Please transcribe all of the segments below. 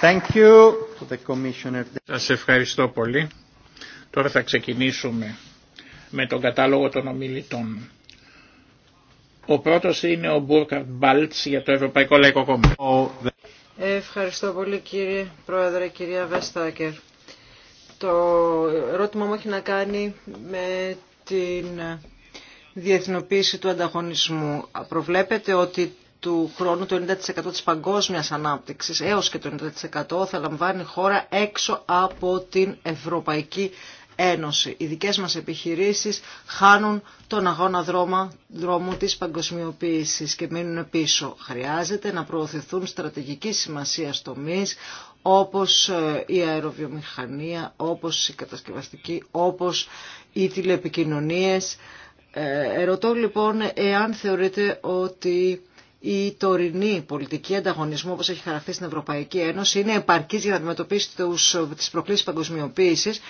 Thank ευχαριστώ πολύ. Τώρα θα ξεκινήσουμε με τον κατάλογο των ομιλητών. Ο πρώτος είναι ο Μπούρκαρτ Μπάλτς για το Ευρωπαϊκό Λαϊκό Κόμμα. Ευχαριστώ πολύ κύριε Πρόεδρε, κυρία Βεστάκερ. Το ερώτημα μου έχει να κάνει με την διεθνοποίηση του ανταγωνισμού. Προβλέπετε ότι του χρόνου το 90% της παγκόσμιας ανάπτυξης έως και το 90% θα λαμβάνει χώρα έξω από την Ευρωπαϊκή Ένωση. Οι δικές μας επιχειρήσεις χάνουν τον αγώνα δρόμα, δρόμου της παγκοσμιοποίησης και μείνουν πίσω. Χρειάζεται να προωθηθούν στρατηγική σημασία τομείς όπως ε, η αεροβιομηχανία, όπως η κατασκευαστική, όπως οι τηλεπικοινωνίες. Ε, ερωτώ λοιπόν εάν θεωρείτε ότι η τωρινή πολιτική ανταγωνισμού όπως έχει χαραχθεί στην Ευρωπαϊκή Ένωση είναι επαρκής για να αντιμετωπίσει τους, τις προκλήσεις παγκοσμιοποίησης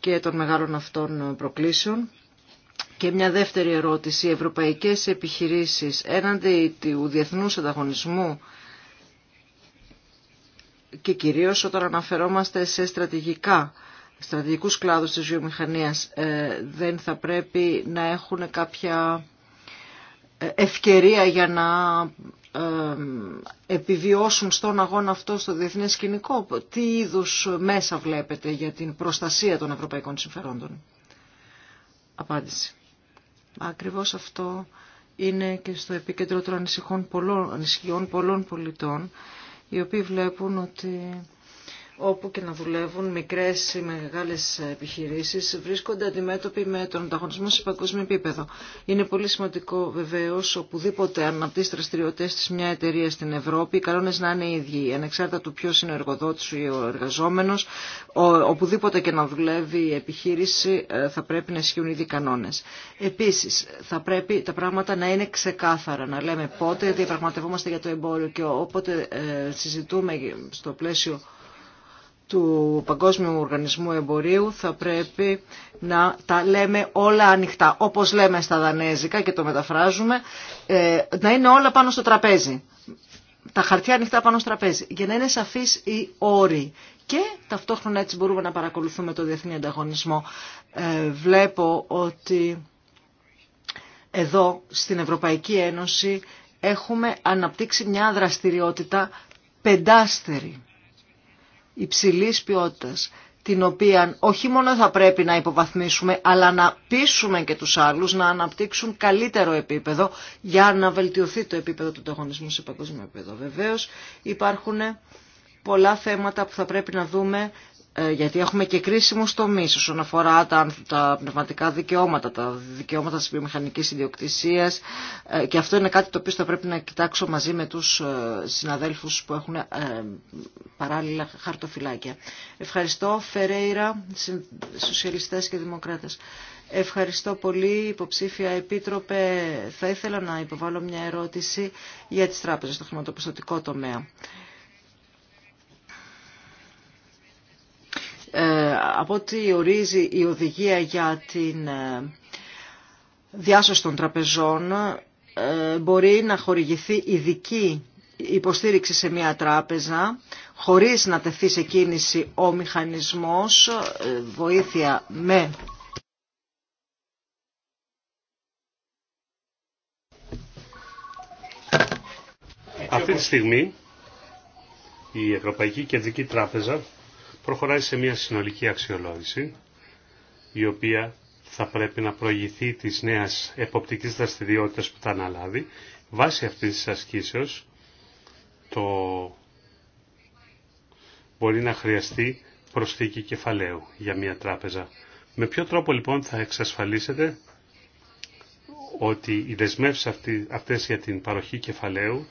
και των μεγάλων αυτών προκλήσεων. Και μια δεύτερη ερώτηση. Οι ευρωπαϊκές επιχειρήσεις έναντι του διεθνούς ανταγωνισμού και κυρίως όταν αναφερόμαστε σε στρατηγικά στρατηγικούς κλάδους της βιομηχανίας ε, δεν θα πρέπει να έχουν κάποια ευκαιρία για να ε, επιβιώσουν στον αγώνα αυτό στο διεθνές σκηνικό. Τι είδους μέσα βλέπετε για την προστασία των ευρωπαϊκών συμφερόντων. Απάντηση. Ακριβώς αυτό είναι και στο επίκεντρο των πολλών, ανησυχιών πολλών πολιτών, οι οποίοι βλέπουν ότι όπου και να δουλεύουν μικρές ή μεγάλες επιχειρήσεις βρίσκονται αντιμέτωποι με τον ανταγωνισμό σε παγκόσμιο επίπεδο. Είναι πολύ σημαντικό βεβαίως οπουδήποτε αναπτύσσει δραστηριότητες της μια εταιρεία στην Ευρώπη, οι κανόνες να είναι οι ίδιοι, ανεξάρτητα του ποιος είναι ο εργοδότης ή ο εργαζόμενος, οπουδήποτε και να δουλεύει η επιχείρηση ε, θα πρέπει να ισχύουν ήδη κανόνες. Επίσης θα πρέπει τα πράγματα να είναι ξεκάθαρα, να λέμε πότε διαπραγματευόμαστε για το εμπόριο και όποτε ε, συζητούμε στο πλαίσιο του Παγκόσμιου Οργανισμού Εμπορίου θα πρέπει να τα λέμε όλα ανοιχτά, όπως λέμε στα δανέζικα και το μεταφράζουμε, ε, να είναι όλα πάνω στο τραπέζι. Τα χαρτιά ανοιχτά πάνω στο τραπέζι, για να είναι σαφείς οι όροι και ταυτόχρονα έτσι μπορούμε να παρακολουθούμε το διεθνή ανταγωνισμό. Ε, βλέπω ότι εδώ στην Ευρωπαϊκή Ένωση έχουμε αναπτύξει μια δραστηριότητα πεντάστερη υψηλής ποιότητας την οποία όχι μόνο θα πρέπει να υποβαθμίσουμε, αλλά να πείσουμε και τους άλλους να αναπτύξουν καλύτερο επίπεδο για να βελτιωθεί το επίπεδο του ανταγωνισμού σε παγκόσμιο επίπεδο. Βεβαίως υπάρχουν πολλά θέματα που θα πρέπει να δούμε ε, γιατί έχουμε και κρίσιμους τομείς όσον αφορά τα, πνευματικά δικαιώματα, τα δικαιώματα της βιομηχανικής ιδιοκτησίας ε, και αυτό είναι κάτι το οποίο θα πρέπει να κοιτάξω μαζί με τους ε, συναδέλφους που έχουν παράλληλα χαρτοφυλάκια. Ευχαριστώ Φερέιρα, Σοσιαλιστές και Δημοκράτες. Ευχαριστώ πολύ, υποψήφια Επίτροπε. Θα ήθελα να υποβάλω μια ερώτηση για τις τράπεζες στο χρηματοπιστωτικό τομέα. από ό,τι ορίζει η οδηγία για την ε, διάσωση των τραπεζών, ε, μπορεί να χορηγηθεί ειδική υποστήριξη σε μια τράπεζα χωρίς να τεθεί σε κίνηση ο μηχανισμός, ε, βοήθεια με Αυτή τη στιγμή η Ευρωπαϊκή Κεντρική Τράπεζα προχωράει σε μια συνολική αξιολόγηση η οποία θα πρέπει να προηγηθεί της νέας εποπτικής δραστηριότητα που θα αναλάβει. Βάσει αυτής της ασκήσεως το μπορεί να χρειαστεί προσθήκη κεφαλαίου για μια τράπεζα. Με ποιο τρόπο λοιπόν θα εξασφαλίσετε ότι οι δεσμεύσεις αυτές για την παροχή κεφαλαίου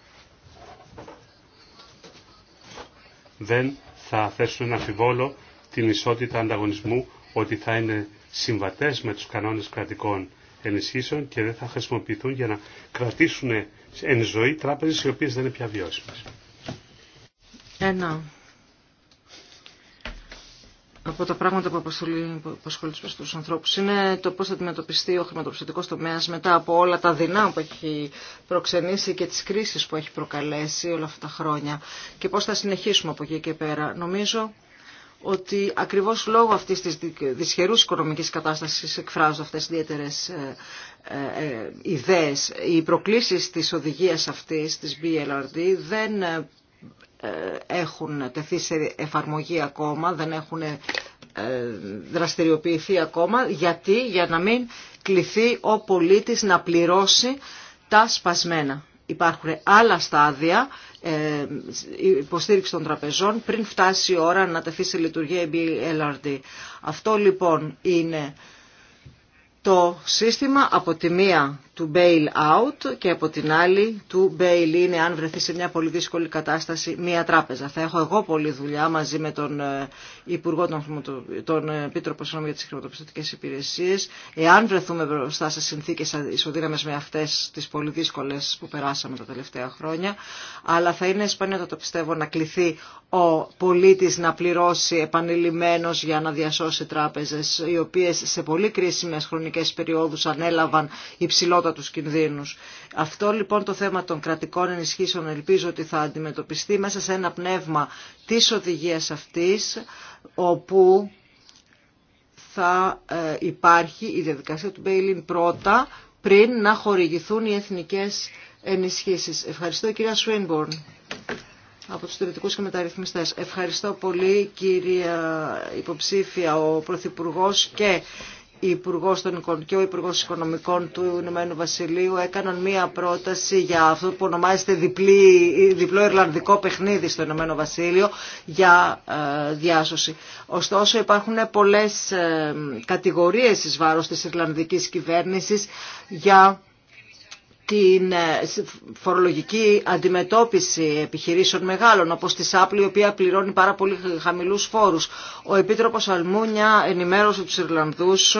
δεν θα θέσουν αμφιβόλο την ισότητα ανταγωνισμού ότι θα είναι συμβατές με τους κανόνες κρατικών ενισχύσεων και δεν θα χρησιμοποιηθούν για να κρατήσουν εν ζωή τράπεζες οι οποίες δεν είναι πια βιώσιμες. Ένα από τα πράγματα που απασχολούν τους ανθρώπους είναι το πώς θα αντιμετωπιστεί ο χρηματοπιστωτικός τομέας μετά από όλα τα δεινά που έχει προξενήσει και τις κρίσεις που έχει προκαλέσει όλα αυτά τα χρόνια και πώς θα συνεχίσουμε από εκεί και πέρα. Νομίζω ότι ακριβώς λόγω αυτής της δυσχερούς οικονομικής κατάστασης εκφράζω αυτές τις ε, ε, ε, ιδέες. Οι προκλήσεις της οδηγίας αυτής, της BLRD, δεν ε, ε, έχουν τεθεί σε εφαρμογή ακόμα, δεν έχουν ε, δραστηριοποιηθεί ακόμα. Γιατί, για να μην κληθεί ο πολίτης να πληρώσει τα σπασμένα. Υπάρχουν άλλα στάδια ε, υποστήριξη των τραπεζών πριν φτάσει η ώρα να τεθεί σε λειτουργία η BLRD. Αυτό λοιπόν είναι το σύστημα από τη μία του bail-out και από την άλλη του bail-in αν βρεθεί σε μια πολύ δύσκολη κατάσταση μια τράπεζα. Θα έχω εγώ πολλή δουλειά μαζί με τον ε, Υπουργό των, τον ε, Επίτροπο για τις Χρηματοπιστωτικές Υπηρεσίες εάν βρεθούμε μπροστά σε συνθήκες ισοδύναμες με αυτές τις πολύ δύσκολε που περάσαμε τα τελευταία χρόνια αλλά θα είναι σπάνιο το πιστεύω να κληθεί ο πολίτης να πληρώσει επανειλημμένος για να διασώσει τράπεζες οι οποίες σε πολύ κρίσιμες χρονικές περιόδους ανέλαβαν υψηλό τους κινδύνους. Αυτό λοιπόν το θέμα των κρατικών ενισχύσεων ελπίζω ότι θα αντιμετωπιστεί μέσα σε ένα πνεύμα της οδηγίας αυτής όπου θα ε, υπάρχει η διαδικασία του Μπέιλιν πρώτα πριν να χορηγηθούν οι εθνικές ενισχύσεις. Ευχαριστώ κυρία Σουίνμπορν από τους τηλετικούς και μεταρρυθμιστές. Ευχαριστώ πολύ κυρία υποψήφια ο Πρωθυπουργός και Υπουργό των και ο Υπουργό Οικονομικών του Ηνωμένου Βασιλείου έκαναν μία πρόταση για αυτό που ονομάζεται διπλή, διπλό Ιρλανδικό παιχνίδι στο Ηνωμένο Βασίλειο για ε, διάσωση. Ωστόσο υπάρχουν πολλές ε, κατηγορίες εις βάρος της Ιρλανδικής κυβέρνησης για την ε, φορολογική αντιμετώπιση επιχειρήσεων μεγάλων όπως τη Σάπλη, η οποία πληρώνει πάρα πολύ χαμηλούς φόρους. Ο Επίτροπος Αλμούνια ενημέρωσε τους Ιρλανδούς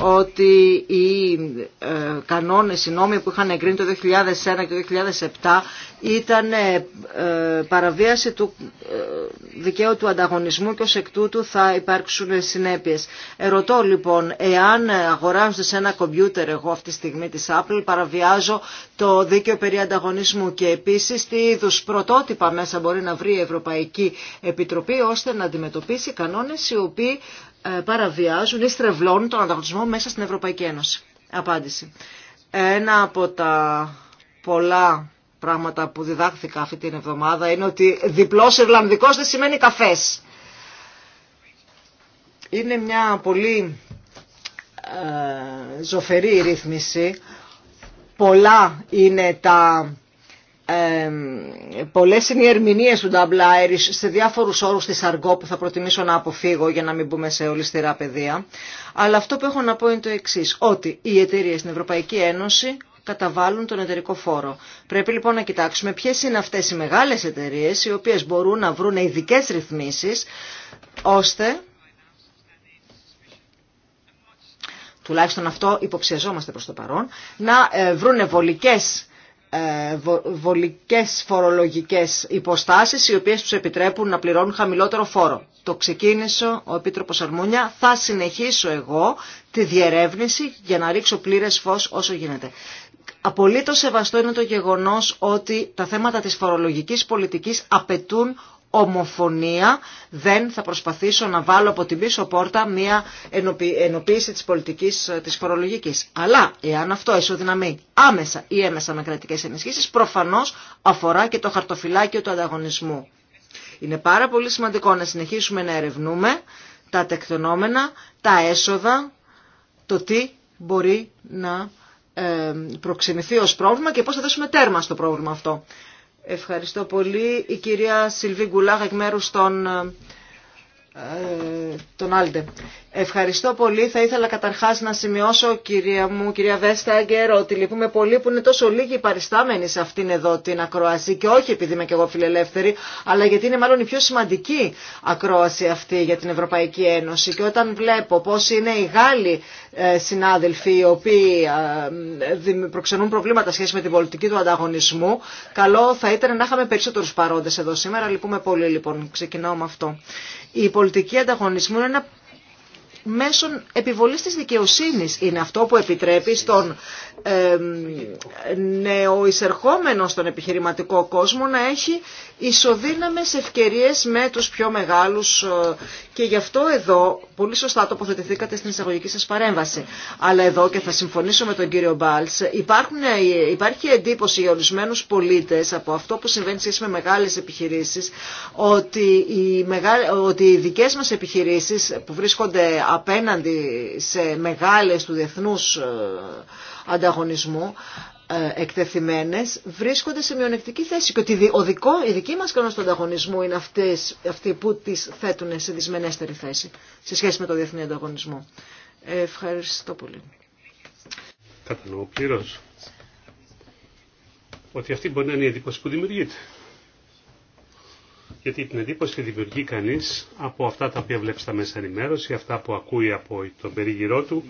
ότι οι ε, κανόνες, οι νόμοι που είχαν εγκρίνει το 2001 και το 2007 ήταν ε, ε, παραβίαση του δικαίου του ανταγωνισμού και ως εκ τούτου θα υπάρξουν συνέπειες. Ερωτώ λοιπόν, εάν σε ένα κομπιούτερ εγώ αυτή τη στιγμή της Apple παραβιάζω το δίκαιο περί ανταγωνισμού και επίσης τι είδου πρωτότυπα μέσα μπορεί να βρει η Ευρωπαϊκή Επιτροπή ώστε να αντιμετωπίσει κανόνες οι οποίοι ε, παραβιάζουν ή στρεβλώνουν τον ανταγωνισμό μέσα στην Ευρωπαϊκή Ένωση. Απάντηση. Ένα από τα πολλά πράγματα που διδάχθηκα αυτή την εβδομάδα είναι ότι διπλός Ιρλανδικός δεν σημαίνει καφές. Είναι μια πολύ ε, ζωφερή ρύθμιση. Πολλά είναι τα ε, πολλές είναι οι ερμηνείες του Double Irish σε διάφορους όρους της αργό που θα προτιμήσω να αποφύγω για να μην μπούμε σε ολιστερά πεδία. Αλλά αυτό που έχω να πω είναι το εξή: ότι οι εταιρείε στην Ευρωπαϊκή Ένωση καταβάλουν τον εταιρικό φόρο. Πρέπει λοιπόν να κοιτάξουμε ποιες είναι αυτές οι μεγάλες εταιρείε οι οποίες μπορούν να βρουν ειδικέ ρυθμίσεις ώστε... Τουλάχιστον αυτό υποψιαζόμαστε προς το παρόν, να ε, βρουν βολικές ε, βολικές φορολογικές υποστάσεις οι οποίες τους επιτρέπουν να πληρώνουν χαμηλότερο φόρο. Το ξεκίνησε ο Επίτροπος Αρμούνια. Θα συνεχίσω εγώ τη διερεύνηση για να ρίξω πλήρες φως όσο γίνεται. Απολύτως σεβαστό είναι το γεγονός ότι τα θέματα της φορολογικής πολιτικής απαιτούν ομοφωνία δεν θα προσπαθήσω να βάλω από την πίσω πόρτα μια ενοποίηση της πολιτικής της φορολογικής. Αλλά εάν αυτό ισοδυναμεί άμεσα ή έμεσα με κρατικές ενισχύσεις προφανώς αφορά και το χαρτοφυλάκιο του ανταγωνισμού. Είναι πάρα πολύ σημαντικό να συνεχίσουμε να ερευνούμε τα τεκτονόμενα, τα έσοδα, το τι μπορεί να ε, προξενηθεί ως πρόβλημα και πώς θα δώσουμε τέρμα στο πρόβλημα αυτό. Ευχαριστώ πολύ. Η κυρία Σιλβί Γκουλάγ εκ μέρους των ε, τον Άλντε. Ευχαριστώ πολύ. Θα ήθελα καταρχάς να σημειώσω κυρία μου, κυρία Βέσταγκερ, ότι λυπούμε πολύ που είναι τόσο λίγοι παριστάμενοι σε αυτήν εδώ την ακρόαση και όχι επειδή είμαι και εγώ φιλελεύθερη, αλλά γιατί είναι μάλλον η πιο σημαντική ακρόαση αυτή για την Ευρωπαϊκή Ένωση. Και όταν βλέπω πώς είναι οι Γάλλοι ε, συνάδελφοι οι οποίοι ε, προξενούν προβλήματα σχέση με την πολιτική του ανταγωνισμού, καλό θα ήταν να είχαμε περισσότερους παρόντες εδώ σήμερα. Λυπούμε πολύ λοιπόν. Ξεκινάω με αυτό πολιτική ανταγωνισμού είναι ένα μέσον επιβολής της δικαιοσύνης. Είναι αυτό που επιτρέπει στον νεοεισερχόμενο στον επιχειρηματικό κόσμο να έχει ισοδύναμες ευκαιρίες με τους πιο μεγάλους ε, και γι' αυτό εδώ πολύ σωστά τοποθετηθήκατε στην εισαγωγική σας παρέμβαση. Αλλά εδώ και θα συμφωνήσω με τον κύριο Μπάλτς υπάρχουν, ε, υπάρχει εντύπωση για ορισμένους πολίτες από αυτό που συμβαίνει σχέση με μεγάλες επιχειρήσεις ότι οι, δικέ ότι οι δικές μας επιχειρήσεις που βρίσκονται απέναντι σε μεγάλες του διεθνούς ε, ανταγωνισμού ε, εκτεθειμένες βρίσκονται σε μειονεκτική θέση και ότι ο δικό, η δική μας κανόνα του ανταγωνισμού είναι αυτές, αυτοί που τις θέτουν σε δυσμενέστερη θέση σε σχέση με το διεθνή ανταγωνισμό. Ε, ευχαριστώ πολύ. Κατανοώ πλήρως ότι αυτή μπορεί να είναι η εντύπωση που δημιουργείται γιατί την εντύπωση δημιουργεί κανεί από αυτά τα οποία βλέπει στα μέσα ενημέρωση, αυτά που ακούει από τον περίγυρό του,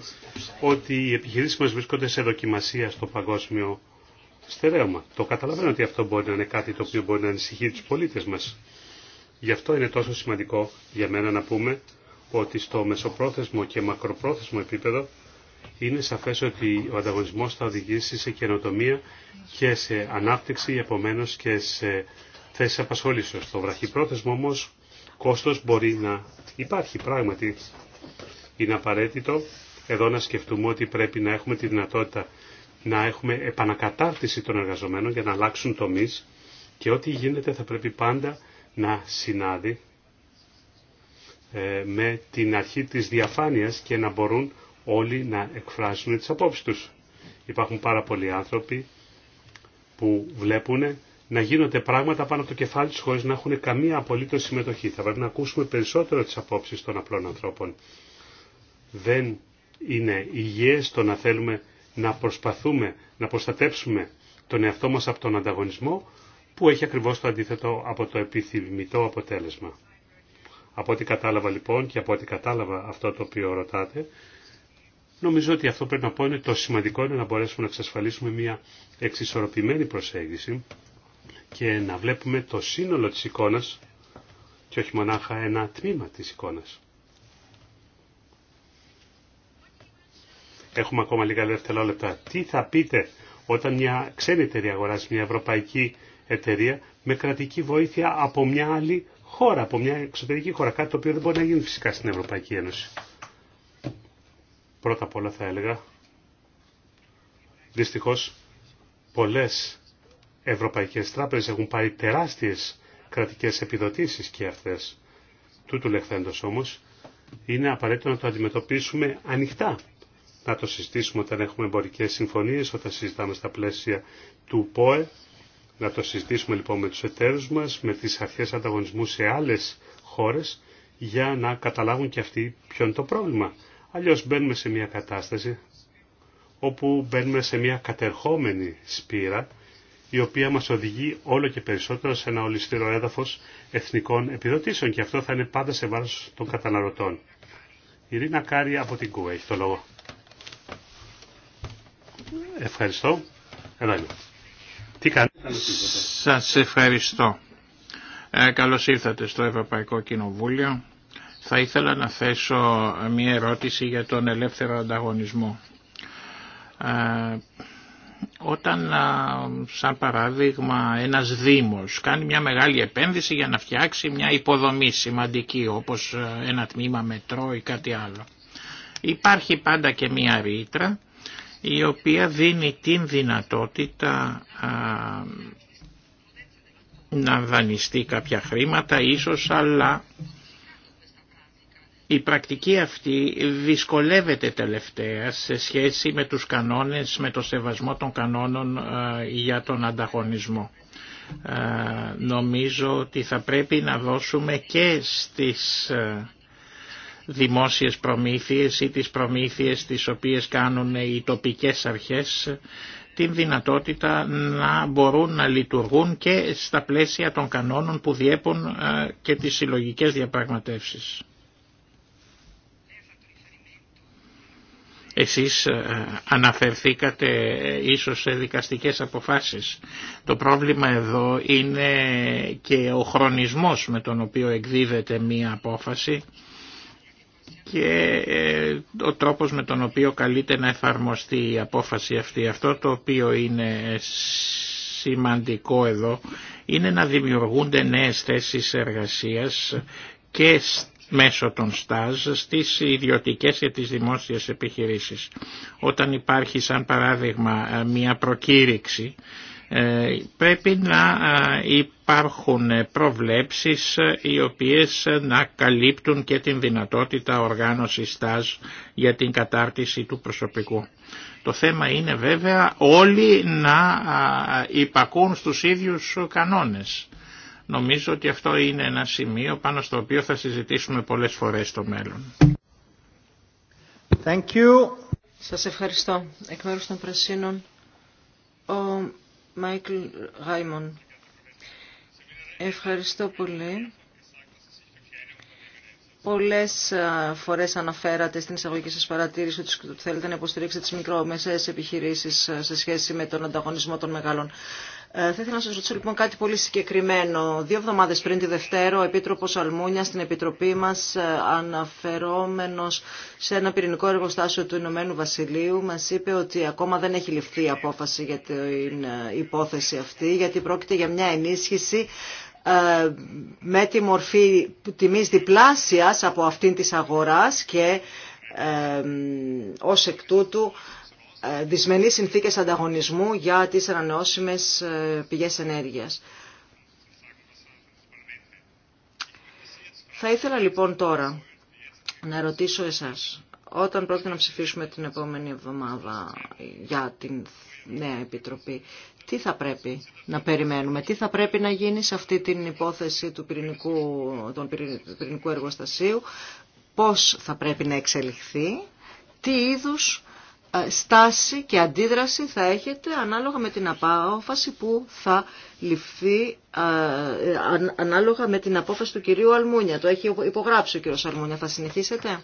ότι οι επιχειρήσει μα βρίσκονται σε δοκιμασία στο παγκόσμιο στερέωμα. Το καταλαβαίνω ότι αυτό μπορεί να είναι κάτι το οποίο μπορεί να ανησυχεί του πολίτε μα. Γι' αυτό είναι τόσο σημαντικό για μένα να πούμε ότι στο μεσοπρόθεσμο και μακροπρόθεσμο επίπεδο είναι σαφές ότι ο ανταγωνισμός θα οδηγήσει σε καινοτομία και σε ανάπτυξη, επομένως και σε θέσει απασχολήσεω. Το βραχυπρόθεσμο όμω, κόστος μπορεί να υπάρχει πράγματι. Είναι απαραίτητο εδώ να σκεφτούμε ότι πρέπει να έχουμε τη δυνατότητα να έχουμε επανακατάρτιση των εργαζομένων για να αλλάξουν τομεί και ό,τι γίνεται θα πρέπει πάντα να συνάδει ε, με την αρχή της διαφάνειας και να μπορούν όλοι να εκφράσουν τις απόψεις τους. Υπάρχουν πάρα πολλοί άνθρωποι που βλέπουν να γίνονται πράγματα πάνω από το κεφάλι του χωρί να έχουν καμία απολύτω συμμετοχή. Θα πρέπει να ακούσουμε περισσότερο τι απόψει των απλών ανθρώπων. Δεν είναι υγιέ το να θέλουμε να προσπαθούμε να προστατέψουμε τον εαυτό μα από τον ανταγωνισμό που έχει ακριβώ το αντίθετο από το επιθυμητό αποτέλεσμα. Από ό,τι κατάλαβα λοιπόν και από ό,τι κατάλαβα αυτό το οποίο ρωτάτε, νομίζω ότι αυτό πρέπει να πω είναι το σημαντικό είναι να μπορέσουμε να εξασφαλίσουμε μια εξισορροπημένη προσέγγιση και να βλέπουμε το σύνολο της εικόνας και όχι μονάχα ένα τμήμα της εικόνας. Έχουμε ακόμα λίγα λεπτά. Τι θα πείτε όταν μια ξένη εταιρεία αγοράζει μια ευρωπαϊκή εταιρεία με κρατική βοήθεια από μια άλλη χώρα, από μια εξωτερική χώρα, κάτι το οποίο δεν μπορεί να γίνει φυσικά στην Ευρωπαϊκή Ένωση. Πρώτα απ' όλα θα έλεγα, δυστυχώς πολλές ευρωπαϊκές τράπεζες έχουν πάρει τεράστιες κρατικές επιδοτήσεις και αυτές. Τούτου λεχθέντος όμως είναι απαραίτητο να το αντιμετωπίσουμε ανοιχτά. Να το συζητήσουμε όταν έχουμε εμπορικές συμφωνίες, όταν συζητάμε στα πλαίσια του ΠΟΕ. Να το συζητήσουμε λοιπόν με τους εταίρους μας, με τις αρχές ανταγωνισμού σε άλλες χώρες, για να καταλάβουν και αυτοί ποιο είναι το πρόβλημα. Αλλιώς μπαίνουμε σε μια κατάσταση όπου μπαίνουμε σε μια κατερχόμενη σπήρα η οποία μας οδηγεί όλο και περισσότερο σε ένα ολιστήρο έδαφος εθνικών επιδοτήσεων και αυτό θα είναι πάντα σε βάρος των καταναλωτών. Η Ρίνα Κάρη από την ΚΟΕ έχει το λόγο. Ευχαριστώ. Εδώ Τι κάνετε. Σας ευχαριστώ. Ε, καλώς ήρθατε στο Ευρωπαϊκό Κοινοβούλιο. Θα ήθελα να θέσω μία ερώτηση για τον ελεύθερο ανταγωνισμό. Ε, όταν σαν παράδειγμα ένας δήμος κάνει μια μεγάλη επένδυση για να φτιάξει μια υποδομή σημαντική όπως ένα τμήμα μετρό ή κάτι άλλο. Υπάρχει πάντα και μια ρήτρα η οποία δίνει την δυνατότητα να δανειστεί κάποια χρήματα ίσως αλλά η πρακτική αυτή δυσκολεύεται τελευταία σε σχέση με τους κανόνες, με το σεβασμό των κανόνων ε, για τον ανταγωνισμό. Ε, νομίζω ότι θα πρέπει να δώσουμε και στις ε, δημόσιες προμήθειες ή τις προμήθειες τις οποίες κάνουν οι τοπικές αρχές την δυνατότητα να μπορούν να λειτουργούν και στα πλαίσια των κανόνων που διέπουν και τις συλλογικές διαπραγματεύσεις. Εσείς ε, αναφερθήκατε ίσως σε δικαστικές αποφάσεις. Το πρόβλημα εδώ είναι και ο χρονισμός με τον οποίο εκδίδεται μία απόφαση και ε, ο τρόπος με τον οποίο καλείται να εφαρμοστεί η απόφαση αυτή. Αυτό το οποίο είναι σημαντικό εδώ είναι να δημιουργούνται νέες θέσεις εργασίας και μέσω των ΣΤΑΖ στις ιδιωτικές και τις δημόσιες επιχειρήσεις. Όταν υπάρχει σαν παράδειγμα ε, μια προκήρυξη ε, πρέπει να ε, υπάρχουν προβλέψεις οι οποίες να καλύπτουν και την δυνατότητα οργάνωσης ΣΤΑΖ για την κατάρτιση του προσωπικού. Το θέμα είναι βέβαια όλοι να υπακούν στους ίδιους κανόνες. Νομίζω ότι αυτό είναι ένα σημείο πάνω στο οποίο θα συζητήσουμε πολλές φορές στο μέλλον. Thank you. Σας ευχαριστώ. Εκ μέρους των Πρασίνων, ο Μάικλ Γάιμον. Ευχαριστώ πολύ. Πολλές φορές αναφέρατε στην εισαγωγική σας παρατήρηση ότι θέλετε να υποστηρίξετε τις μικρομεσαίες επιχειρήσεις σε σχέση με τον ανταγωνισμό των μεγάλων. Ε, θα ήθελα να σα ρωτήσω λοιπόν κάτι πολύ συγκεκριμένο. Δύο εβδομάδε πριν τη Δευτέρα, ο Επίτροπος Αλμούνια στην Επιτροπή μας, ε, αναφερόμενος σε ένα πυρηνικό εργοστάσιο του Ηνωμένου Βασιλείου, μα είπε ότι ακόμα δεν έχει ληφθεί απόφαση για την ε, υπόθεση αυτή, γιατί πρόκειται για μια ενίσχυση με τη μορφή τιμής διπλάσιας από αυτήν της αγοράς και ως εκ τούτου ε, δυσμενείς συνθήκες ανταγωνισμού για τις ανανεώσιμες ε, πηγές ενέργειας. Θα ήθελα λοιπόν τώρα να ρωτήσω εσάς, όταν πρόκειται να ψηφίσουμε την επόμενη εβδομάδα για την νέα Επιτροπή, τι θα πρέπει να περιμένουμε, τι θα πρέπει να γίνει σε αυτή την υπόθεση του πυρηνικού, των πυρηνικού εργοστασίου, πώς θα πρέπει να εξελιχθεί, τι είδους ε, στάση και αντίδραση θα έχετε ανάλογα με την απόφαση που θα ληφθεί ε, ε, ανάλογα με την απόφαση του κυρίου Αλμούνια. Το έχει υπογράψει ο κύριος Αλμούνια. Θα συνεχίσετε.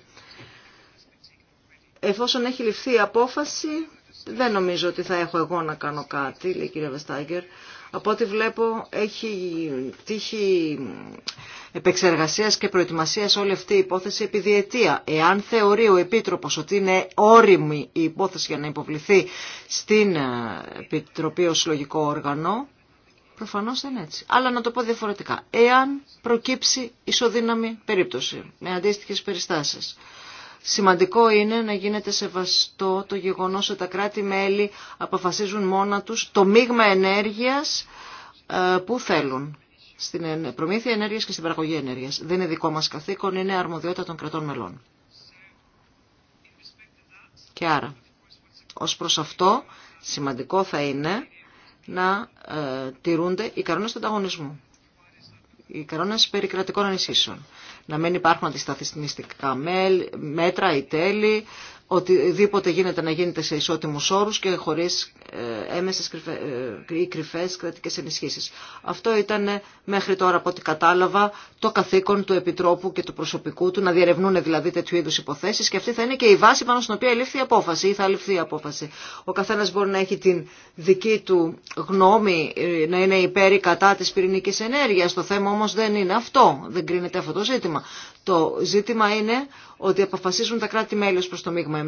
Εφόσον έχει ληφθεί η απόφαση, δεν νομίζω ότι θα έχω εγώ να κάνω κάτι, λέει η κυρία Βεστάγκερ από ό,τι βλέπω έχει τύχει επεξεργασίας και προετοιμασίας όλη αυτή η υπόθεση επί διετία. Εάν θεωρεί ο Επίτροπος ότι είναι όριμη η υπόθεση για να υποβληθεί στην ε, Επιτροπή ως συλλογικό όργανο, προφανώς δεν είναι έτσι. Αλλά να το πω διαφορετικά. Εάν προκύψει ισοδύναμη περίπτωση με αντίστοιχες περιστάσεις Σημαντικό είναι να γίνεται σεβαστό το γεγονός ότι τα κράτη-μέλη αποφασίζουν μόνα τους το μείγμα ενέργειας ε, που θέλουν στην προμήθεια ενέργειας και στην παραγωγή ενέργειας. Δεν είναι δικό μας καθήκον, είναι αρμοδιότητα των κρατών μελών. Και άρα, ως προς αυτό, σημαντικό θα είναι να ε, τηρούνται οι κανόνες του ανταγωνισμού. Οι κανόνες περί κρατικών ανησύσεων να μην υπάρχουν αντισταθμιστικά μέτρα ή τέλη, οτιδήποτε γίνεται να γίνεται σε ισότιμους όρους και χωρίς ε, έμεσες ε, ή κρυφές κρατικές ενισχύσεις. Αυτό ήταν ε, μέχρι τώρα από ό,τι κατάλαβα το καθήκον του Επιτρόπου και του προσωπικού του να διερευνούν δηλαδή τέτοιου είδους υποθέσεις και αυτή θα είναι και η βάση πάνω στην οποία λήφθη η απόφαση ή θα ληφθεί η απόφαση. Ο καθένας μπορεί να έχει την δική του γνώμη να είναι υπέρ ή κατά της πυρηνικής ενέργειας. Το θέμα όμως δεν είναι αυτό, δεν κρίνεται αυτό το ζήτημα. Το ζήτημα είναι ότι αποφασίζουν τα κράτη-μέλη προς το μείγμα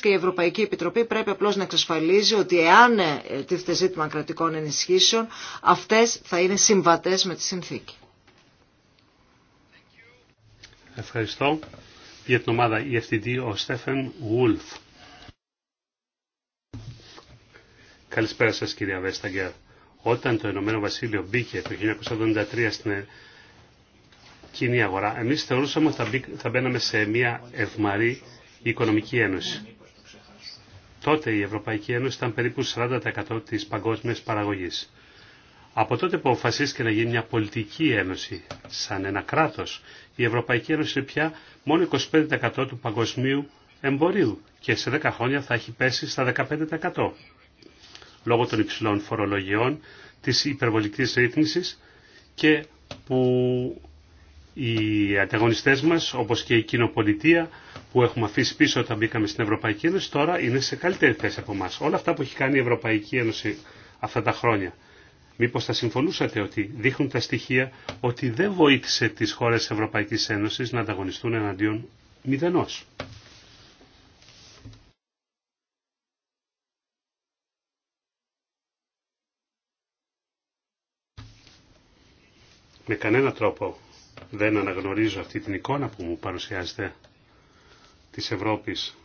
και η Ευρωπαϊκή Επιτροπή πρέπει απλώ να εξασφαλίζει ότι εάν ε, τίθεται ζήτημα κρατικών ενισχύσεων, αυτές θα είναι συμβατές με τη συνθήκη. Ευχαριστώ. Για την ομάδα EFTD ο Στέφεν Γουλφ. Καλησπέρα σας κυρία Βέσταγκερ. Όταν το Ηνωμένο Βασίλειο μπήκε το 1973 στην ε, κοινή αγορά, εμείς θεωρούσαμε ότι θα μπαίναμε σε μια ευμαρή η Οικονομική Ένωση. Τότε η Ευρωπαϊκή Ένωση ήταν περίπου 40% της παγκόσμιας παραγωγής. Από τότε που αποφασίστηκε να γίνει μια πολιτική ένωση, σαν ένα κράτος, η Ευρωπαϊκή Ένωση είναι πια μόνο 25% του παγκοσμίου εμπορίου και σε 10 χρόνια θα έχει πέσει στα 15%. Λόγω των υψηλών φορολογιών, της υπερβολικής ρύθμισης και που οι ανταγωνιστές μας, όπως και η κοινοπολιτεία που έχουμε αφήσει πίσω όταν μπήκαμε στην Ευρωπαϊκή Ένωση, τώρα είναι σε καλύτερη θέση από εμά. Όλα αυτά που έχει κάνει η Ευρωπαϊκή Ένωση αυτά τα χρόνια. Μήπως θα συμφωνούσατε ότι δείχνουν τα στοιχεία ότι δεν βοήθησε τις χώρες τη Ευρωπαϊκής Ένωσης να ανταγωνιστούν εναντίον μηδενό. Με κανένα τρόπο δεν αναγνωρίζω αυτή την εικόνα που μου παρουσιάζεται της Ευρώπης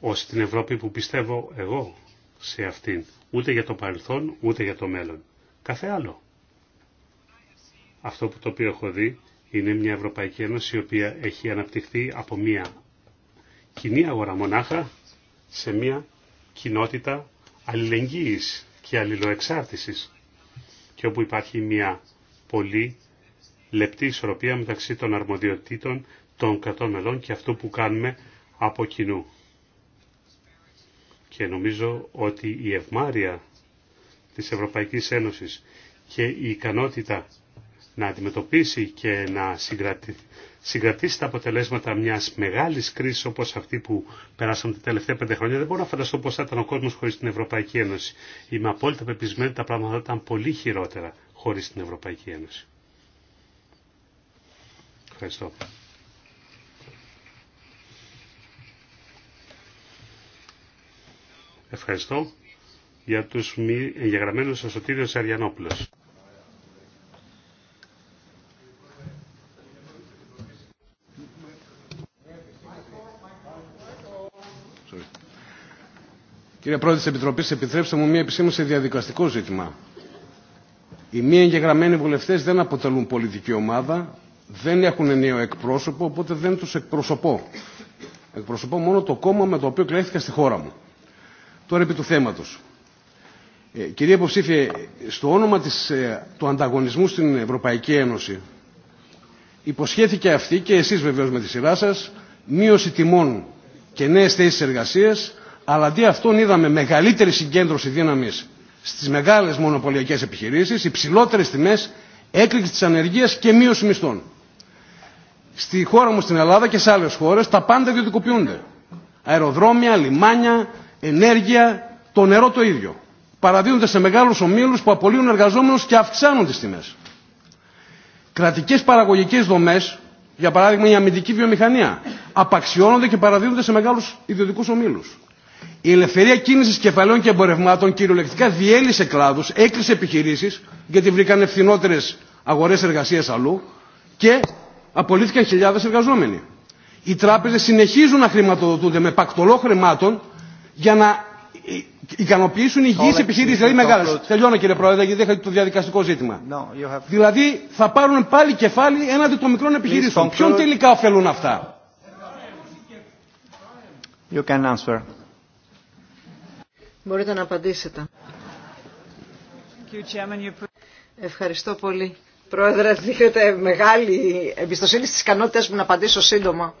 ως την Ευρώπη που πιστεύω εγώ σε αυτήν, ούτε για το παρελθόν, ούτε για το μέλλον. Κάθε άλλο. Αυτό που το οποίο έχω δει είναι μια Ευρωπαϊκή Ένωση η οποία έχει αναπτυχθεί από μια κοινή αγορά μονάχα σε μια κοινότητα αλληλεγγύης και αλληλοεξάρτησης και όπου υπάρχει μια πολύ λεπτή ισορροπία μεταξύ των αρμοδιοτήτων των κρατών μελών και αυτού που κάνουμε από κοινού. Και νομίζω ότι η ευμάρεια της Ευρωπαϊκής Ένωσης και η ικανότητα να αντιμετωπίσει και να συγκρατήσει, τα αποτελέσματα μιας μεγάλης κρίσης όπως αυτή που περάσαμε τα τελευταία πέντε χρόνια δεν μπορώ να φανταστώ πώς θα ήταν ο κόσμος χωρίς την Ευρωπαϊκή Ένωση. Είμαι απόλυτα πεπισμένη ότι τα πράγματα θα ήταν πολύ χειρότερα χωρίς την Ευρωπαϊκή Ένωση. Ευχαριστώ. Ευχαριστώ για τους μη εγγεγραμμένους ο Σωτήριος Αριανόπουλος. Κύριε Πρόεδρε της Επιτροπή, επιτρέψτε μου μία επισήμωση διαδικαστικό ζήτημα. Οι μη εγγεγραμμένοι βουλευτές δεν αποτελούν πολιτική ομάδα, δεν έχουν νέο εκπρόσωπο, οπότε δεν τους εκπροσωπώ. Εκπροσωπώ μόνο το κόμμα με το οποίο κλαίθηκα στη χώρα μου. Τώρα επί του θέματος. Ε, κυρία υποψήφια, στο όνομα της, ε, του ανταγωνισμού στην Ευρωπαϊκή Ένωση υποσχέθηκε αυτή και εσείς βεβαίως με τη σειρά σας μείωση τιμών και νέες θέσεις εργασίας αλλά αντί αυτόν είδαμε μεγαλύτερη συγκέντρωση δύναμης στις μεγάλες μονοπωλιακές επιχειρήσεις, υψηλότερες τιμές, έκρηξη της ανεργίας και μείωση μισθών στη χώρα μου στην Ελλάδα και σε άλλες χώρες τα πάντα ιδιωτικοποιούνται. Αεροδρόμια, λιμάνια, ενέργεια, το νερό το ίδιο. Παραδίδονται σε μεγάλους ομίλους που απολύουν εργαζόμενους και αυξάνουν τις τιμές. Κρατικές παραγωγικές δομές, για παράδειγμα η αμυντική βιομηχανία, απαξιώνονται και παραδίδονται σε μεγάλους ιδιωτικούς ομίλους. Η ελευθερία κίνησης κεφαλαίων και εμπορευμάτων κυριολεκτικά διέλυσε κλάδους, έκλεισε επιχειρήσεις, γιατί βρήκαν ευθυνότερες αγορές εργασίας αλλού και απολύθηκαν χιλιάδε εργαζόμενοι. Οι τράπεζες συνεχίζουν να χρηματοδοτούνται με πακτολό χρημάτων για να ικανοποιήσουν υγιεί επιχειρήσει δηλαδή μεγάλε. Τελειώνω κύριε Πρόεδρε, γιατί έχετε το διαδικαστικό ζήτημα. Δηλαδή θα πάρουν πάλι κεφάλι έναντι των μικρών επιχειρήσεων. Ποιον τελικά ωφελούν αυτά. You can answer. Μπορείτε να απαντήσετε. Ευχαριστώ πολύ. Πρόεδρε, δείχνετε μεγάλη εμπιστοσύνη στις ικανότητες μου να απαντήσω σύντομα.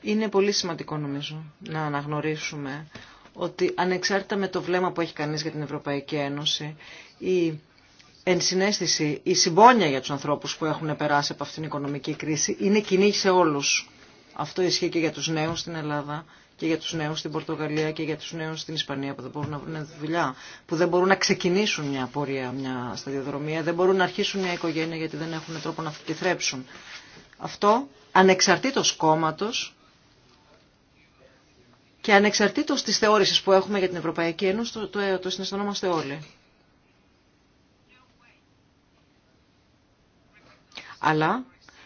Είναι πολύ σημαντικό νομίζω να αναγνωρίσουμε ότι ανεξάρτητα με το βλέμμα που έχει κανείς για την Ευρωπαϊκή Ένωση, η ενσυναίσθηση, η συμπόνια για τους ανθρώπους που έχουν περάσει από αυτήν την οικονομική κρίση είναι κοινή σε όλους. Αυτό ισχύει και για τους νέους στην Ελλάδα και για τους νέους στην Πορτογαλία και για τους νέους στην Ισπανία που δεν μπορούν να βρουν δουλειά, που δεν μπορούν να ξεκινήσουν μια πορεία, μια σταδιοδρομία, δεν μπορούν να αρχίσουν μια οικογένεια γιατί δεν έχουν τρόπο να Αυτό ανεξαρτήτως κόμματος και ανεξαρτήτως της θεώρησης που έχουμε για την Ευρωπαϊκή Ένωση, το, το, το συναισθανόμαστε όλοι. Αλλά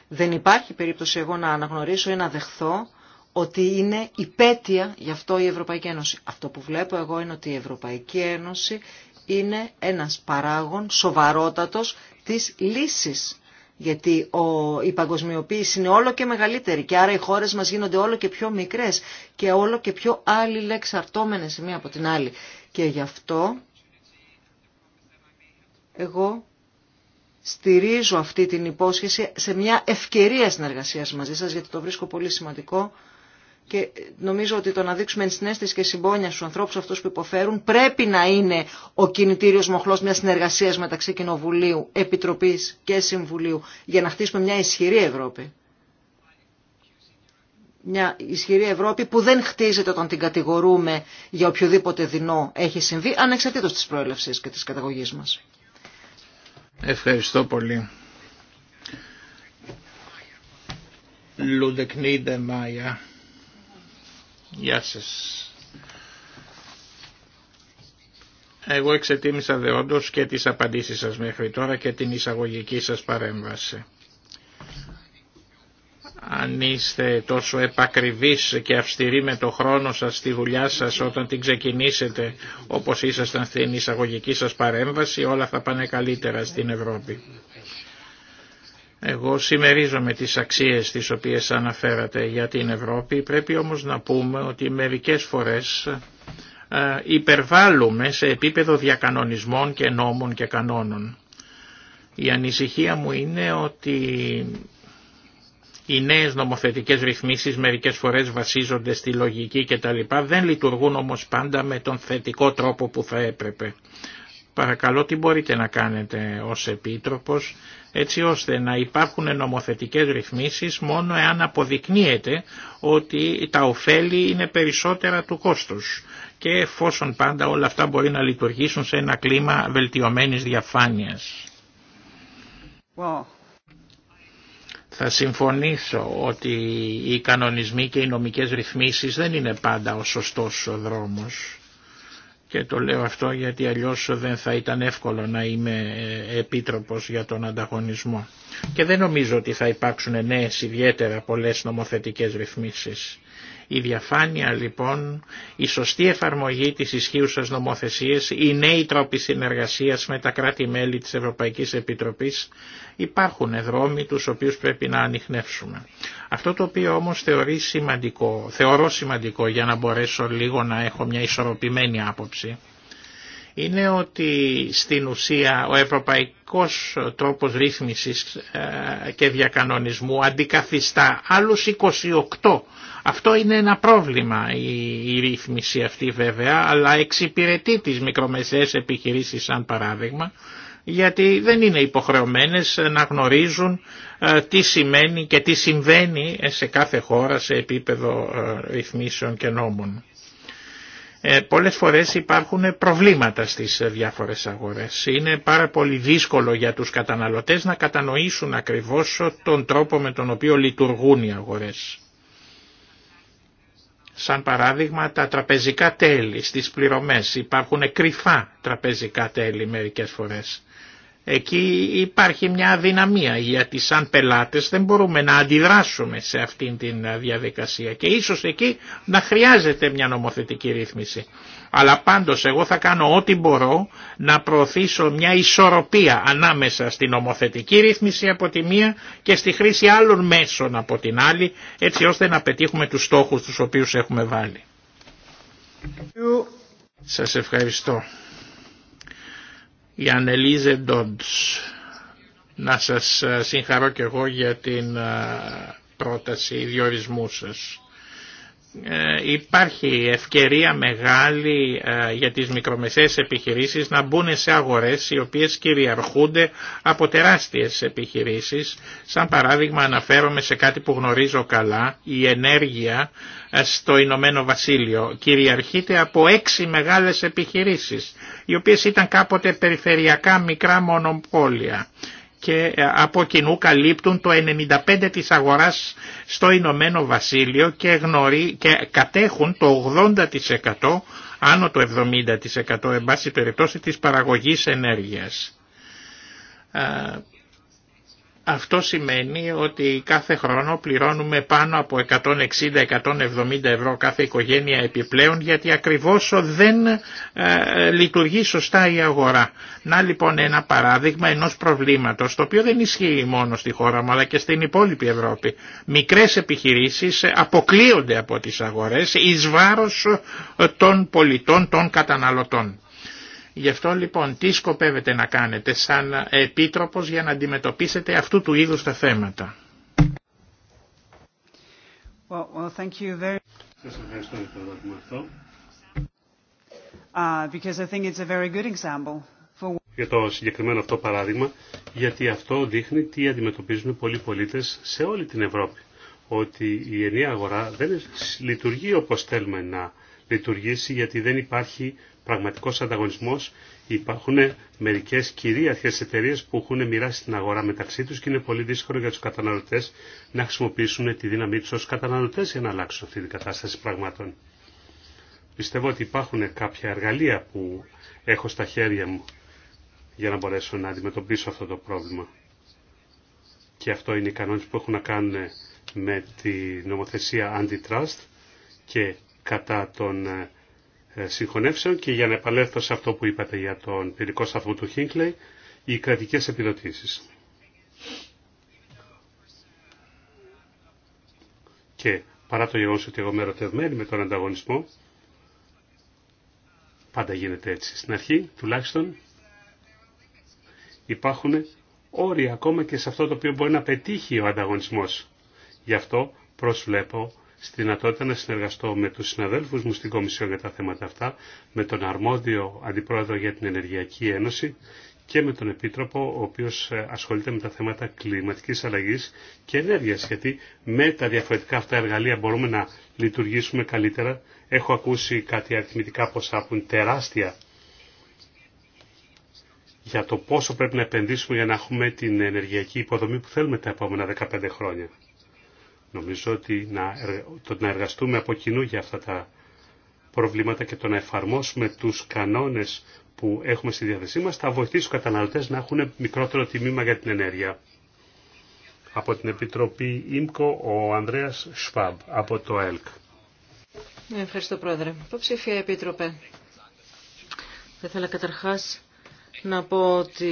δεν υπάρχει περίπτωση εγώ να αναγνωρίσω ή να δεχθώ ότι είναι υπέτεια γι' αυτό η Ευρωπαϊκή Ένωση. Αυτό που βλέπω εγώ είναι ότι η Ευρωπαϊκή Ένωση είναι ένας παράγων σοβαρότατος της λύσης. Γιατί ο, η παγκοσμιοποίηση είναι όλο και μεγαλύτερη και άρα οι χώρες μας γίνονται όλο και πιο μικρές και όλο και πιο αλληλεξαρτώμενες η μία από την άλλη. Και γι' αυτό εγώ στηρίζω αυτή την υπόσχεση σε μια ευκαιρία συνεργασίας μαζί σας γιατί το βρίσκω πολύ σημαντικό και νομίζω ότι το να δείξουμε ενσυναίσθηση και συμπόνια στους ανθρώπους αυτούς που υποφέρουν πρέπει να είναι ο κινητήριος μοχλός μιας συνεργασίας μεταξύ Κοινοβουλίου, Επιτροπής και Συμβουλίου για να χτίσουμε μια ισχυρή Ευρώπη. Μια ισχυρή Ευρώπη που δεν χτίζεται όταν την κατηγορούμε για οποιοδήποτε δεινό έχει συμβεί, ανεξαρτήτως της προέλευσης και της καταγωγής μας. Ευχαριστώ πολύ. Λουδεκνίδε Μάια. Γεια σας. Εγώ εξετίμησα δεόντως και τις απαντήσεις σας μέχρι τώρα και την εισαγωγική σας παρέμβαση. Αν είστε τόσο επακριβείς και αυστηροί με το χρόνο σας στη δουλειά σας όταν την ξεκινήσετε όπως ήσασταν στην εισαγωγική σας παρέμβαση όλα θα πάνε καλύτερα στην Ευρώπη. Εγώ συμμερίζομαι τις αξίες τις οποίες αναφέρατε για την Ευρώπη, πρέπει όμως να πούμε ότι μερικές φορές ε, υπερβάλλουμε σε επίπεδο διακανονισμών και νόμων και κανόνων. Η ανησυχία μου είναι ότι οι νέες νομοθετικές ρυθμίσεις μερικές φορές βασίζονται στη λογική κτλ. Δεν λειτουργούν όμως πάντα με τον θετικό τρόπο που θα έπρεπε. Παρακαλώ τι μπορείτε να κάνετε ως Επίτροπος έτσι ώστε να υπάρχουν νομοθετικές ρυθμίσεις μόνο εάν αποδεικνύεται ότι τα ωφέλη είναι περισσότερα του κόστους και εφόσον πάντα όλα αυτά μπορεί να λειτουργήσουν σε ένα κλίμα βελτιωμένης διαφάνειας. Θα συμφωνήσω ότι οι κανονισμοί και οι νομικές ρυθμίσεις δεν είναι πάντα ο σωστός ο δρόμος και το λέω αυτό γιατί αλλιώς δεν θα ήταν εύκολο να είμαι ε, επίτροπος για τον ανταγωνισμό. Και δεν νομίζω ότι θα υπάρξουν νέες ιδιαίτερα πολλές νομοθετικές ρυθμίσεις. Η διαφάνεια λοιπόν, η σωστή εφαρμογή της ισχύουσας νομοθεσίας, οι νέοι τρόποι συνεργασίας με τα κράτη-μέλη της Ευρωπαϊκής Επιτροπής υπάρχουν δρόμοι τους οποίους πρέπει να ανοιχνεύσουμε. Αυτό το οποίο όμως θεωρεί σημαντικό, θεωρώ σημαντικό για να μπορέσω λίγο να έχω μια ισορροπημένη άποψη, είναι ότι στην ουσία ο ευρωπαϊκός τρόπος ρύθμισης ε, και διακανονισμού αντικαθιστά άλλους 28 αυτό είναι ένα πρόβλημα η, ρύθμιση αυτή βέβαια, αλλά εξυπηρετεί τις μικρομεσαίες επιχειρήσεις σαν παράδειγμα, γιατί δεν είναι υποχρεωμένες να γνωρίζουν ε, τι σημαίνει και τι συμβαίνει σε κάθε χώρα σε επίπεδο ε, ρυθμίσεων και νόμων. Ε, πολλές φορές υπάρχουν προβλήματα στις ε, διάφορες αγορές. Είναι πάρα πολύ δύσκολο για τους καταναλωτές να κατανοήσουν ακριβώς τον τρόπο με τον οποίο λειτουργούν οι αγορές. Σαν παράδειγμα τα τραπεζικά τέλη στις πληρωμές. Υπάρχουν κρυφά τραπεζικά τέλη μερικές φορές. Εκεί υπάρχει μια αδυναμία γιατί σαν πελάτες δεν μπορούμε να αντιδράσουμε σε αυτήν την διαδικασία και ίσως εκεί να χρειάζεται μια νομοθετική ρύθμιση. Αλλά πάντως εγώ θα κάνω ό,τι μπορώ να προωθήσω μια ισορροπία ανάμεσα στην νομοθετική ρύθμιση από τη μία και στη χρήση άλλων μέσων από την άλλη έτσι ώστε να πετύχουμε τους στόχους τους οποίους έχουμε βάλει. Σας ευχαριστώ. Η Ανελίζε Ντόντς. Να σας ε, συγχαρώ και εγώ για την ε, πρόταση διορισμού σας. Ε, υπάρχει ευκαιρία μεγάλη ε, για τις μικρομεσαίες επιχειρήσεις να μπουν σε αγορές οι οποίες κυριαρχούνται από τεράστιες επιχειρήσεις. Σαν παράδειγμα αναφέρομαι σε κάτι που γνωρίζω καλά, η ενέργεια ε, στο Ηνωμένο Βασίλειο κυριαρχείται από έξι μεγάλες επιχειρήσεις, οι οποίες ήταν κάποτε περιφερειακά μικρά μονοπόλια και ε, από κοινού καλύπτουν το 95% της αγοράς στο Ηνωμένο Βασίλειο και, γνωρί, και κατέχουν το 80% άνω το 70% εν πάση περιπτώσει της παραγωγής ενέργειας. Ε, αυτό σημαίνει ότι κάθε χρόνο πληρώνουμε πάνω από 160-170 ευρώ κάθε οικογένεια επιπλέον γιατί ακριβώς δεν ε, λειτουργεί σωστά η αγορά. Να λοιπόν ένα παράδειγμα ενός προβλήματος το οποίο δεν ισχύει μόνο στη χώρα μου αλλά και στην υπόλοιπη Ευρώπη. Μικρές επιχειρήσεις αποκλείονται από τις αγορές εις βάρος ε, των πολιτών των καταναλωτών. Γι' αυτό λοιπόν τι σκοπεύετε να κάνετε σαν επίτροπος για να αντιμετωπίσετε αυτού του είδους τα θέματα. Well, ευχαριστώ για το αυτό. Uh, because I think it's a very good example Για το συγκεκριμένο αυτό παράδειγμα, γιατί αυτό δείχνει τι αντιμετωπίζουν πολλοί πολίτες σε όλη την Ευρώπη. Ότι η ενιαία αγορά δεν λειτουργεί όπως θέλουμε να λειτουργήσει, γιατί δεν υπάρχει Πραγματικό ανταγωνισμό, υπάρχουν μερικέ κυρίαρχες εταιρείε που έχουν μοιράσει την αγορά μεταξύ του και είναι πολύ δύσκολο για του καταναλωτέ να χρησιμοποιήσουν τη δύναμή του ω καταναλωτές για να αλλάξουν αυτή την κατάσταση πραγμάτων. Πιστεύω ότι υπάρχουν κάποια εργαλεία που έχω στα χέρια μου για να μπορέσω να αντιμετωπίσω αυτό το πρόβλημα. Και αυτό είναι οι κανόνες που έχουν να κάνουν με τη νομοθεσία antitrust και κατά τον. Ε, ε, συγχωνεύσεων και για να επαλέφθω σε αυτό που είπατε για τον πυρικό σταθμό του Χίνκλεϊ, οι κρατικές επιδοτήσεις. Και παρά το γεγονός ότι εγώ είμαι ερωτευμένη με τον ανταγωνισμό, πάντα γίνεται έτσι. Στην αρχή, τουλάχιστον, υπάρχουν όρια ακόμα και σε αυτό το οποίο μπορεί να πετύχει ο ανταγωνισμός. Γι' αυτό προσβλέπω στη δυνατότητα να συνεργαστώ με τους συναδέλφους μου στην Κομισιόν για τα θέματα αυτά, με τον αρμόδιο Αντιπρόεδρο για την Ενεργειακή Ένωση και με τον Επίτροπο, ο οποίος ε, ασχολείται με τα θέματα κλιματικής αλλαγής και ενέργειας, γιατί με τα διαφορετικά αυτά εργαλεία μπορούμε να λειτουργήσουμε καλύτερα. Έχω ακούσει κάτι αριθμητικά ποσά που είναι τεράστια για το πόσο πρέπει να επενδύσουμε για να έχουμε την ενεργειακή υποδομή που θέλουμε τα επόμενα 15 χρόνια. Νομίζω ότι το να εργαστούμε από κοινού για αυτά τα προβλήματα και το να εφαρμόσουμε τους κανόνες που έχουμε στη διάθεσή μας θα βοηθήσει τους καταναλωτές να έχουν μικρότερο τιμήμα για την ενέργεια. Από την Επιτροπή ΙΜΚΟ ο Ανδρέας Σφάμπ από το ΕΛΚ. Ευχαριστώ Πρόεδρε. Υποψήφια Επίτροπε. Θα ήθελα καταρχάς να πω ότι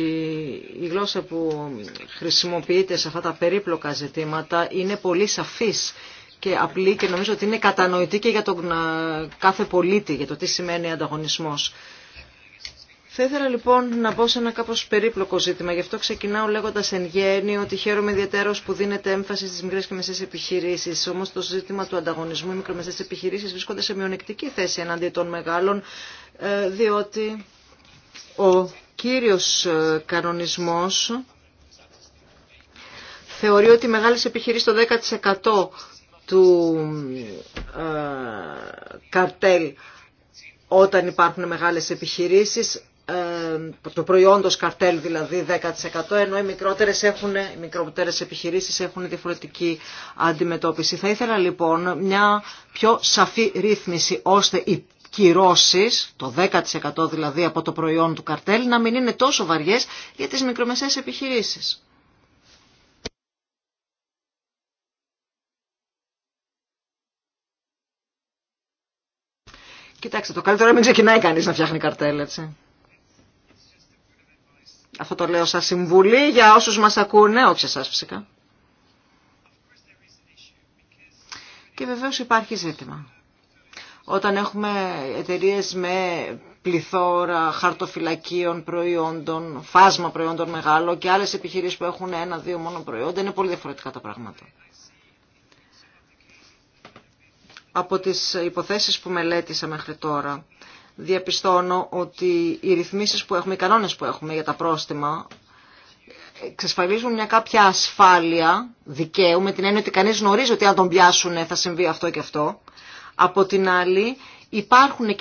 η γλώσσα που χρησιμοποιείται σε αυτά τα περίπλοκα ζητήματα είναι πολύ σαφής και απλή και νομίζω ότι είναι κατανοητή και για τον κάθε πολίτη για το τι σημαίνει ανταγωνισμός. Θα ήθελα λοιπόν να πω σε ένα κάπως περίπλοκο ζήτημα. Γι' αυτό ξεκινάω λέγοντας εν γέννη ότι χαίρομαι ιδιαίτερα που δίνεται έμφαση στις μικρές και μεσές επιχειρήσεις. Όμως το ζήτημα του ανταγωνισμού οι μικρομεσαίες επιχειρήσεις βρίσκονται σε μειονεκτική θέση εναντί των μεγάλων, ε, διότι ο κύριος ε, κανονισμός θεωρεί ότι οι μεγάλες επιχειρήσεις το 10% του ε, καρτέλ όταν υπάρχουν μεγάλες επιχειρήσεις ε, το προϊόντος καρτέλ δηλαδή 10% ενώ οι μικρότερες, έχουν, οι μικρότερες επιχειρήσεις έχουν διαφορετική αντιμετώπιση. Θα ήθελα λοιπόν μια πιο σαφή ρύθμιση ώστε οι κυρώσεις, το 10% δηλαδή από το προϊόν του καρτέλ, να μην είναι τόσο βαριές για τις μικρομεσαίες επιχειρήσεις. Κοιτάξτε, το καλύτερο είναι μην ξεκινάει κανείς να φτιάχνει καρτέλ, έτσι. Αυτό το λέω σαν συμβουλή για όσους μας ακούνε, ναι, όχι εσάς φυσικά. Και βεβαίως υπάρχει ζήτημα. Όταν έχουμε εταιρείε με πληθώρα χαρτοφυλακίων προϊόντων, φάσμα προϊόντων μεγάλο και άλλες επιχειρήσεις που έχουν ένα-δύο μόνο προϊόντα, είναι πολύ διαφορετικά τα πράγματα. Από τις υποθέσεις που μελέτησα μέχρι τώρα, διαπιστώνω ότι οι ρυθμίσεις που έχουμε, οι κανόνες που έχουμε για τα πρόστιμα, εξασφαλίζουν μια κάποια ασφάλεια δικαίου, με την έννοια ότι κανείς γνωρίζει ότι αν τον πιάσουν θα συμβεί αυτό και αυτό, από την άλλη, υπάρχουν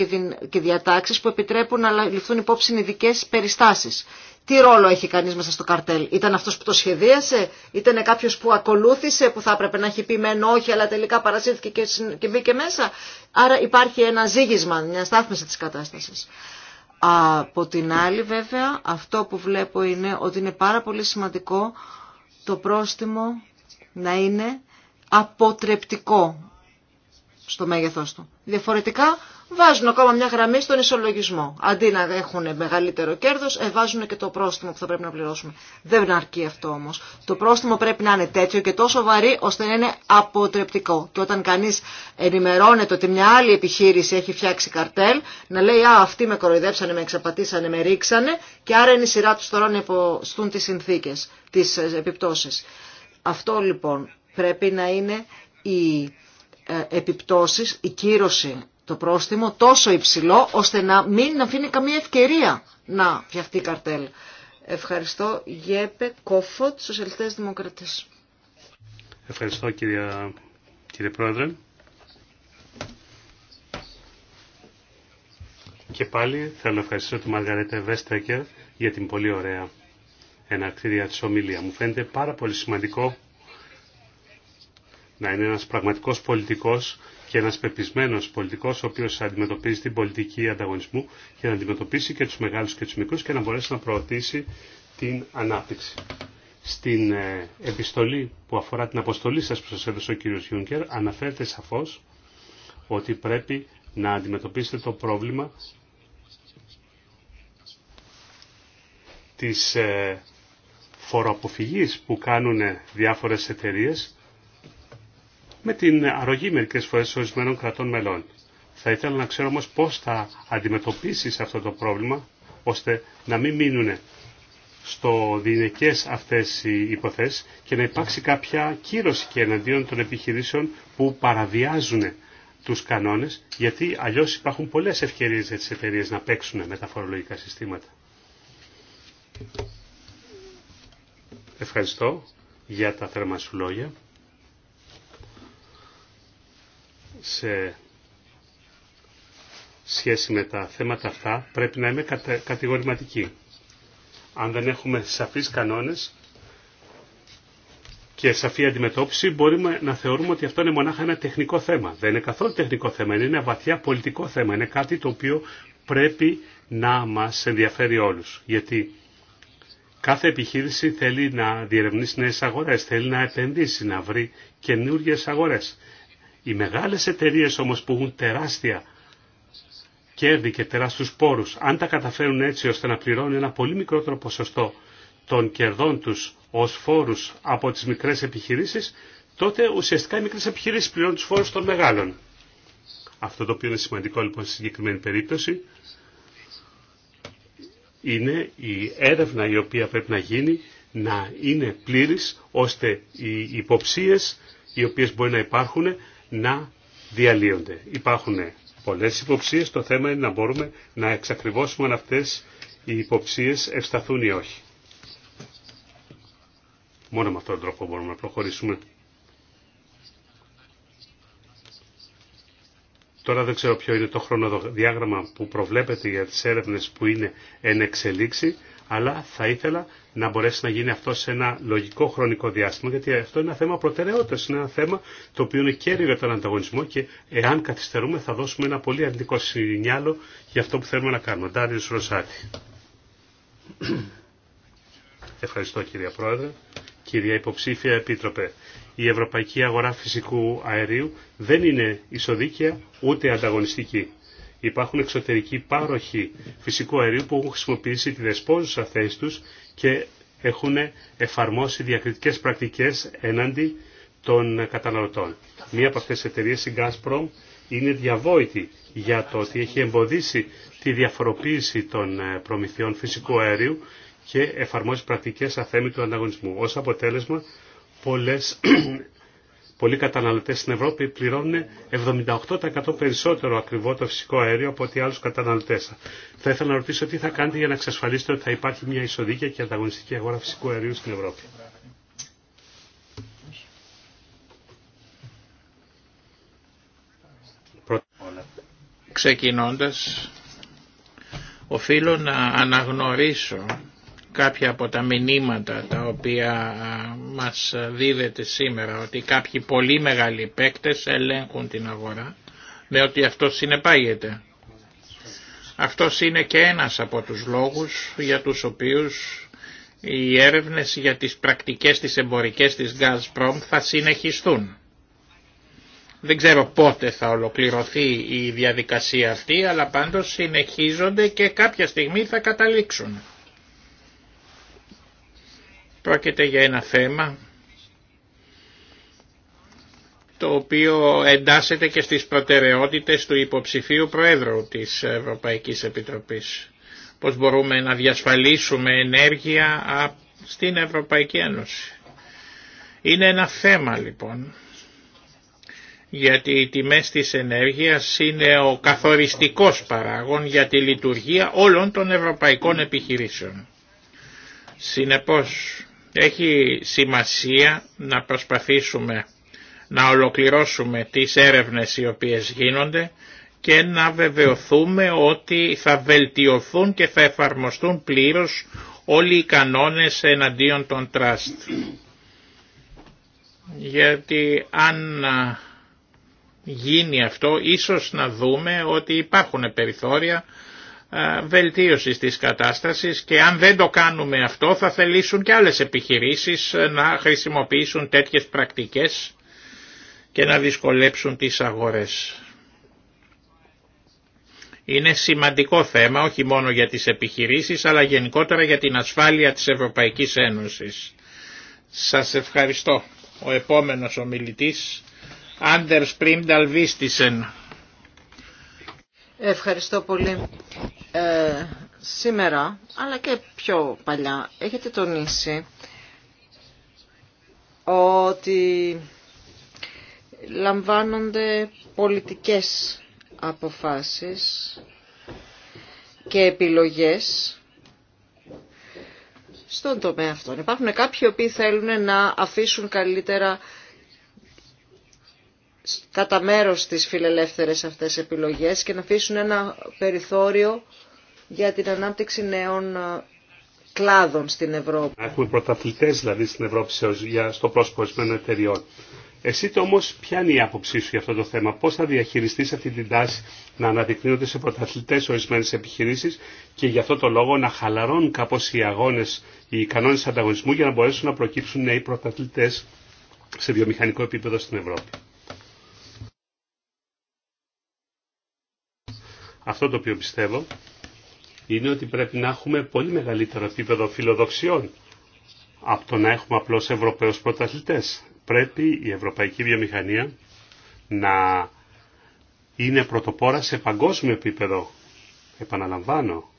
και διατάξεις που επιτρέπουν να ληφθούν υπόψη ειδικέ περιστάσεις. Τι ρόλο έχει κανείς μέσα στο καρτέλ. Ήταν αυτός που το σχεδίασε, ήταν κάποιος που ακολούθησε, που θα έπρεπε να έχει πει μεν όχι, αλλά τελικά παρασύρθηκε και, και μπήκε μέσα. Άρα υπάρχει ένα ζήγισμα, μια στάθμιση της κατάστασης. Από την άλλη βέβαια, αυτό που βλέπω είναι ότι είναι πάρα πολύ σημαντικό το πρόστιμο να είναι αποτρεπτικό στο μέγεθός του. Διαφορετικά βάζουν ακόμα μια γραμμή στον ισολογισμό. Αντί να έχουν μεγαλύτερο κέρδος, ε, βάζουν και το πρόστιμο που θα πρέπει να πληρώσουμε. Δεν αρκεί αυτό όμως. Το πρόστιμο πρέπει να είναι τέτοιο και τόσο βαρύ ώστε να είναι αποτρεπτικό. Και όταν κανείς ενημερώνεται ότι μια άλλη επιχείρηση έχει φτιάξει καρτέλ, να λέει «Α, αυτοί με κοροϊδέψανε, με εξαπατήσανε, με ρίξανε» και άρα είναι η σειρά τους τώρα να υποστούν τι συνθήκες, τις επιπτώσεις. Αυτό λοιπόν πρέπει να είναι η ε, επιπτώσεις, η κύρωση, το πρόστιμο τόσο υψηλό ώστε να μην αφήνει καμία ευκαιρία να φτιαχτεί καρτέλ. Ευχαριστώ Γέπε Κόφωτ, Σοσιαλιστές Δημοκρατές. Ευχαριστώ κύριε, κύριε Πρόεδρε. Και πάλι θέλω να ευχαριστήσω τη Μαργαρέτα Βέστεκερ για την πολύ ωραία εναρκτήρια της ομιλία. Μου φαίνεται πάρα πολύ σημαντικό να είναι ένας πραγματικός πολιτικός και ένας πεπισμένος πολιτικός ο οποίος αντιμετωπίζει την πολιτική ανταγωνισμού και να αντιμετωπίσει και τους μεγάλους και τους μικρούς και να μπορέσει να προωθήσει την ανάπτυξη. Στην ε, επιστολή που αφορά την αποστολή σας που σας έδωσε ο κύριος Γιούγκερ αναφέρεται σαφώς ότι πρέπει να αντιμετωπίσετε το πρόβλημα της ε, φοροαποφυγής που κάνουν διάφορες εταιρείες με την αρρωγή μερικές φορές ορισμένων κρατών μελών. Θα ήθελα να ξέρω όμως πώς θα αντιμετωπίσεις αυτό το πρόβλημα, ώστε να μην μείνουν στο δινεκές αυτές οι υποθέσεις και να υπάρξει κάποια κύρωση και εναντίον των επιχειρήσεων που παραβιάζουν τους κανόνες, γιατί αλλιώς υπάρχουν πολλές ευκαιρίες για τις εταιρείε να παίξουν με τα φορολογικά συστήματα. Ευχαριστώ για τα θερμά σου λόγια. σε σχέση με τα θέματα αυτά πρέπει να είμαι κατηγορηματική. Αν δεν έχουμε σαφείς κανόνες και σαφή αντιμετώπιση μπορούμε να θεωρούμε ότι αυτό είναι μονάχα ένα τεχνικό θέμα. Δεν είναι καθόλου τεχνικό θέμα, είναι ένα βαθιά πολιτικό θέμα. Είναι κάτι το οποίο πρέπει να μας ενδιαφέρει όλους. Γιατί κάθε επιχείρηση θέλει να διερευνήσει νέες αγορές, θέλει να επενδύσει, να βρει καινούργιες αγορές. Οι μεγάλες εταιρείες όμως που έχουν τεράστια κέρδη και τεράστιους πόρους, αν τα καταφέρουν έτσι ώστε να πληρώνουν ένα πολύ μικρότερο ποσοστό των κερδών τους ως φόρους από τις μικρές επιχειρήσεις, τότε ουσιαστικά οι μικρές επιχειρήσεις πληρώνουν τους φόρους των μεγάλων. Αυτό το οποίο είναι σημαντικό λοιπόν στη συγκεκριμένη περίπτωση είναι η έρευνα η οποία πρέπει να γίνει να είναι πλήρης ώστε οι υποψίες οι οποίες μπορεί να υπάρχουν να διαλύονται. Υπάρχουν πολλές υποψίες, το θέμα είναι να μπορούμε να εξακριβώσουμε αν αυτές οι υποψίες ευσταθούν ή όχι. Μόνο με αυτόν τον τρόπο μπορούμε να προχωρήσουμε. Τώρα δεν ξέρω ποιο είναι το χρονοδιάγραμμα που προβλέπετε για τις έρευνες που είναι εν εξελίξη, αλλά θα ήθελα να μπορέσει να γίνει αυτό σε ένα λογικό χρονικό διάστημα, γιατί αυτό είναι ένα θέμα προτεραιότητα. Είναι ένα θέμα το οποίο είναι κέριο για τον ανταγωνισμό και εάν καθυστερούμε θα δώσουμε ένα πολύ αρνητικό συνιάλο για αυτό που θέλουμε να κάνουμε. Ντάριο Ροζάτη. Ευχαριστώ κυρία Πρόεδρε. Κυρία Υποψήφια Επίτροπε, η ευρωπαϊκή αγορά φυσικού αερίου δεν είναι ισοδίκαια ούτε ανταγωνιστική. Υπάρχουν εξωτερικοί πάροχοι φυσικού αερίου που έχουν χρησιμοποιήσει τη δεσπόζουσα θέση τους και έχουν εφαρμόσει διακριτικές πρακτικές έναντι των καταναλωτών. Μία από αυτές τις εταιρείες, η Gazprom, είναι διαβόητη για το ότι έχει εμποδίσει τη διαφοροποίηση των ε, προμηθειών φυσικού αερίου και εφαρμόσει πρακτικές αθέμη του ανταγωνισμού. Ως αποτέλεσμα, πολλές πολλοί καταναλωτές στην Ευρώπη πληρώνουν 78% περισσότερο ακριβό το φυσικό αέριο από ό,τι άλλους καταναλωτές. Θα ήθελα να ρωτήσω τι θα κάνετε για να εξασφαλίσετε ότι θα υπάρχει μια ισοδίκια και ανταγωνιστική αγορά φυσικού αερίου στην Ευρώπη. Ξεκινώντας, οφείλω να αναγνωρίσω κάποια από τα μηνύματα τα οποία μας δίδεται σήμερα ότι κάποιοι πολύ μεγάλοι παίκτες ελέγχουν την αγορά με ότι αυτό συνεπάγεται. Αυτό είναι και ένας από τους λόγους για τους οποίους οι έρευνες για τις πρακτικές της εμπορικές της Gazprom θα συνεχιστούν. Δεν ξέρω πότε θα ολοκληρωθεί η διαδικασία αυτή, αλλά πάντως συνεχίζονται και κάποια στιγμή θα καταλήξουν. Πρόκειται για ένα θέμα το οποίο εντάσσεται και στις προτεραιότητες του υποψηφίου Προέδρου της Ευρωπαϊκής Επιτροπής. Πώς μπορούμε να διασφαλίσουμε ενέργεια στην Ευρωπαϊκή Ένωση. Είναι ένα θέμα λοιπόν, γιατί οι τιμές της ενέργειας είναι ο καθοριστικός παράγων για τη λειτουργία όλων των ευρωπαϊκών επιχειρήσεων. Συνεπώς, έχει σημασία να προσπαθήσουμε να ολοκληρώσουμε τις έρευνες οι οποίες γίνονται και να βεβαιωθούμε ότι θα βελτιωθούν και θα εφαρμοστούν πλήρως όλοι οι κανόνες εναντίον των τραστ. Γιατί αν γίνει αυτό ίσως να δούμε ότι υπάρχουν περιθώρια βελτίωσης της κατάστασης και αν δεν το κάνουμε αυτό θα θελήσουν και άλλες επιχειρήσεις ε, να χρησιμοποιήσουν τέτοιες πρακτικές και να δυσκολέψουν τις αγορές. Είναι σημαντικό θέμα όχι μόνο για τις επιχειρήσεις αλλά γενικότερα για την ασφάλεια της Ευρωπαϊκής Ένωσης. Σας ευχαριστώ. Ο επόμενος ομιλητής, Anders Primdal Vistisen. Ευχαριστώ πολύ. Ε, σήμερα, αλλά και πιο παλιά, έχετε τονίσει ότι λαμβάνονται πολιτικές αποφάσεις και επιλογές στον τομέα αυτόν. Υπάρχουν κάποιοι οποίοι θέλουν να αφήσουν καλύτερα κατά μέρο τις φιλελεύθερες αυτές επιλογές και να αφήσουν ένα περιθώριο για την ανάπτυξη νέων ε, κλάδων στην Ευρώπη. Έχουμε πρωταθλητές δηλαδή στην Ευρώπη στο πρόσωπο ορισμένων εταιριών. Εσύ το όμως ποια είναι η άποψή σου για αυτό το θέμα, πώς θα διαχειριστείς αυτή την τάση να αναδεικνύονται σε πρωταθλητές ορισμένες επιχειρήσεις και για αυτό το λόγο να χαλαρώνουν κάπως οι αγώνες, οι κανόνες ανταγωνισμού για να μπορέσουν να προκύψουν νέοι πρωταθλητές σε βιομηχανικό επίπεδο στην Ευρώπη. Αυτό το οποίο πιστεύω είναι ότι πρέπει να έχουμε πολύ μεγαλύτερο επίπεδο φιλοδοξιών από το να έχουμε απλώς Ευρωπαίους πρωταθλητές. Πρέπει η ευρωπαϊκή βιομηχανία να είναι πρωτοπόρα σε παγκόσμιο επίπεδο. Επαναλαμβάνω.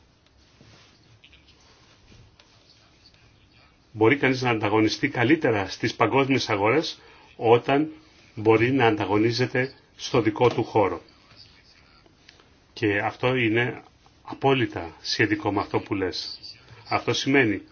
Μπορεί κανείς να ανταγωνιστεί καλύτερα στις παγκόσμιες αγορές όταν μπορεί να ανταγωνίζεται στο δικό του χώρο. Και αυτό είναι απόλυτα σχετικό με αυτό που λες. Αυτό σημαίνει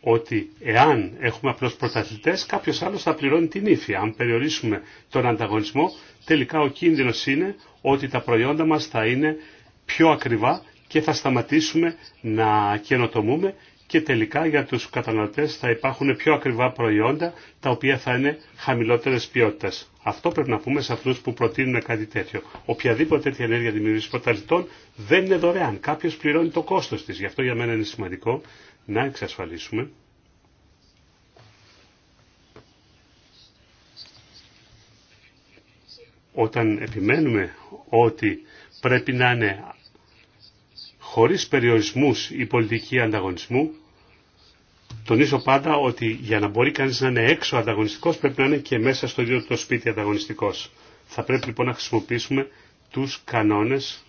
ότι εάν έχουμε απλώς πρωταθλητές, κάποιος άλλος θα πληρώνει την ύφη. Αν περιορίσουμε τον ανταγωνισμό, τελικά ο κίνδυνος είναι ότι τα προϊόντα μας θα είναι πιο ακριβά και θα σταματήσουμε να καινοτομούμε και τελικά για τους καταναλωτές θα υπάρχουν πιο ακριβά προϊόντα τα οποία θα είναι χαμηλότερες ποιότητας. Αυτό πρέπει να πούμε σε αυτού που προτείνουν κάτι τέτοιο. Οποιαδήποτε τέτοια ενέργεια δημιουργήση πολιτών δεν είναι δωρεάν. Κάποιο πληρώνει το κόστο τη. Γι' αυτό για μένα είναι σημαντικό να εξασφαλίσουμε όταν επιμένουμε ότι πρέπει να είναι χωρίς περιορισμούς η πολιτική ανταγωνισμού, Τονίζω πάντα ότι για να μπορεί κανείς να είναι έξω ανταγωνιστικός πρέπει να είναι και μέσα στο ίδιο το σπίτι ανταγωνιστικός. Θα πρέπει λοιπόν να χρησιμοποιήσουμε τους κανόνες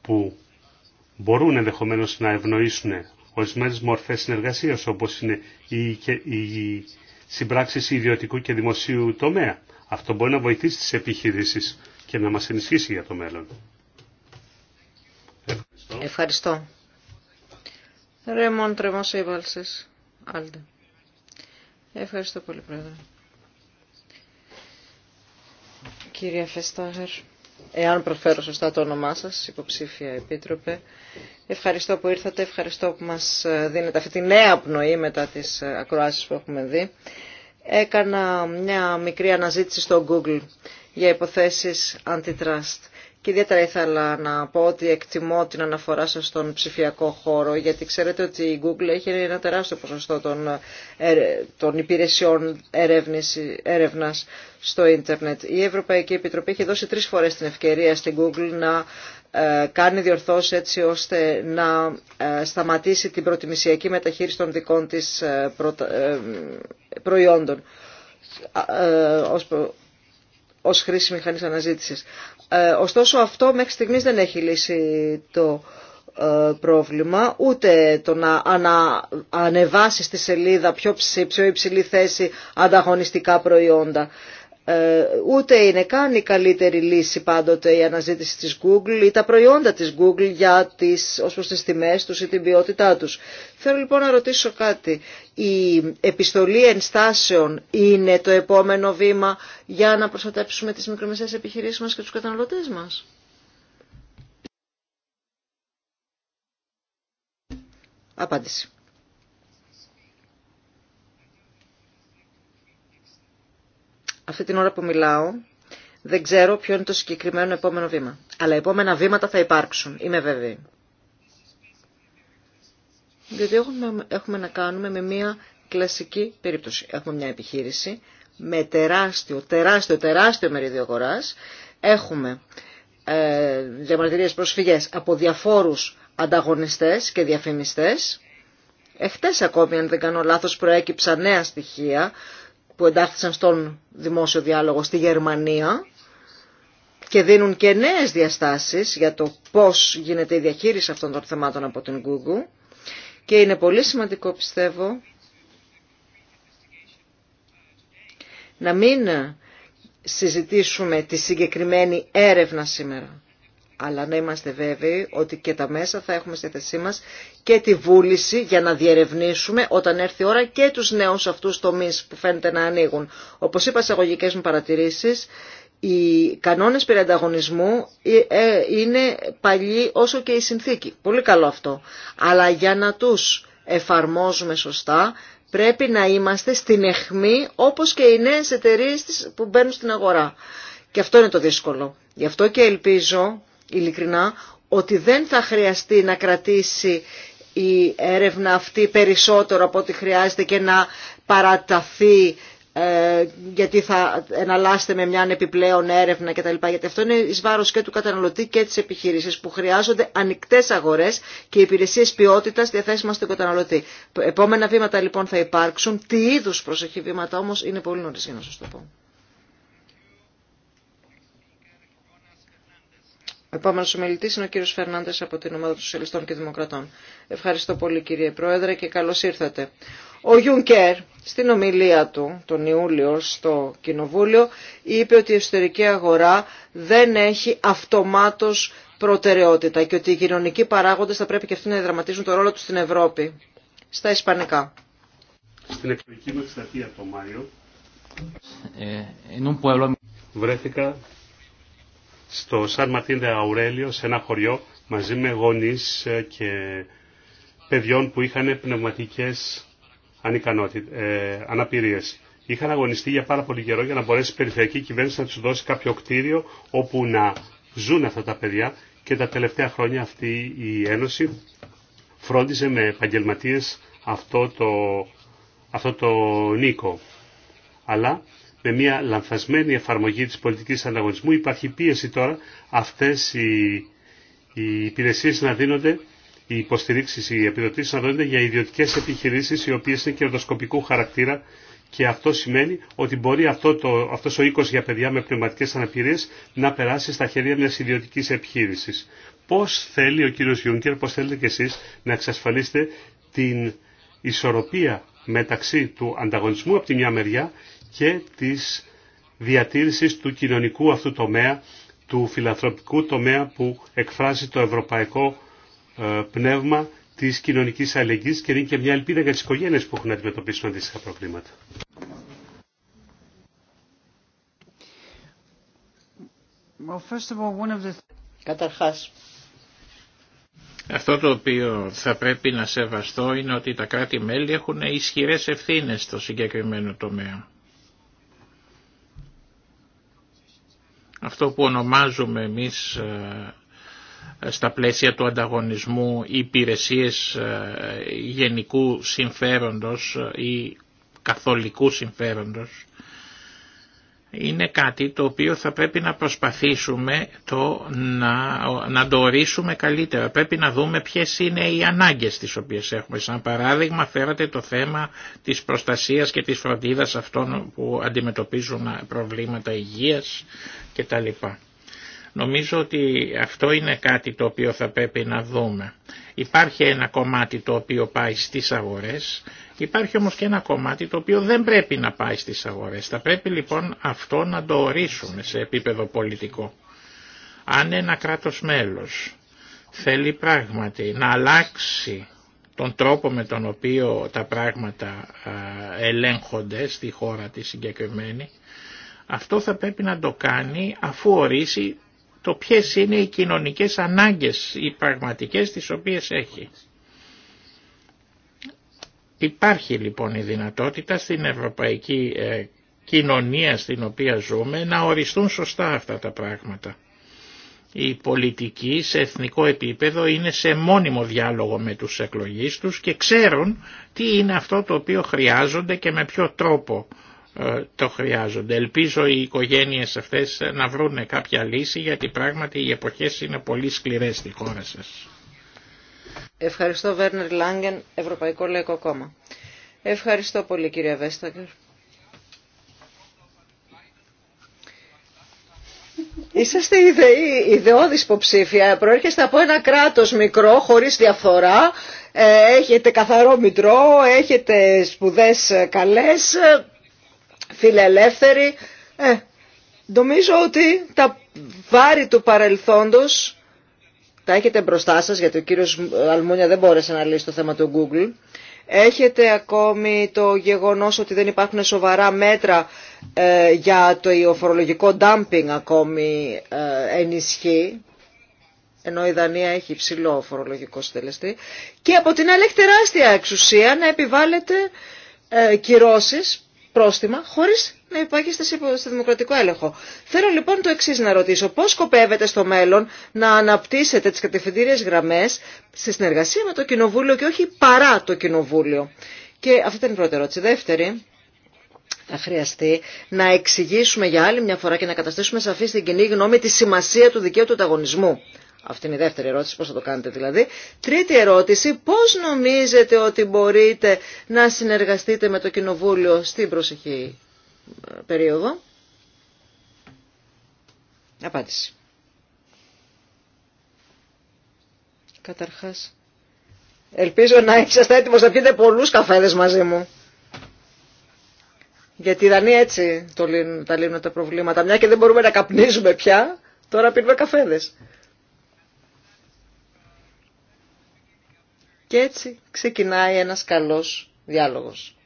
που μπορούν ενδεχομένω να ευνοήσουν ορισμένε μορφές συνεργασίας όπως είναι οι συμπράξεις ιδιωτικού και δημοσίου τομέα. Αυτό μπορεί να βοηθήσει τις επιχειρήσεις και να μας ενισχύσει για το μέλλον. Ευχαριστώ. Ρέμον Τρεμός έβαλσες. Άλντε. Ευχαριστώ πολύ, Πρόεδρε. Κύριε Φεστάγερ, εάν προφέρω σωστά το όνομά σας, υποψήφια επίτροπε, ευχαριστώ που ήρθατε, ευχαριστώ που μας δίνετε αυτή τη νέα πνοή μετά τις ακροάσεις που έχουμε δει. Έκανα μια μικρή αναζήτηση στο Google για υποθέσεις antitrust και ιδιαίτερα ήθελα να πω ότι εκτιμώ την αναφορά σας στον ψηφιακό χώρο, γιατί ξέρετε ότι η Google έχει ένα τεράστιο ποσοστό των, ε, υπηρεσιών έρευνας στο ίντερνετ. Η Ευρωπαϊκή Επιτροπή έχει δώσει τρεις φορές την ευκαιρία στην Google να ε, κάνει διορθώσεις έτσι ώστε να ε, σταματήσει την προτιμησιακή μεταχείριση των δικών της προϊόντων ως χρήση μηχανής αναζήτησης. Ε, ωστόσο αυτό μέχρι στιγμής δεν έχει λύσει το ε, πρόβλημα, ούτε το να ανεβάσει στη σελίδα πιο ψη, πιο υψηλή θέση ανταγωνιστικά προϊόντα. Ε, ούτε είναι καν η καλύτερη λύση πάντοτε η αναζήτηση της Google ή τα προϊόντα της Google για τις, ως προς τις τιμές τους ή την ποιότητά τους. Θέλω λοιπόν να ρωτήσω κάτι. Η επιστολή ενστάσεων είναι το επόμενο βήμα για να προστατέψουμε τις μικρομεσαίες επιχειρήσεις μας και τους καταναλωτές μας. Απάντηση. αυτή την ώρα που μιλάω, δεν ξέρω ποιο είναι το συγκεκριμένο επόμενο βήμα. Αλλά επόμενα βήματα θα υπάρξουν, είμαι βέβαιη. Διότι έχουμε, να κάνουμε με μια κλασική περίπτωση. Έχουμε μια επιχείρηση με τεράστιο, τεράστιο, τεράστιο μερίδιο αγοράς. Έχουμε ε, διαμαρτυρίες προσφυγές από διαφόρους ανταγωνιστές και διαφημιστές. Εχθές ακόμη, αν δεν κάνω λάθος, προέκυψαν νέα στοιχεία που εντάχθησαν στον δημόσιο διάλογο στη Γερμανία και δίνουν και νέες διαστάσεις για το πώς γίνεται η διαχείριση αυτών των θεμάτων από την Google και είναι πολύ σημαντικό πιστεύω να μην συζητήσουμε τη συγκεκριμένη έρευνα σήμερα αλλά να είμαστε βέβαιοι ότι και τα μέσα θα έχουμε στη θέσή μας και τη βούληση για να διερευνήσουμε όταν έρθει η ώρα και τους νέους αυτούς τομείς που φαίνεται να ανοίγουν. Όπως είπα σε αγωγικές μου παρατηρήσεις, οι κανόνες περί ε, ε, είναι παλιοί όσο και η συνθήκη. Πολύ καλό αυτό. Αλλά για να τους εφαρμόζουμε σωστά πρέπει να είμαστε στην αιχμή όπως και οι νέες εταιρείες που μπαίνουν στην αγορά. Και αυτό είναι το δύσκολο. Γι' αυτό και ελπίζω ειλικρινά ότι δεν θα χρειαστεί να κρατήσει η έρευνα αυτή περισσότερο από ό,τι χρειάζεται και να παραταθεί ε, γιατί θα εναλλάσσεται με μια επιπλέον έρευνα κτλ. Γιατί αυτό είναι εις βάρος και του καταναλωτή και της επιχείρησης που χρειάζονται ανοιχτές αγορές και υπηρεσίες ποιότητας διαθέσιμα στον καταναλωτή. Επόμενα βήματα λοιπόν θα υπάρξουν. Τι είδους προσοχή βήματα όμως είναι πολύ νωρίς για να σας το πω. Ο επόμενο είναι ο κύριο Φερνάντε από την ομάδα των Σοσιαλιστών και Δημοκρατών. Ευχαριστώ πολύ κύριε Πρόεδρε και καλώ ήρθατε. Ο Γιούνκερ στην ομιλία του τον Ιούλιο στο Κοινοβούλιο είπε ότι η εσωτερική αγορά δεν έχει αυτομάτως προτεραιότητα και ότι οι κοινωνικοί παράγοντες θα πρέπει και αυτοί να δραματίζουν το ρόλο του στην Ευρώπη. Στα Ισπανικά. Στην μου Μάιο ε, βρέθηκα στο Σαν Δε Αουρέλιο, σε ένα χωριό, μαζί με γονείς ε, και παιδιών που είχαν πνευματικές ε, αναπηρίες. Είχαν αγωνιστεί για πάρα πολύ καιρό για να μπορέσει η περιφερειακή κυβέρνηση να τους δώσει κάποιο κτίριο όπου να ζουν αυτά τα παιδιά και τα τελευταία χρόνια αυτή η Ένωση φρόντιζε με επαγγελματίε αυτό το, αυτό το νίκο. Αλλά με μια λανθασμένη εφαρμογή της πολιτικής ανταγωνισμού. Υπάρχει πίεση τώρα αυτές οι, οι υπηρεσίες να δίνονται, οι υποστηρίξεις, οι επιδοτήσεις να δίνονται για ιδιωτικές επιχειρήσεις οι οποίες είναι κερδοσκοπικού χαρακτήρα και αυτό σημαίνει ότι μπορεί αυτό το, αυτός ο οίκος για παιδιά με πνευματικές αναπηρίες να περάσει στα χέρια μιας ιδιωτικής επιχείρησης. Πώς θέλει ο κύριος Γιούνκερ, πώς θέλετε κι εσείς να εξασφαλίσετε την ισορροπία μεταξύ του ανταγωνισμού από τη μια μεριά και της διατήρησης του κοινωνικού αυτού τομέα, του φιλανθρωπικού τομέα που εκφράζει το ευρωπαϊκό ε, πνεύμα της κοινωνικής αλληλεγγύης και είναι και μια ελπίδα για τις οικογένειες που έχουν να αντιμετωπίσουν αντίστοιχα προβλήματα. Καταρχάς, αυτό το οποίο θα πρέπει να σεβαστώ είναι ότι τα κράτη-μέλη έχουν ισχυρές ευθύνες στο συγκεκριμένο τομέα. αυτό που ονομάζουμε εμείς ε, στα πλαίσια του ανταγωνισμού υπηρεσίες ε, γενικού συμφέροντος ή καθολικού συμφέροντος είναι κάτι το οποίο θα πρέπει να προσπαθήσουμε το να, να το ορίσουμε καλύτερα. Πρέπει να δούμε ποιες είναι οι ανάγκες τις οποίες έχουμε. Σαν παράδειγμα φέρατε το θέμα της προστασίας και της φροντίδας αυτών που αντιμετωπίζουν προβλήματα υγείας κτλ. Νομίζω ότι αυτό είναι κάτι το οποίο θα πρέπει να δούμε. Υπάρχει ένα κομμάτι το οποίο πάει στις αγορές, υπάρχει όμως και ένα κομμάτι το οποίο δεν πρέπει να πάει στις αγορές. Θα πρέπει λοιπόν αυτό να το ορίσουμε σε επίπεδο πολιτικό. Αν ένα κράτος μέλος θέλει πράγματι να αλλάξει τον τρόπο με τον οποίο τα πράγματα ελέγχονται στη χώρα τη συγκεκριμένη, αυτό θα πρέπει να το κάνει αφού ορίσει το ποιες είναι οι κοινωνικές ανάγκες, οι πραγματικές τις οποίες έχει. Υπάρχει λοιπόν η δυνατότητα στην ευρωπαϊκή ε, κοινωνία στην οποία ζούμε να οριστούν σωστά αυτά τα πράγματα. Η πολιτική σε εθνικό επίπεδο είναι σε μόνιμο διάλογο με τους εκλογείς τους και ξέρουν τι είναι αυτό το οποίο χρειάζονται και με ποιο τρόπο ε, το χρειάζονται. Ελπίζω οι οικογένειες αυτές να βρουν κάποια λύση γιατί πράγματι οι εποχές είναι πολύ σκληρές στη χώρα σας. Ευχαριστώ Βέρνερ Λάγκεν, Ευρωπαϊκό Λαϊκό Κόμμα. Ευχαριστώ πολύ κύριε Βέσταγκερ. Είσαστε ιδεοί, ιδεώδης υποψήφια. Προέρχεστε από ένα κράτος μικρό, χωρίς διαφθορά. Ε, έχετε καθαρό μητρό, έχετε σπουδές καλές φιλελεύθεροι. Ε, νομίζω ότι τα βάρη του παρελθόντος τα έχετε μπροστά σας, γιατί ο κύριος Αλμούνια δεν μπόρεσε να λύσει το θέμα του Google. Έχετε ακόμη το γεγονός ότι δεν υπάρχουν σοβαρά μέτρα ε, για το φορολογικό dumping ακόμη ε, ενισχύει, ενώ η Δανία έχει υψηλό φορολογικό συντελεστή. Και από την άλλη έχει τεράστια εξουσία να επιβάλλεται ε, κυρώσεις πρόστιμα χωρίς να υπάγεστε σε δημοκρατικό έλεγχο. Θέλω λοιπόν το εξή να ρωτήσω. Πώς σκοπεύετε στο μέλλον να αναπτύσσετε τις κατευθυντήριες γραμμές σε συνεργασία με το Κοινοβούλιο και όχι παρά το Κοινοβούλιο. Και αυτή ήταν η πρώτη ερώτηση. Δεύτερη, θα χρειαστεί να εξηγήσουμε για άλλη μια φορά και να καταστήσουμε σαφή στην κοινή γνώμη τη σημασία του δικαίου του ανταγωνισμού. Αυτή είναι η δεύτερη ερώτηση, πώς θα το κάνετε δηλαδή. Τρίτη ερώτηση, πώς νομίζετε ότι μπορείτε να συνεργαστείτε με το Κοινοβούλιο στην προσεχή ε, περίοδο. Απάντηση. Καταρχάς, ελπίζω να είσαστε έτοιμος να πιείτε πολλούς καφέδες μαζί μου. Γιατί η Δανία έτσι τα λύνουν τα προβλήματα. Μια και δεν μπορούμε να καπνίζουμε πια, τώρα πίνουμε καφέδες. Και έτσι ξεκινάει ένας καλός διάλογος.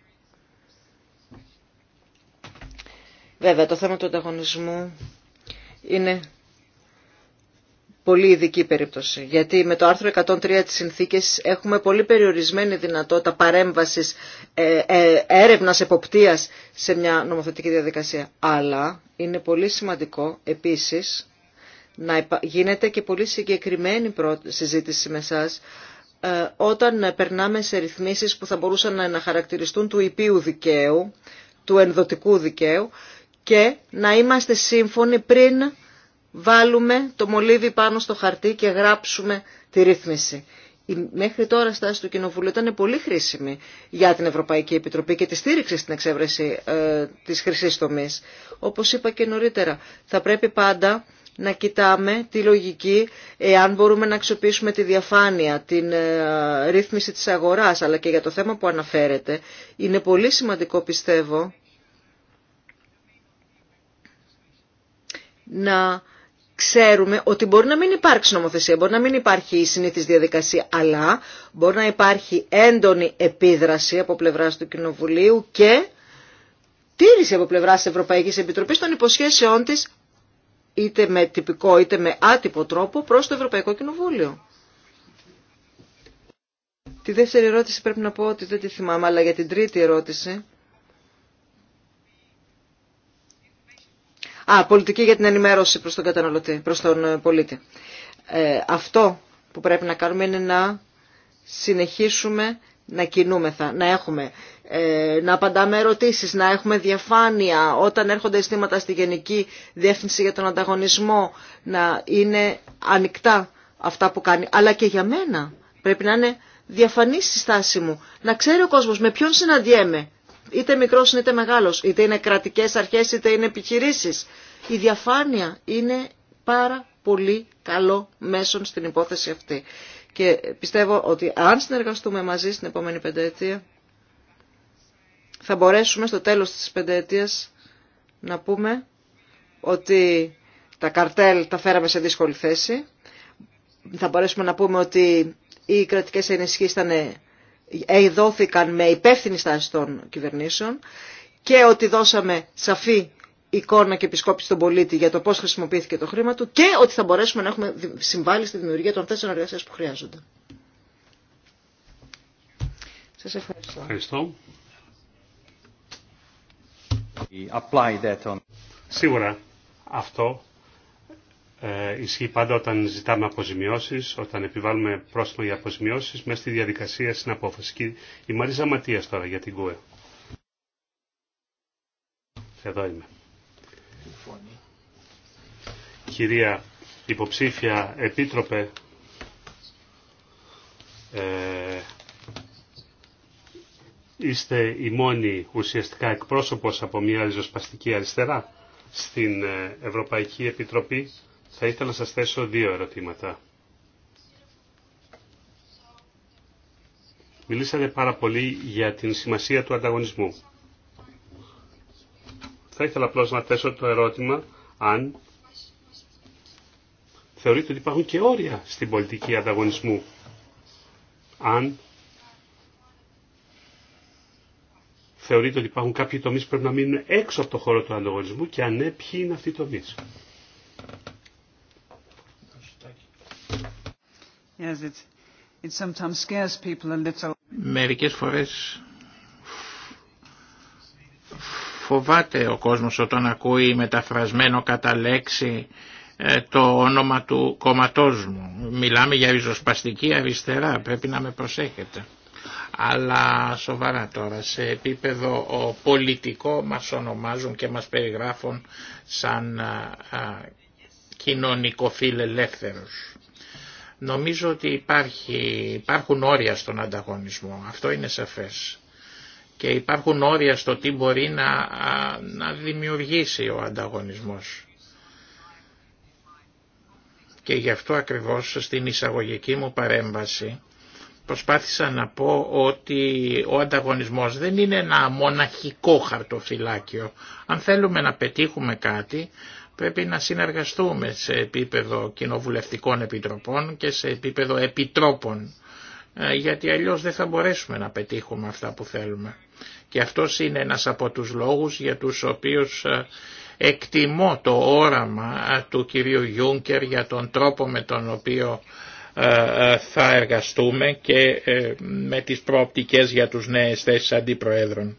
Βέβαια, το θέμα του ανταγωνισμού είναι πολύ ειδική περίπτωση. Γιατί με το άρθρο 103 της συνθήκης έχουμε πολύ περιορισμένη δυνατότητα παρέμβασης ε, ε, έρευνας εποπτείας σε μια νομοθετική διαδικασία. Αλλά είναι πολύ σημαντικό επίσης να γίνεται και πολύ συγκεκριμένη συζήτηση με εσάς ε, όταν περνάμε σε ρυθμίσεις που θα μπορούσαν να χαρακτηριστούν του υπείου δικαίου, του ενδοτικού δικαίου και να είμαστε σύμφωνοι πριν βάλουμε το μολύβι πάνω στο χαρτί και γράψουμε τη ρύθμιση. Η μέχρι τώρα στάση του Κοινοβουλίου ήταν πολύ χρήσιμη για την Ευρωπαϊκή Επιτροπή και τη στήριξη στην εξέβρεση ε, χρυσή τομή. Όπως είπα και νωρίτερα, θα πρέπει πάντα να κοιτάμε τη λογική εάν μπορούμε να αξιοποιήσουμε τη διαφάνεια, την ε, ρύθμιση της αγοράς, αλλά και για το θέμα που αναφέρεται. Είναι πολύ σημαντικό, πιστεύω, να ξέρουμε ότι μπορεί να μην υπάρξει νομοθεσία, μπορεί να μην υπάρχει η συνήθις διαδικασία, αλλά μπορεί να υπάρχει έντονη επίδραση από πλευράς του Κοινοβουλίου και τήρηση από πλευράς της Ευρωπαϊκής Επιτροπής των υποσχέσεών της είτε με τυπικό είτε με άτυπο τρόπο προς το Ευρωπαϊκό Κοινοβούλιο. Τη δεύτερη ερώτηση πρέπει να πω ότι δεν τη θυμάμαι, αλλά για την τρίτη ερώτηση. Α, πολιτική για την ενημέρωση προς τον καταναλωτή, προς τον ε, πολίτη. Ε, αυτό που πρέπει να κάνουμε είναι να συνεχίσουμε να κινούμεθα, να έχουμε ε, να απαντάμε ερωτήσεις, να έχουμε διαφάνεια όταν έρχονται αισθήματα στη Γενική Διεύθυνση για τον Ανταγωνισμό, να είναι ανοιχτά αυτά που κάνει. Αλλά και για μένα πρέπει να είναι διαφανή η στάση μου, να ξέρει ο κόσμος με ποιον συναντιέμαι, είτε μικρός είτε μεγάλος, είτε είναι κρατικές αρχές είτε είναι επιχειρήσεις. Η διαφάνεια είναι πάρα πολύ καλό μέσον στην υπόθεση αυτή. Και πιστεύω ότι αν συνεργαστούμε μαζί στην επόμενη πενταετία θα μπορέσουμε στο τέλος της πενταετίας να πούμε ότι τα καρτέλ τα φέραμε σε δύσκολη θέση. Θα μπορέσουμε να πούμε ότι οι κρατικές ενισχύσεις ήταν, δόθηκαν με υπεύθυνη στάση των κυβερνήσεων και ότι δώσαμε σαφή εικόνα και επισκόπηση στον πολίτη για το πώς χρησιμοποιήθηκε το χρήμα του και ότι θα μπορέσουμε να έχουμε συμβάλει στη δημιουργία των θέσεων εργασίας που χρειάζονται. Σας ευχαριστώ. Σίγουρα αυτό ε, ισχύει πάντα όταν ζητάμε αποζημιώσει, όταν επιβάλλουμε πρόστιμο για αποζημιώσεις μέσα στη διαδικασία στην και Η Μαρίζα Ματίας τώρα για την ΚΟΕ. Εδώ είμαι. Κυρία υποψήφια επίτροπε, ε, είστε η μόνη ουσιαστικά εκπρόσωπος από μια ριζοσπαστική αριστερά στην ε, Ευρωπαϊκή Επιτροπή, θα ήθελα να σας θέσω δύο ερωτήματα. Μιλήσατε πάρα πολύ για την σημασία του ανταγωνισμού. Θα ήθελα απλώ να θέσω το ερώτημα αν θεωρείτε ότι υπάρχουν και όρια στην πολιτική ανταγωνισμού. Αν θεωρείτε ότι υπάρχουν κάποιοι τομείς που πρέπει να μείνουν έξω από το χώρο του ανταγωνισμού και αν ναι, ποιοι είναι αυτοί οι τομείς. Yes, Μερικές φορές φοβάται ο κόσμος όταν ακούει μεταφρασμένο κατά λέξη ε, το όνομα του κομματός μου. Μιλάμε για ριζοσπαστική αριστερά, πρέπει να με προσέχετε αλλά σοβαρά τώρα σε επίπεδο πολιτικό μας ονομάζουν και μας περιγράφουν σαν ελεύθερος. Νομίζω ότι υπάρχει, υπάρχουν όρια στον ανταγωνισμό, αυτό είναι σαφές. Και υπάρχουν όρια στο τι μπορεί να, να δημιουργήσει ο ανταγωνισμός. Και γι' αυτό ακριβώς στην εισαγωγική μου παρέμβαση Προσπάθησα να πω ότι ο ανταγωνισμός δεν είναι ένα μοναχικό χαρτοφυλάκιο. Αν θέλουμε να πετύχουμε κάτι, πρέπει να συνεργαστούμε σε επίπεδο κοινοβουλευτικών επιτροπών και σε επίπεδο επιτρόπων, ε, γιατί αλλιώς δεν θα μπορέσουμε να πετύχουμε αυτά που θέλουμε. Και αυτός είναι ένας από τους λόγους για τους οποίους ε, εκτιμώ το όραμα ε, του κυρίου Γιούνκερ για τον τρόπο με τον οποίο ε, ε, θα εργαστούμε και ε, με τις προοπτικές για τους νέες θέσεις αντιπροέδρων.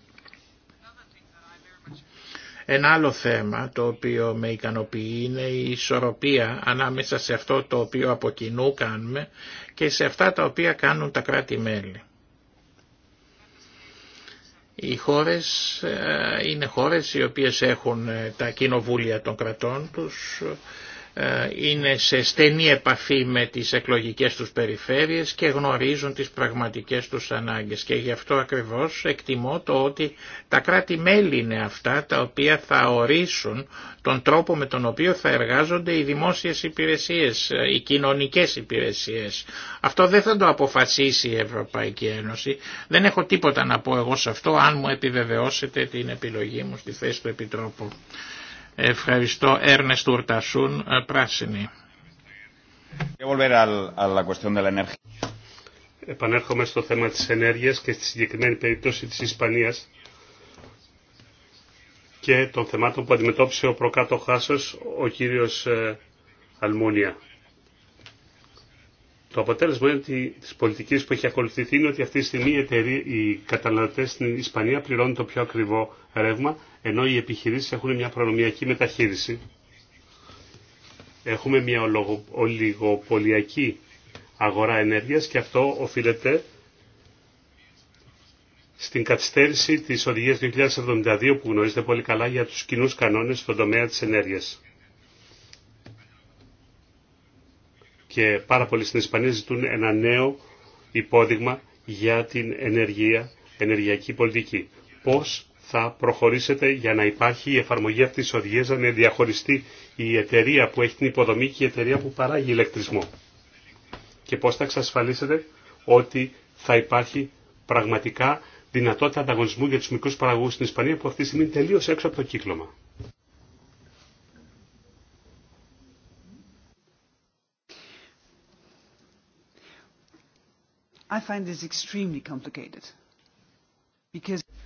Ένα άλλο θέμα το οποίο με ικανοποιεί είναι η ισορροπία ανάμεσα σε αυτό το οποίο από κοινού κάνουμε και σε αυτά τα οποία κάνουν τα κράτη-μέλη. Οι χώρες είναι χώρες οι οποίες έχουν τα κοινοβούλια των κρατών τους, ε, είναι σε στενή επαφή με τις εκλογικές τους περιφέρειες και γνωρίζουν τις πραγματικές τους ανάγκες και γι' αυτό ακριβώς εκτιμώ το ότι τα κράτη-μέλη είναι αυτά τα οποία θα ορίσουν τον τρόπο με τον οποίο θα εργάζονται οι δημόσιες υπηρεσίες, ε, οι κοινωνικές υπηρεσίες. Αυτό δεν θα το αποφασίσει η Ευρωπαϊκή Ένωση. Δεν έχω τίποτα να πω εγώ σε αυτό αν μου επιβεβαιώσετε την επιλογή μου στη θέση του Επιτρόπου. Ευχαριστώ Έρνες Τουρτασούν, Πράσινη. Επανέρχομαι στο θέμα της ενέργειας και στη συγκεκριμένη περίπτωση της Ισπανίας και των θεμάτων που αντιμετώπισε ο προκάτοχάς ο κύριος ε, Αλμούνια. Το αποτέλεσμα είναι ότι, της πολιτικής που έχει ακολουθηθεί είναι ότι αυτή τη στιγμή οι, οι καταναλωτές στην Ισπανία πληρώνουν το πιο ακριβό ρεύμα, ενώ οι επιχειρήσεις έχουν μια προνομιακή μεταχείριση. Έχουμε μια ολιγοπολιακή αγορά ενέργειας και αυτό οφείλεται στην καθυστέρηση της οδηγίας 2072 που γνωρίζετε πολύ καλά για τους κοινούς κανόνες στον τομέα της ενέργειας. και πάρα πολλοί στην Ισπανία ζητούν ένα νέο υπόδειγμα για την ενεργεία, ενεργειακή πολιτική. Πώς θα προχωρήσετε για να υπάρχει η εφαρμογή αυτής της οδηγίας, να διαχωριστεί η εταιρεία που έχει την υποδομή και η εταιρεία που παράγει ηλεκτρισμό. Και πώς θα εξασφαλίσετε ότι θα υπάρχει πραγματικά δυνατότητα ανταγωνισμού για τους μικρούς παραγωγούς στην Ισπανία που αυτή τη στιγμή τελείωσε έξω από το κύκλωμα.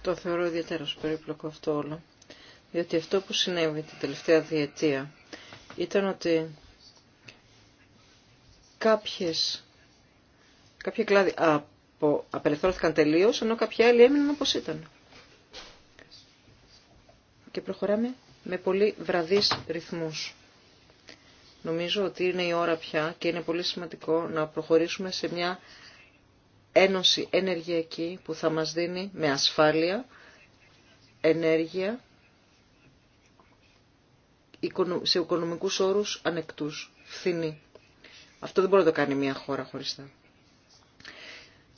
Το θεωρώ ιδιαίτερα περίπλοκο αυτό όλο. Διότι αυτό που συνέβη την τελευταία διετία ήταν ότι κάποιες, κάποια κλάδη απο, απελευθερώθηκαν τελείως, ενώ κάποια άλλοι έμειναν όπως ήταν. Και προχωράμε με πολύ βραδείς ρυθμούς. Νομίζω ότι είναι η ώρα πια και είναι πολύ σημαντικό να προχωρήσουμε σε μια ένωση ενεργειακή που θα μας δίνει με ασφάλεια, ενέργεια, σε οικονομικούς όρους ανεκτούς, φθηνή. Αυτό δεν μπορεί να το κάνει μια χώρα χωριστά.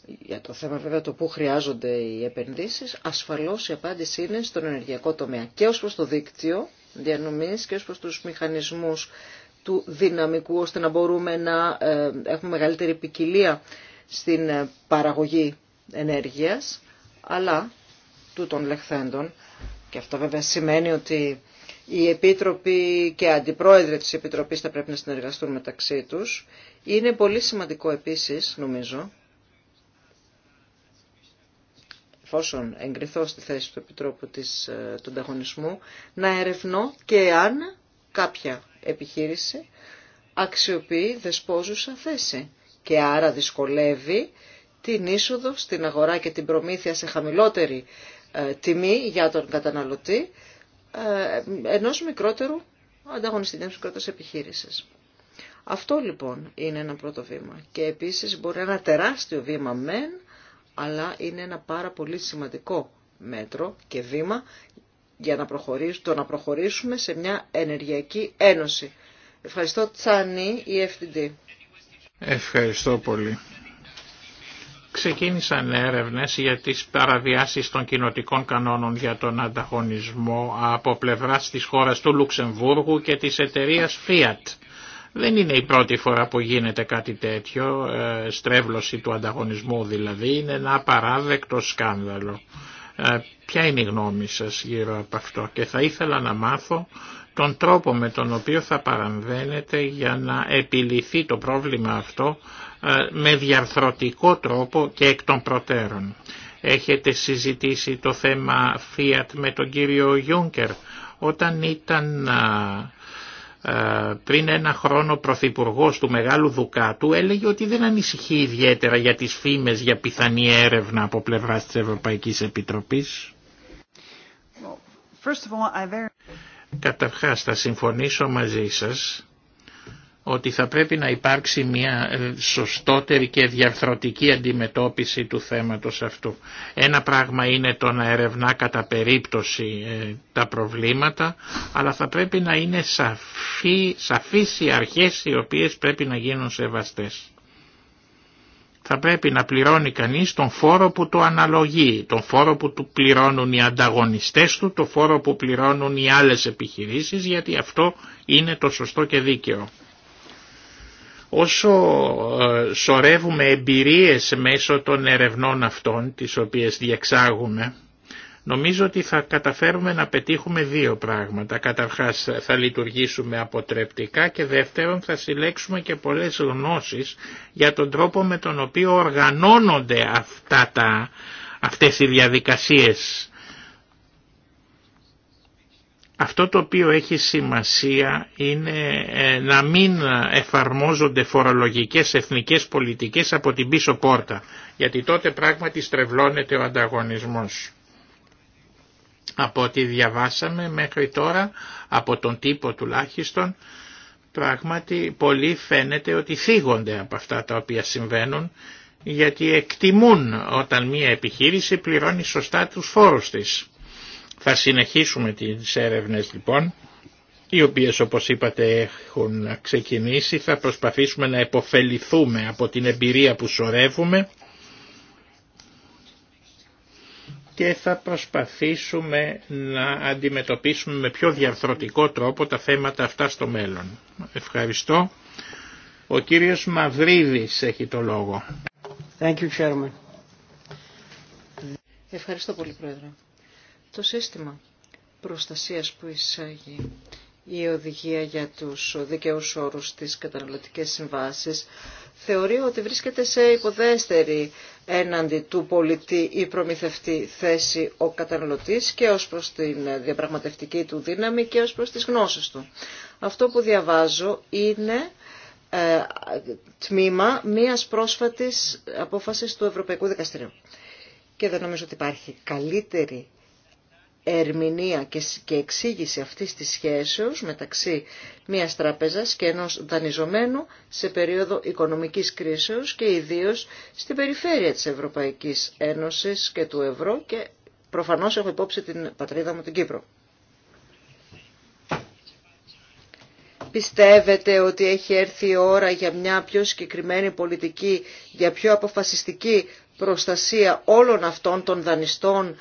Για το θέμα βέβαια το που χρειάζονται οι επενδύσεις, ασφαλώς η απάντηση είναι στον ενεργειακό τομέα και ως προς το δίκτυο διανομής και ως προς τους μηχανισμούς του δυναμικού ώστε να μπορούμε να ε, έχουμε μεγαλύτερη ποικιλία στην ε, παραγωγή ενέργειας, αλλά των λεχθέντων. Και αυτό βέβαια σημαίνει ότι οι επίτροποι και αντιπρόεδροι της Επιτροπής θα πρέπει να συνεργαστούν μεταξύ τους. Είναι πολύ σημαντικό επίσης, νομίζω, εφόσον εγκριθώ στη θέση του Επιτρόπου της, ε, του ανταγωνισμού, να ερευνώ και αν κάποια επιχείρηση αξιοποιεί δεσπόζουσα θέση και άρα δυσκολεύει την είσοδο στην αγορά και την προμήθεια σε χαμηλότερη ε, τιμή για τον καταναλωτή ε, ενός μικρότερου ανταγωνιστή, μιας μικρότερης επιχείρησης. Αυτό λοιπόν είναι ένα πρώτο βήμα και επίσης μπορεί ένα τεράστιο βήμα μεν, αλλά είναι ένα πάρα πολύ σημαντικό μέτρο και βήμα για να προχωρήσουμε, το να προχωρήσουμε σε μια ενεργειακή ένωση. Ευχαριστώ Τσάνι, η FTD. Ευχαριστώ πολύ. Ξεκίνησαν έρευνες για τις παραβιάσεις των κοινοτικών κανόνων για τον ανταγωνισμό από πλευράς της χώρας του Λουξεμβούργου και της εταιρείας Fiat. Δεν είναι η πρώτη φορά που γίνεται κάτι τέτοιο, ε, στρέβλωση του ανταγωνισμού δηλαδή, είναι ένα απαράδεκτο σκάνδαλο. Ε, ποια είναι η γνώμη σας γύρω από αυτό και θα ήθελα να μάθω τον τρόπο με τον οποίο θα παραμβαίνετε για να επιληθεί το πρόβλημα αυτό ε, με διαρθρωτικό τρόπο και εκ των προτέρων. Έχετε συζητήσει το θέμα Fiat με τον κύριο Γιούνκερ όταν ήταν ε, ε, πριν ένα χρόνο πρωθυπουργό του Μεγάλου Δουκάτου έλεγε ότι δεν ανησυχεί ιδιαίτερα για τις φήμες για πιθανή έρευνα από πλευράς της Ευρωπαϊκής Επιτροπής. Καταρχάς θα συμφωνήσω μαζί σας ότι θα πρέπει να υπάρξει μια ε, σωστότερη και διαρθρωτική αντιμετώπιση του θέματος αυτού. Ένα πράγμα είναι το να ερευνά κατά περίπτωση ε, τα προβλήματα, αλλά θα πρέπει να είναι σαφή, σαφείς οι αρχές οι οποίες πρέπει να γίνουν σεβαστές θα πρέπει να πληρώνει κανείς τον φόρο που του αναλογεί, τον φόρο που του πληρώνουν οι ανταγωνιστές του, τον φόρο που πληρώνουν οι άλλες επιχειρήσεις, γιατί αυτό είναι το σωστό και δίκαιο. Όσο ε, σορεύουμε εμπειρίες μέσω των ερευνών αυτών, τις οποίες διεξάγουμε, Νομίζω ότι θα καταφέρουμε να πετύχουμε δύο πράγματα. Καταρχάς θα λειτουργήσουμε αποτρεπτικά και δεύτερον θα συλλέξουμε και πολλές γνώσεις για τον τρόπο με τον οποίο οργανώνονται αυτά τα, αυτές οι διαδικασίες. Αυτό το οποίο έχει σημασία είναι ε, να μην εφαρμόζονται φορολογικές εθνικές πολιτικές από την πίσω πόρτα, γιατί τότε πράγματι στρεβλώνεται ο ανταγωνισμός από ό,τι διαβάσαμε μέχρι τώρα, από τον τύπο τουλάχιστον, πράγματι πολλοί φαίνεται ότι φύγονται από αυτά τα οποία συμβαίνουν, γιατί εκτιμούν όταν μία επιχείρηση πληρώνει σωστά τους φόρους της. Θα συνεχίσουμε τις έρευνες λοιπόν, οι οποίες όπως είπατε έχουν ξεκινήσει, θα προσπαθήσουμε να επωφεληθούμε από την εμπειρία που σωρεύουμε και θα προσπαθήσουμε να αντιμετωπίσουμε με πιο διαρθρωτικό τρόπο τα θέματα αυτά στο μέλλον. Ευχαριστώ. Ο κύριος Μαυρίδης έχει το λόγο. Thank you, Ευχαριστώ πολύ, Πρόεδρε. Το σύστημα προστασίας που εισάγει η οδηγία για τους δικαιούς όρους της καταναλωτικές συμβάσεις θεωρεί ότι βρίσκεται σε υποδέστερη έναντι του πολιτή ή προμηθευτή θέση ο καταναλωτής και ως προς την διαπραγματευτική του δύναμη και ως προς τις γνώσεις του. Αυτό που διαβάζω είναι ε, τμήμα μίας πρόσφατης απόφασης του Ευρωπαϊκού Δικαστηρίου. Και δεν νομίζω ότι υπάρχει καλύτερη ερμηνεία και εξήγηση αυτής της σχέσεως μεταξύ μιας τραπέζας και ενός δανειζομένου σε περίοδο οικονομικής κρίσεως και ιδίως στην περιφέρεια της Ευρωπαϊκής Ένωσης και του ευρώ και προφανώς έχω υπόψη την πατρίδα μου την Κύπρο. Πιστεύετε ότι έχει έρθει η ώρα για μια πιο συγκεκριμένη πολιτική, για πιο αποφασιστική προστασία όλων αυτών των δανειστών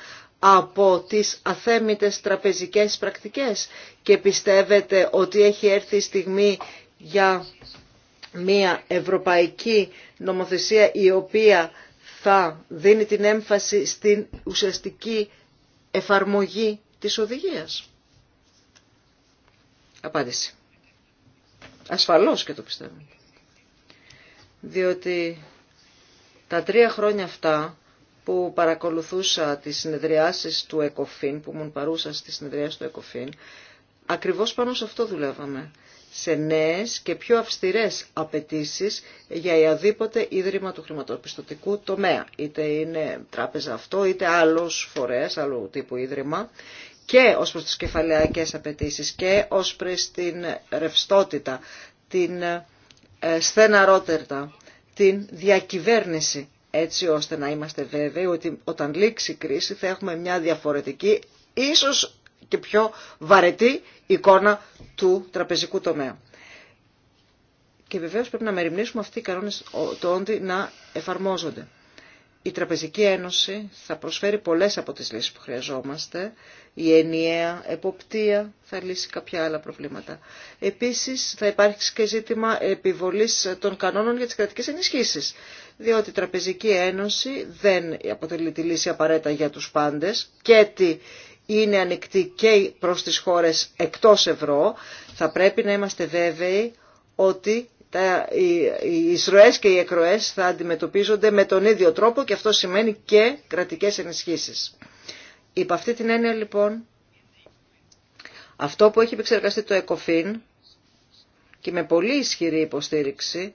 από τις αθέμητες τραπεζικές πρακτικές και πιστεύετε ότι έχει έρθει η στιγμή για μια ευρωπαϊκή νομοθεσία η οποία θα δίνει την έμφαση στην ουσιαστική εφαρμογή της οδηγίας. Απάντηση. Ασφαλώς και το πιστεύω. Διότι τα τρία χρόνια αυτά που παρακολουθούσα τις συνεδριάσεις του ΕΚΟΦΗΝ, που ήμουν παρούσα στις συνεδριάσεις του ΕΚΟΦΗΝ, ακριβώς πάνω σε αυτό δουλεύαμε. Σε νέες και πιο αυστηρές απαιτήσει για αδίποτε ίδρυμα του χρηματοπιστωτικού τομέα. Είτε είναι τράπεζα αυτό, είτε άλλος φορέας, άλλου τύπου ίδρυμα και ως προς τις κεφαλαιακές απαιτήσει και ως προς την ρευστότητα, την ε, στεναρότητα, την διακυβέρνηση έτσι ώστε να είμαστε βέβαιοι ότι όταν λήξει η κρίση θα έχουμε μια διαφορετική, ίσως και πιο βαρετή εικόνα του τραπεζικού τομέα. Και βεβαίως πρέπει να μεριμνήσουμε αυτοί οι κανόνες το όντι να εφαρμόζονται η Τραπεζική Ένωση θα προσφέρει πολλές από τις λύσεις που χρειαζόμαστε. Η ενιαία εποπτεία θα λύσει κάποια άλλα προβλήματα. Επίσης θα υπάρχει και ζήτημα επιβολής των κανόνων για τις κρατικές ενισχύσεις. Διότι η Τραπεζική Ένωση δεν αποτελεί τη λύση απαραίτητα για τους πάντες και ότι είναι ανοιχτή και προς τις χώρες εκτός ευρώ. Θα πρέπει να είμαστε βέβαιοι ότι τα, οι, οι και οι εκροές θα αντιμετωπίζονται με τον ίδιο τρόπο και αυτό σημαίνει και κρατικές ενισχύσεις. Υπ' αυτή την έννοια λοιπόν, αυτό που έχει επεξεργαστεί το ΕΚΟΦΗΝ και με πολύ ισχυρή υποστήριξη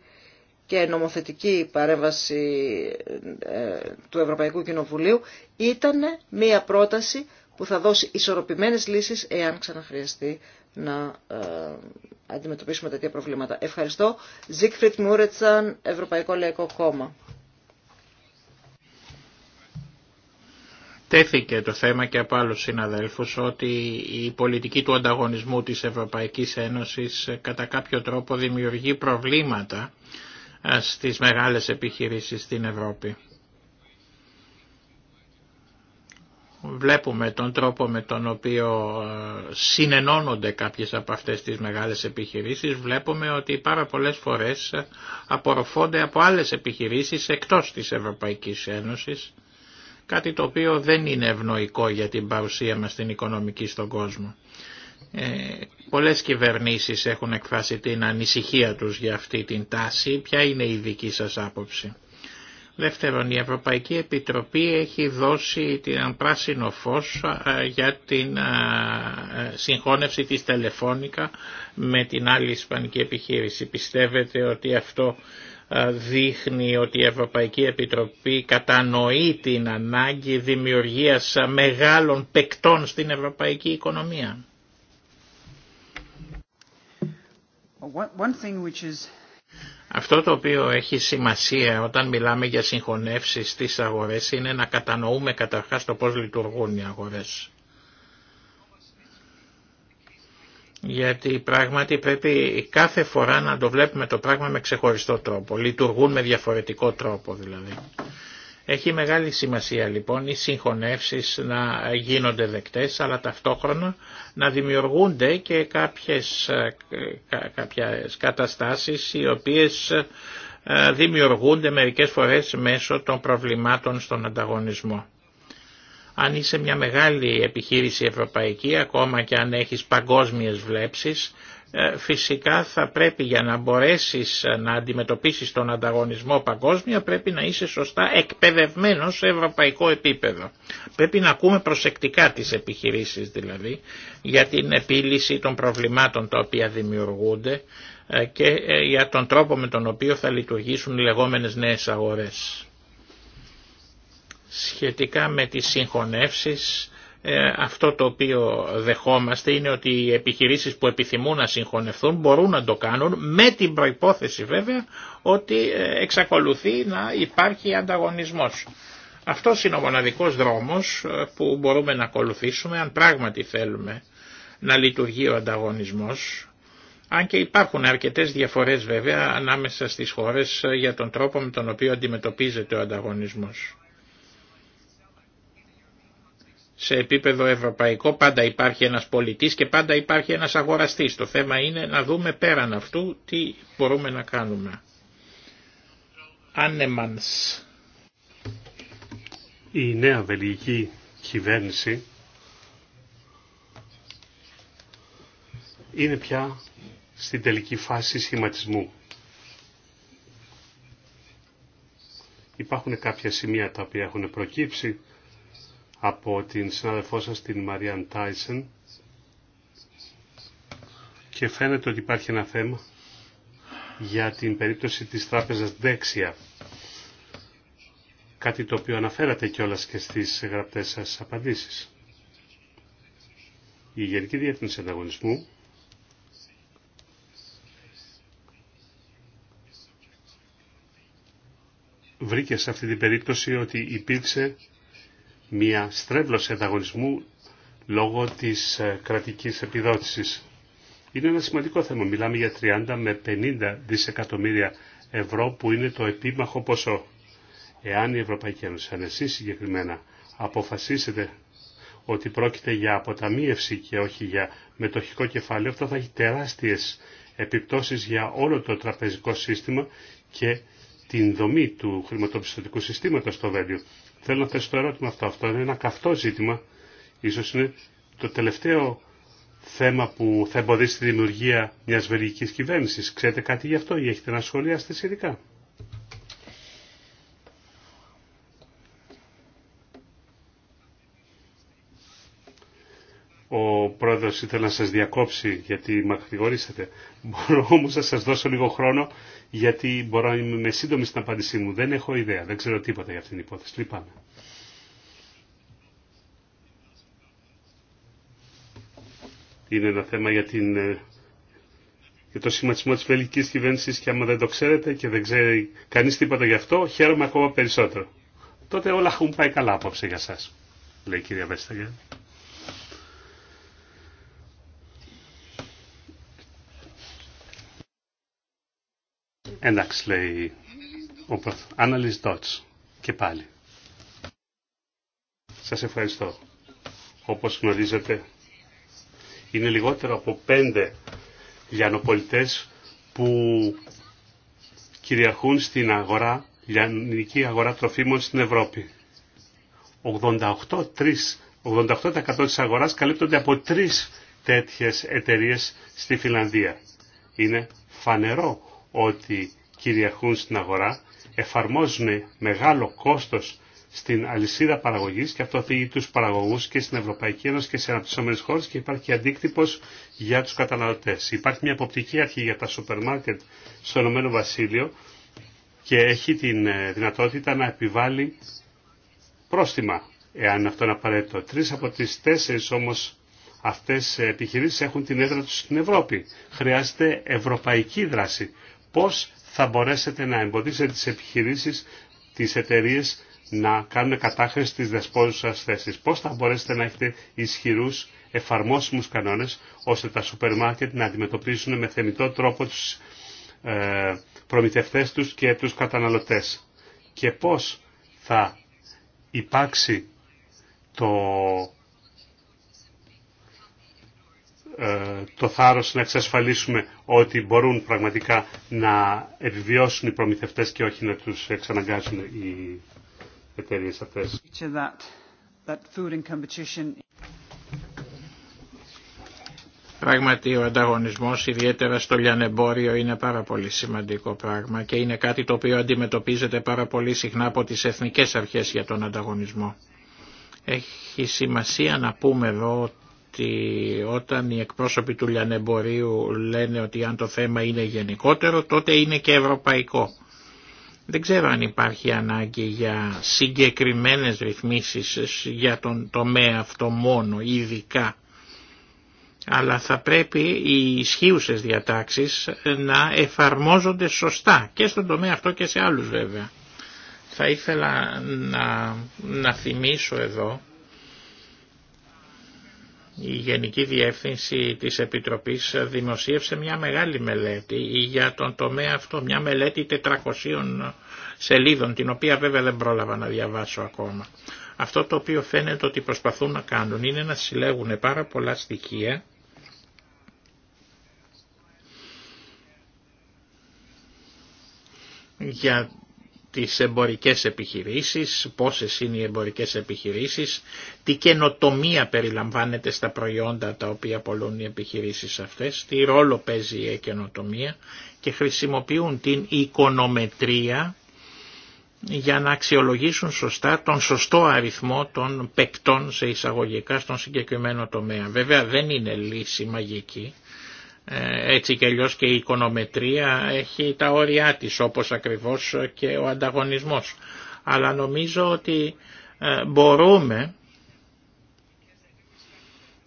και νομοθετική παρέμβαση ε, του Ευρωπαϊκού Κοινοβουλίου ήταν μία πρόταση που θα δώσει ισορροπημένες λύσεις εάν ξαναχρειαστεί να ε, αντιμετωπίσουμε τέτοια προβλήματα. Ευχαριστώ. Ζίκφριτ Μούρετσαν, Ευρωπαϊκό Λαϊκό Κόμμα. Τέθηκε το θέμα και από άλλους συναδέλφους ότι η πολιτική του ανταγωνισμού της Ευρωπαϊκής Ένωσης ε, κατά κάποιο τρόπο δημιουργεί προβλήματα ε, στις μεγάλες επιχειρήσεις στην Ευρώπη. Βλέπουμε τον τρόπο με τον οποίο ε, συνενώνονται κάποιες από αυτές τις μεγάλες επιχειρήσεις. Βλέπουμε ότι πάρα πολλές φορές απορροφώνται από άλλες επιχειρήσεις εκτός της Ευρωπαϊκής Ένωσης. Κάτι το οποίο δεν είναι ευνοϊκό για την παρουσία μας στην οικονομική στον κόσμο. Ε, πολλές κυβερνήσεις έχουν εκφράσει την ανησυχία τους για αυτή την τάση. Ποια είναι η δική σας άποψη. Δεύτερον, η Ευρωπαϊκή Επιτροπή έχει δώσει την πράσινο φως για την συγχώνευση της Τελεφώνικα με την άλλη ισπανική επιχείρηση. Πιστεύετε ότι αυτό δείχνει ότι η Ευρωπαϊκή Επιτροπή κατανοεί την ανάγκη δημιουργίας μεγάλων παικτών στην ευρωπαϊκή οικονομία. Αυτό το οποίο έχει σημασία όταν μιλάμε για συγχωνεύσεις στις αγορές είναι να κατανοούμε καταρχάς το πώς λειτουργούν οι αγορές. Γιατί πράγματι πρέπει κάθε φορά να το βλέπουμε το πράγμα με ξεχωριστό τρόπο. Λειτουργούν με διαφορετικό τρόπο δηλαδή. Έχει μεγάλη σημασία λοιπόν οι συγχωνεύσεις να γίνονται δεκτές αλλά ταυτόχρονα να δημιουργούνται και κάποιες, κάποιες καταστάσεις οι οποίες ε, δημιουργούνται μερικές φορές μέσω των προβλημάτων στον ανταγωνισμό. Αν είσαι μια μεγάλη επιχείρηση ευρωπαϊκή, ακόμα και αν έχεις παγκόσμιες βλέψεις, ε, φυσικά θα πρέπει για να μπορέσεις ε, να αντιμετωπίσεις τον ανταγωνισμό παγκόσμια πρέπει να είσαι σωστά εκπαιδευμένος σε ευρωπαϊκό επίπεδο. Πρέπει να ακούμε προσεκτικά τις επιχειρήσεις δηλαδή για την επίλυση των προβλημάτων τα οποία δημιουργούνται ε, και για τον τρόπο με τον οποίο θα λειτουργήσουν οι λεγόμενες νέες αγορές. Σχετικά με τις συγχωνεύσεις ε, αυτό το οποίο δεχόμαστε είναι ότι οι επιχειρήσεις που επιθυμούν να συγχωνευτούν μπορούν να το κάνουν με την προϋπόθεση βέβαια ότι ε, εξακολουθεί να υπάρχει ανταγωνισμός. Αυτό είναι ο μοναδικός δρόμος ε, που μπορούμε να ακολουθήσουμε αν πράγματι θέλουμε να λειτουργεί ο ανταγωνισμός αν και υπάρχουν αρκετές διαφορές βέβαια ανάμεσα στις χώρες για τον τρόπο με τον οποίο αντιμετωπίζεται ο ανταγωνισμός σε επίπεδο ευρωπαϊκό πάντα υπάρχει ένας πολιτής και πάντα υπάρχει ένας αγοραστής. Το θέμα είναι να δούμε πέραν αυτού τι μπορούμε να κάνουμε. Άνεμανς. Η νέα βελγική κυβέρνηση είναι πια στην τελική φάση σχηματισμού. Υπάρχουν κάποια σημεία τα οποία έχουν προκύψει από την συνάδελφό σας την Μαριάν Τάισεν και φαίνεται ότι υπάρχει ένα θέμα για την περίπτωση της τράπεζας Δέξια. Κάτι το οποίο αναφέρατε κιόλας και στις γραπτές σας απαντήσεις. Η Γενική Διεύθυνση Ανταγωνισμού βρήκε σε αυτή την περίπτωση ότι υπήρξε μια στρέβλωση ανταγωνισμού λόγω της ε, κρατικής επιδότησης. Είναι ένα σημαντικό θέμα. Μιλάμε για 30 με 50 δισεκατομμύρια ευρώ που είναι το επίμαχο ποσό. Εάν η Ευρωπαϊκή Ένωση, αν εσείς συγκεκριμένα, αποφασίσετε ότι πρόκειται για αποταμίευση και όχι για μετοχικό κεφάλαιο, αυτό θα έχει τεράστιες επιπτώσεις για όλο το τραπεζικό σύστημα και την δομή του χρηματοπιστωτικού συστήματος στο Βέλγιο. Θέλω να θέσω το ερώτημα αυτό. Αυτό είναι ένα καυτό ζήτημα. Ίσως είναι το τελευταίο θέμα που θα εμποδίσει τη δημιουργία μιας βελγικής κυβέρνησης. Ξέρετε κάτι γι' αυτό ή έχετε να σχολιάσετε ειδικά. ο πρόεδρος ήθελε να σας διακόψει γιατί με Μπορώ όμως να σας δώσω λίγο χρόνο γιατί μπορώ να είμαι σύντομη στην απάντησή μου. Δεν έχω ιδέα, δεν ξέρω τίποτα για αυτήν την υπόθεση. Λυπάμαι. Είναι ένα θέμα για, την, ε, το σχηματισμό της βελική κυβέρνησης και άμα δεν το ξέρετε και δεν ξέρει κανείς τίποτα γι' αυτό, χαίρομαι ακόμα περισσότερο. Τότε όλα έχουν πάει καλά απόψε για σας, λέει η κυρία Βέσταγερ. Εντάξει, λέει ο dots Και πάλι. Σας ευχαριστώ. Όπως γνωρίζετε, είναι λιγότερο από πέντε λιανοπολιτές που κυριαρχούν στην αγορά, λιανική αγορά τροφίμων στην Ευρώπη. 88, 3, 88% της αγοράς καλύπτονται από τρεις τέτοιες εταιρείες στη Φιλανδία. Είναι φανερό ότι κυριαρχούν στην αγορά, εφαρμόζουν μεγάλο κόστος στην αλυσίδα παραγωγής και αυτό θίγει τους παραγωγούς και στην Ευρωπαϊκή Ένωση και σε αναπτυσσόμενες χώρες και υπάρχει και αντίκτυπος για τους καταναλωτές. Υπάρχει μια αποπτική αρχή για τα σούπερ μάρκετ στο Ηνωμένο Βασίλειο και έχει την ε, δυνατότητα να επιβάλλει πρόστιμα, εάν αυτό είναι απαραίτητο. Τρεις από τις τέσσερις όμως αυτές επιχειρήσεις έχουν την έδρα τους στην Ευρώπη. Χρειάζεται ευρωπαϊκή δράση. Πώς θα μπορέσετε να εμποδίσετε τις επιχειρήσεις, τις εταιρείε να κάνουν κατάχρηση της δεσπόζουσας θέσης. Πώς θα μπορέσετε να έχετε ισχυρούς εφαρμόσιμους κανόνες ώστε τα σούπερ μάρκετ να αντιμετωπίσουν με θεμητό τρόπο τους ε, προμηθευτές τους και τους καταναλωτές. Και πώς θα υπάρξει το ε, το θάρρος να εξασφαλίσουμε ότι μπορούν πραγματικά να επιβιώσουν οι προμηθευτές και όχι να τους εξαναγκάζουν οι εταιρείε αυτές. Πράγματι ο ανταγωνισμός ιδιαίτερα στο λιανεμπόριο είναι πάρα πολύ σημαντικό πράγμα και είναι κάτι το οποίο αντιμετωπίζεται πάρα πολύ συχνά από τις εθνικές αρχές για τον ανταγωνισμό. Έχει σημασία να πούμε εδώ ότι όταν οι εκπρόσωποι του λιανεμπορίου λένε ότι αν το θέμα είναι γενικότερο τότε είναι και ευρωπαϊκό. Δεν ξέρω αν υπάρχει ανάγκη για συγκεκριμένες ρυθμίσεις για τον τομέα αυτό μόνο, ειδικά. Αλλά θα πρέπει οι ισχύουσες διατάξεις να εφαρμόζονται σωστά και στον τομέα αυτό και σε άλλους βέβαια. Θα ήθελα να, να θυμίσω εδώ η Γενική Διεύθυνση της Επιτροπής δημοσίευσε μια μεγάλη μελέτη για τον τομέα αυτό, μια μελέτη 400 σελίδων, την οποία βέβαια δεν πρόλαβα να διαβάσω ακόμα. Αυτό το οποίο φαίνεται ότι προσπαθούν να κάνουν είναι να συλλέγουν πάρα πολλά στοιχεία για τις εμπορικές επιχειρήσεις, πόσες είναι οι εμπορικές επιχειρήσεις, τι καινοτομία περιλαμβάνεται στα προϊόντα τα οποία πολλούν οι επιχειρήσεις αυτές, τι ρόλο παίζει η καινοτομία και χρησιμοποιούν την οικονομετρία για να αξιολογήσουν σωστά τον σωστό αριθμό των παικτών σε εισαγωγικά στον συγκεκριμένο τομέα. Βέβαια δεν είναι λύση μαγική, ε, έτσι και αλλιώς και η οικονομετρία έχει τα όρια της όπως ακριβώς και ο ανταγωνισμός. Αλλά νομίζω ότι ε, μπορούμε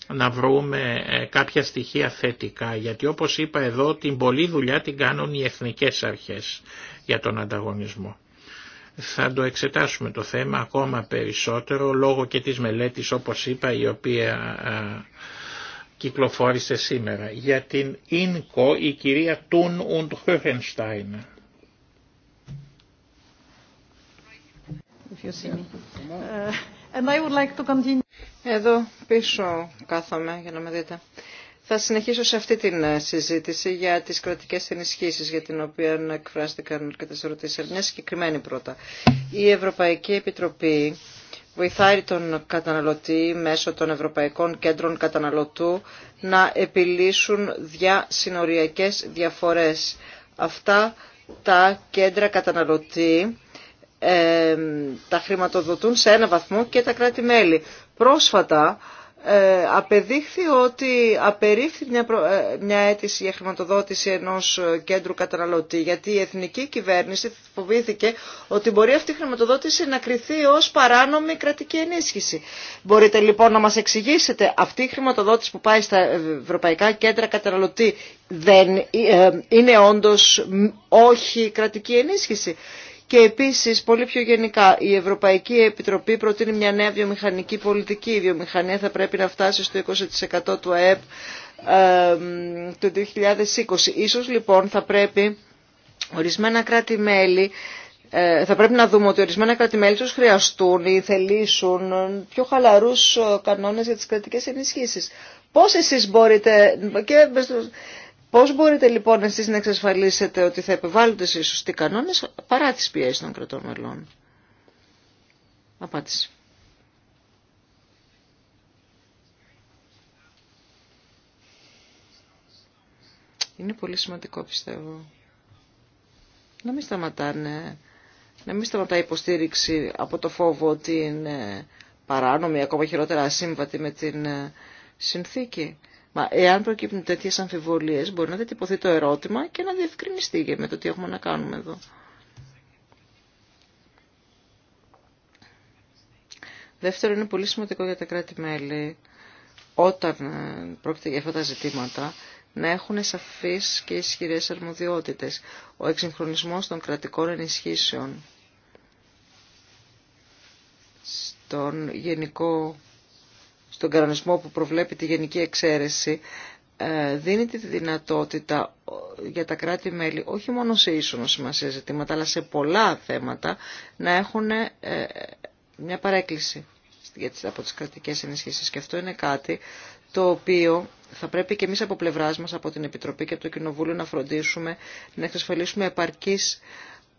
να βρούμε ε, κάποια στοιχεία θετικά γιατί όπως είπα εδώ την πολλή δουλειά την κάνουν οι εθνικές αρχές για τον ανταγωνισμό. Θα το εξετάσουμε το θέμα ακόμα περισσότερο λόγω και της μελέτης όπως είπα η οποία κυκλοφόρησε σήμερα. Για την Ίνκο η κυρία Τούν und χερενσταιν uh, Εδώ πίσω κάθομαι για να με δείτε. Θα συνεχίσω σε αυτή την ε, συζήτηση για τις κρατικές ενισχύσεις για την οποία εκφράστηκαν και αρκετές ερωτήσεις. Μια συγκεκριμένη πρώτα. Η Ευρωπαϊκή Επιτροπή βοηθάει τον καταναλωτή μέσω των Ευρωπαϊκών Κέντρων Καταναλωτού να επιλύσουν διασυνοριακές διαφορές. Αυτά τα κέντρα καταναλωτή ε, τα χρηματοδοτούν σε ένα βαθμό και τα κράτη-μέλη. Πρόσφατα ε, απεδείχθη ότι απερίφθη μια, ε, μια αίτηση για χρηματοδότηση ενός ε, κέντρου καταναλωτή γιατί η εθνική κυβέρνηση φοβήθηκε ότι μπορεί αυτή η χρηματοδότηση να κριθεί ως παράνομη κρατική ενίσχυση. Μπορείτε λοιπόν να μας εξηγήσετε αυτή η χρηματοδότηση που πάει στα ευρωπαϊκά κέντρα καταναλωτή δεν είναι όντως όχι κρατική ενίσχυση. Και επίσης, πολύ πιο γενικά, η Ευρωπαϊκή Επιτροπή προτείνει μια νέα βιομηχανική πολιτική. Η βιομηχανία θα πρέπει να φτάσει στο 20% του ΑΕΠ το 2020. Ίσως λοιπόν θα πρέπει ορισμένα κράτη-μέλη ε, θα πρέπει να δούμε ότι ορισμένα κράτη-μέλη τους χρειαστούν ή θελήσουν πιο χαλαρούς ε, κανόνες για τις κρατικές ενισχύσεις. Πώς εσείς μπορείτε Πώς μπορείτε λοιπόν εσείς να εξασφαλίσετε ότι θα επιβάλλονται σε σωστοί κανόνες παρά τις πιέσεις των κρατών μελών. Απάντηση. Είναι πολύ σημαντικό πιστεύω. Να μην σταματάνε, να μην σταματάει η υποστήριξη από το φόβο ότι είναι παράνομη, ακόμα χειρότερα ασύμβατη με την ε, συνθήκη. Μα εάν προκύπτουν τέτοιες αμφιβολίες μπορεί να διατυπωθεί το ερώτημα και να διευκρινιστεί με το τι έχουμε να κάνουμε εδώ. Δεύτερο είναι πολύ σημαντικό για τα κράτη-μέλη όταν ε, πρόκειται για αυτά τα ζητήματα να έχουν σαφείς και ισχυρές αρμοδιότητες. Ο εξυγχρονισμός των κρατικών ενισχύσεων στον γενικό στον κανονισμό που προβλέπει τη γενική εξαίρεση, ε, δίνει τη δυνατότητα για τα κράτη-μέλη όχι μόνο σε ίσονο σημασία ζητήματα, αλλά σε πολλά θέματα να έχουν ε, ε, μια παρέκκληση από τις κρατικές ενισχύσεις. Και αυτό είναι κάτι το οποίο θα πρέπει και εμείς από πλευράς μας, από την Επιτροπή και από το Κοινοβούλιο να φροντίσουμε να εξασφαλίσουμε επαρκείς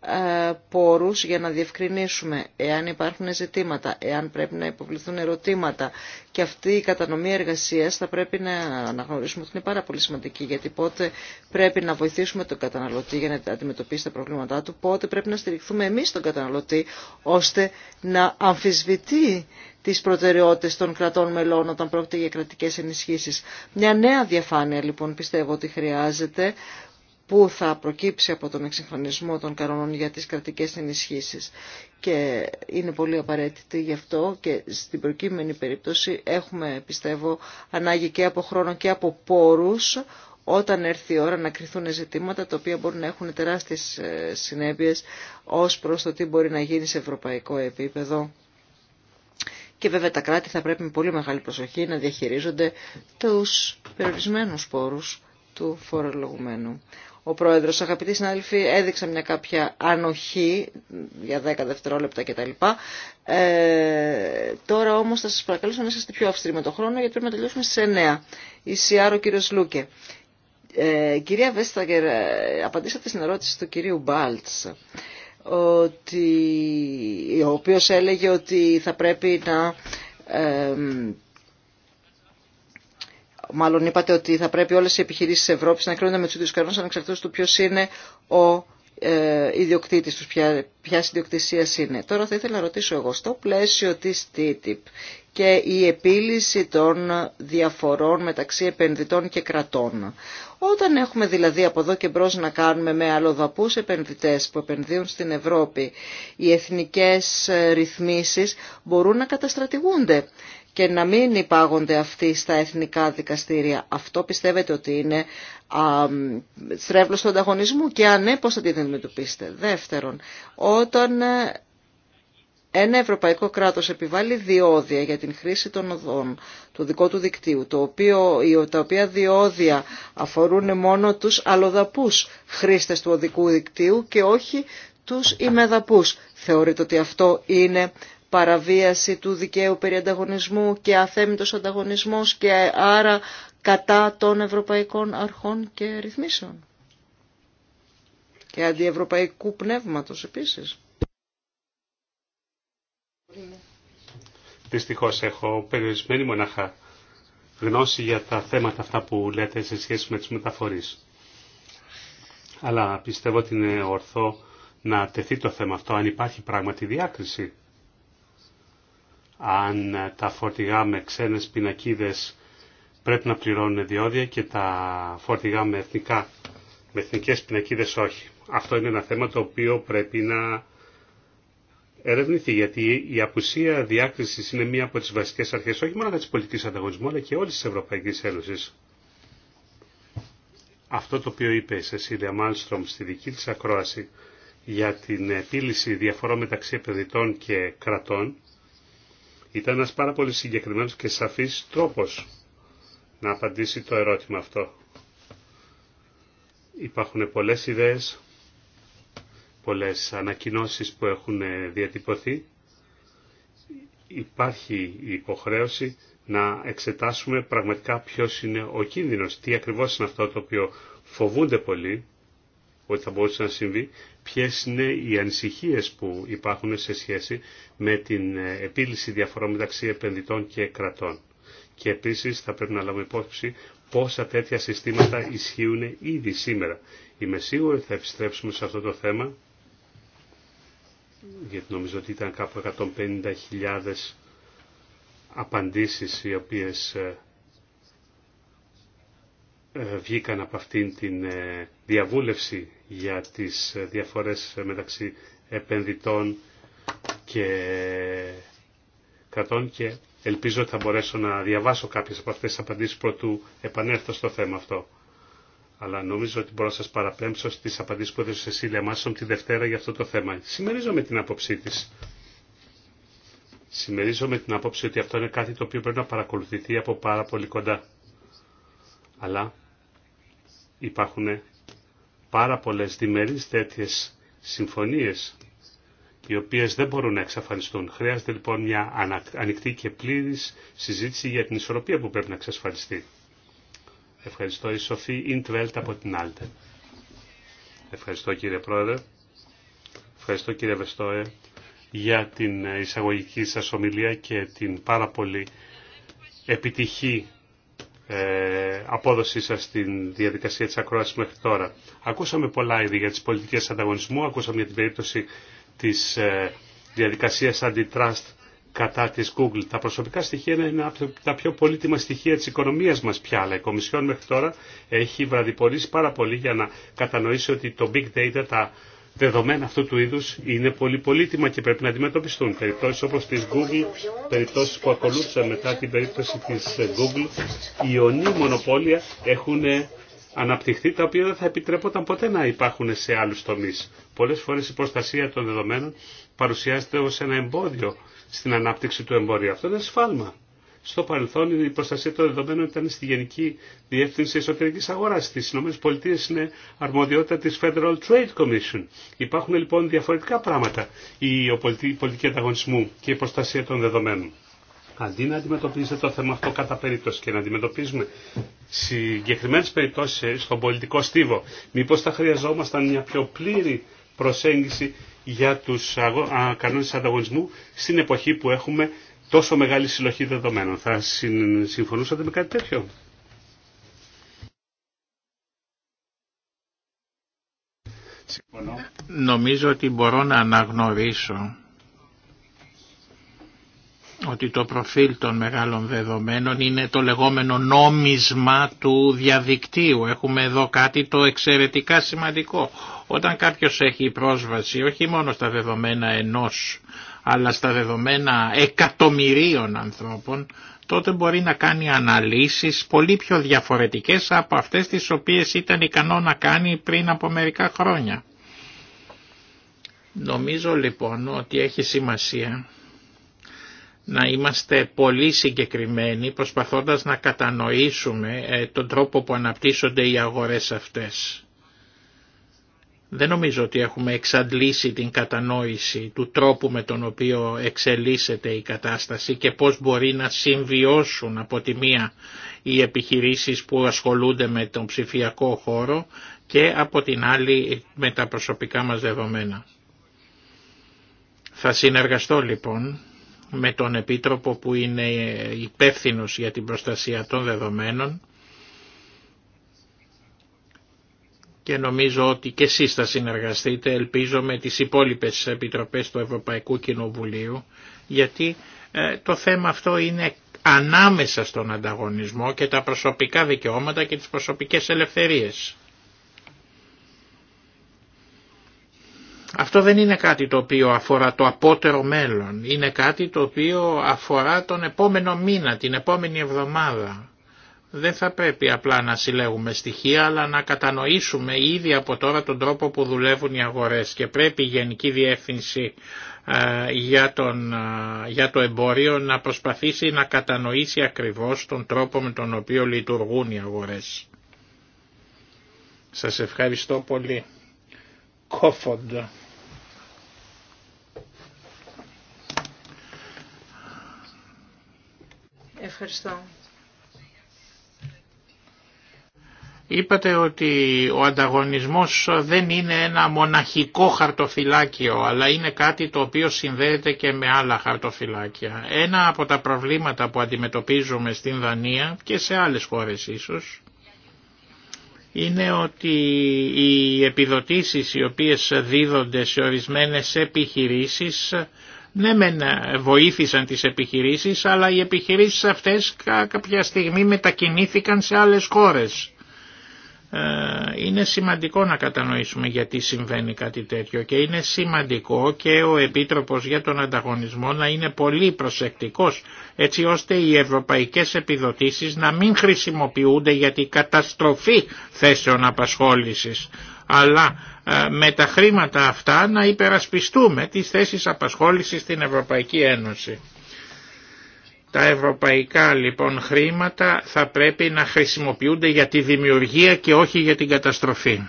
ε, πόρους για να διευκρινίσουμε εάν υπάρχουν ζητήματα, εάν πρέπει να υποβληθούν ερωτήματα και αυτή η κατανομή εργασίας θα πρέπει να αναγνωρίσουμε ότι είναι πάρα πολύ σημαντική γιατί πότε πρέπει να βοηθήσουμε τον καταναλωτή για να αντιμετωπίσει τα προβλήματά του, πότε πρέπει να στηριχθούμε εμείς τον καταναλωτή ώστε να αμφισβητεί τις προτεραιότητες των κρατών μελών όταν πρόκειται για κρατικές ενισχύσεις. Μια νέα διαφάνεια λοιπόν πιστεύω ότι χρειάζεται που θα προκύψει από τον εξυγχρονισμό των κανόνων για τις κρατικές ενισχύσεις και είναι πολύ απαραίτητη γι' αυτό και στην προκείμενη περίπτωση έχουμε πιστεύω ανάγκη και από χρόνο και από πόρους όταν έρθει η ώρα να κρυθούν ζητήματα τα οποία μπορούν να έχουν τεράστιες ε, συνέπειες ως προς το τι μπορεί να γίνει σε ευρωπαϊκό επίπεδο. Και βέβαια τα κράτη θα πρέπει με πολύ μεγάλη προσοχή να διαχειρίζονται τους περιορισμένους πόρους του φορολογουμένου ο πρόεδρος. Αγαπητοί συνάδελφοι, έδειξα μια κάποια ανοχή για 10 δευτερόλεπτα κτλ. Ε, τώρα όμως θα σας παρακαλούσα να είστε πιο αυστηροί με το χρόνο γιατί πρέπει να τελειώσουμε στις 9. Η Σιάρο κύριος Λούκε. Ε, κυρία Βέσταγκερ, ε, απαντήσατε στην ερώτηση του κυρίου Μπάλτς ότι, ο οποίος έλεγε ότι θα πρέπει να ε, μάλλον είπατε ότι θα πρέπει όλες οι επιχειρήσεις της Ευρώπης να κρίνονται με τους ίδιους κανόνες ανεξαρτήτως του ποιος είναι ο ε, ιδιοκτήτης τους, ποια, ποιας ιδιοκτησίας είναι. Τώρα θα ήθελα να ρωτήσω εγώ, στο πλαίσιο της TTIP και η επίλυση των διαφορών μεταξύ επενδυτών και κρατών. Όταν έχουμε δηλαδή από εδώ και μπρος να κάνουμε με αλλοδαπούς επενδυτές που επενδύουν στην Ευρώπη, οι εθνικές ρυθμίσεις μπορούν να καταστρατηγούνται και να μην υπάγονται αυτοί στα εθνικά δικαστήρια. Αυτό πιστεύετε ότι είναι στρέβλος του ανταγωνισμού και αν ναι πώς θα την αντιμετωπίσετε. Δεύτερον, όταν ε, ένα ευρωπαϊκό κράτος επιβάλλει διόδια για την χρήση των οδών του δικού του δικτύου, το οποίο, τα οποία διόδια αφορούν μόνο τους αλλοδαπούς χρήστες του οδικού δικτύου και όχι τους ημεδαπούς. Θεωρείτε ότι αυτό είναι παραβίαση του δικαίου περί ανταγωνισμού και αθέμητος ανταγωνισμός και άρα κατά των ευρωπαϊκών αρχών και ρυθμίσεων. Και αντιευρωπαϊκού πνεύματος επίσης. Δυστυχώς έχω περιορισμένη μονάχα γνώση για τα θέματα αυτά που λέτε σε σχέση με τις μεταφορείς. Αλλά πιστεύω ότι είναι ορθό να τεθεί το θέμα αυτό αν υπάρχει πράγματι διάκριση αν ε, τα φορτηγά με ξένες πινακίδες πρέπει να πληρώνουν διόδια και τα φορτηγά με, εθνικά, με εθνικές πινακίδες όχι. Αυτό είναι ένα θέμα το οποίο πρέπει να ερευνηθεί, γιατί η απουσία διάκρισης είναι μία από τις βασικές αρχές, όχι μόνο της πολιτικής ανταγωνισμού, αλλά και όλης της Ευρωπαϊκής Ένωσης. Αυτό το οποίο είπε η Σεσίλια Μάλστρομ στη δική της ακρόαση για την επίλυση διαφορών μεταξύ επενδυτών και κρατών, ήταν ένας πάρα πολύ συγκεκριμένος και σαφής τρόπος να απαντήσει το ερώτημα αυτό. Υπάρχουν πολλές ιδέες, πολλές ανακοινώσεις που έχουν ε, διατυπωθεί. Υπάρχει η υποχρέωση να εξετάσουμε πραγματικά ποιος είναι ο κίνδυνος, τι ακριβώς είναι αυτό το οποίο φοβούνται πολύ ότι θα μπορούσε να συμβεί ποιες είναι οι ανησυχίες που υπάρχουν σε σχέση με την ε, επίλυση διαφορών μεταξύ επενδυτών και κρατών. Και επίσης θα πρέπει να λάβουμε υπόψη πόσα τέτοια συστήματα ισχύουν ήδη σήμερα. Είμαι σίγουρη θα επιστρέψουμε σε αυτό το θέμα, γιατί νομίζω ότι ήταν κάπου 150.000 απαντήσεις οι οποίες ε, βγήκαν από αυτήν την ε, διαβούλευση για τις ε, διαφορές μεταξύ επενδυτών και κρατών και ελπίζω ότι θα μπορέσω να διαβάσω κάποιες από αυτές τις απαντήσεις πρωτού επανέλθω στο θέμα αυτό. Αλλά νομίζω ότι μπορώ να σας παραπέμψω στις απαντήσεις που έδωσε η Σεσίλια Μάσον τη Δευτέρα για αυτό το θέμα. με την άποψή της. με την άποψη ότι αυτό είναι κάτι το οποίο πρέπει να παρακολουθηθεί από πάρα πολύ κοντά. Αλλά υπάρχουν πάρα πολλές διμερείς τέτοιες συμφωνίες οι οποίες δεν μπορούν να εξαφανιστούν. Χρειάζεται λοιπόν μια ανοιχτή και πλήρης συζήτηση για την ισορροπία που πρέπει να εξασφαλιστεί. Ευχαριστώ η Σοφή Ιντβέλτ από την Άλτε. Ευχαριστώ κύριε Πρόεδρε. Ευχαριστώ κύριε Βεστόε για την εισαγωγική σας ομιλία και την πάρα πολύ επιτυχή ε, απόδοσή σας στην διαδικασία της ακρόασης μέχρι τώρα. Ακούσαμε πολλά ήδη για τις πολιτικές ανταγωνισμού, ακούσαμε για την περίπτωση της ε, διαδικασίας αντιτράστ κατά της Google. Τα προσωπικά στοιχεία είναι από τα πιο πολύτιμα στοιχεία της οικονομίας μας πια, αλλά η Κομισιόν μέχρι τώρα έχει βραδιπορήσει πάρα πολύ για να κατανοήσει ότι το big data, τα δεδομένα αυτού του είδους είναι πολύ πολύτιμα και πρέπει να αντιμετωπιστούν. Περιπτώσεις όπως της Google, περιπτώσεις που ακολούθησαν μετά την περίπτωση της Google, οι ιονοί μονοπόλια έχουν ε, αναπτυχθεί τα οποία δεν θα επιτρέπονταν ποτέ να υπάρχουν σε άλλους τομείς. Πολλές φορές η προστασία των δεδομένων παρουσιάζεται ως ένα εμπόδιο στην ανάπτυξη του εμπόριου. Αυτό είναι σφάλμα. Στο παρελθόν η προστασία των δεδομένων ήταν στη Γενική Διεύθυνση Εσωτερικής Αγοράς. Στι ΗΠΑ είναι αρμοδιότητα τη Federal Trade Commission. Υπάρχουν λοιπόν διαφορετικά πράγματα η πολιτική ανταγωνισμού και η προστασία των δεδομένων. Αντί να αντιμετωπίζετε το θέμα αυτό κατά περίπτωση και να αντιμετωπίζουμε συγκεκριμένε περιπτώσει στον πολιτικό στίβο, μήπω θα χρειαζόμασταν μια πιο πλήρη προσέγγιση για του κανόνε ανταγωνισμού στην εποχή που έχουμε τόσο μεγάλη συλλογή δεδομένων. Θα συμφωνούσατε με κάτι τέτοιο. Νομίζω ότι μπορώ να αναγνωρίσω ότι το προφίλ των μεγάλων δεδομένων είναι το λεγόμενο νόμισμα του διαδικτύου. Έχουμε εδώ κάτι το εξαιρετικά σημαντικό. Όταν κάποιος έχει πρόσβαση όχι μόνο στα δεδομένα ενός αλλά στα δεδομένα εκατομμυρίων ανθρώπων, τότε μπορεί να κάνει αναλύσεις πολύ πιο διαφορετικές από αυτές τις οποίες ήταν ικανό να κάνει πριν από μερικά χρόνια. Νομίζω λοιπόν ότι έχει σημασία να είμαστε πολύ συγκεκριμένοι προσπαθώντας να κατανοήσουμε ε, τον τρόπο που αναπτύσσονται οι αγορές αυτές. Δεν νομίζω ότι έχουμε εξαντλήσει την κατανόηση του τρόπου με τον οποίο εξελίσσεται η κατάσταση και πώς μπορεί να συμβιώσουν από τη μία οι επιχειρήσεις που ασχολούνται με τον ψηφιακό χώρο και από την άλλη με τα προσωπικά μας δεδομένα. Θα συνεργαστώ λοιπόν με τον Επίτροπο που είναι υπεύθυνος για την προστασία των δεδομένων και νομίζω ότι και εσείς θα συνεργαστείτε, ελπίζω, με τις υπόλοιπες επιτροπές του Ευρωπαϊκού Κοινοβουλίου, γιατί ε, το θέμα αυτό είναι ανάμεσα στον ανταγωνισμό και τα προσωπικά δικαιώματα και τις προσωπικές ελευθερίες. Αυτό δεν είναι κάτι το οποίο αφορά το απότερο μέλλον, είναι κάτι το οποίο αφορά τον επόμενο μήνα, την επόμενη εβδομάδα δεν θα πρέπει απλά να συλλέγουμε στοιχεία, αλλά να κατανοήσουμε ήδη από τώρα τον τρόπο που δουλεύουν οι αγορές και πρέπει η Γενική Διεύθυνση ε, για, τον, ε, για το εμπόριο να προσπαθήσει να κατανοήσει ακριβώς τον τρόπο με τον οποίο λειτουργούν οι αγορές. Σας ευχαριστώ πολύ. Κόφοντα. Ευχαριστώ Είπατε ότι ο ανταγωνισμός δεν είναι ένα μοναχικό χαρτοφυλάκιο, αλλά είναι κάτι το οποίο συνδέεται και με άλλα χαρτοφυλάκια. Ένα από τα προβλήματα που αντιμετωπίζουμε στην Δανία και σε άλλες χώρες ίσως, είναι ότι οι επιδοτήσεις οι οποίες δίδονται σε ορισμένες επιχειρήσεις ναι μεν βοήθησαν τις επιχειρήσεις αλλά οι επιχειρήσεις αυτές κάποια στιγμή μετακινήθηκαν σε άλλες χώρες ε, είναι σημαντικό να κατανοήσουμε γιατί συμβαίνει κάτι τέτοιο και είναι σημαντικό και ο Επίτροπος για τον Ανταγωνισμό να είναι πολύ προσεκτικός έτσι ώστε οι ευρωπαϊκές επιδοτήσεις να μην χρησιμοποιούνται για την καταστροφή θέσεων απασχόλησης αλλά ε, με τα χρήματα αυτά να υπερασπιστούμε τις θέσεις απασχόλησης στην Ευρωπαϊκή Ένωση. Τα ευρωπαϊκά λοιπόν χρήματα θα πρέπει να χρησιμοποιούνται για τη δημιουργία και όχι για την καταστροφή.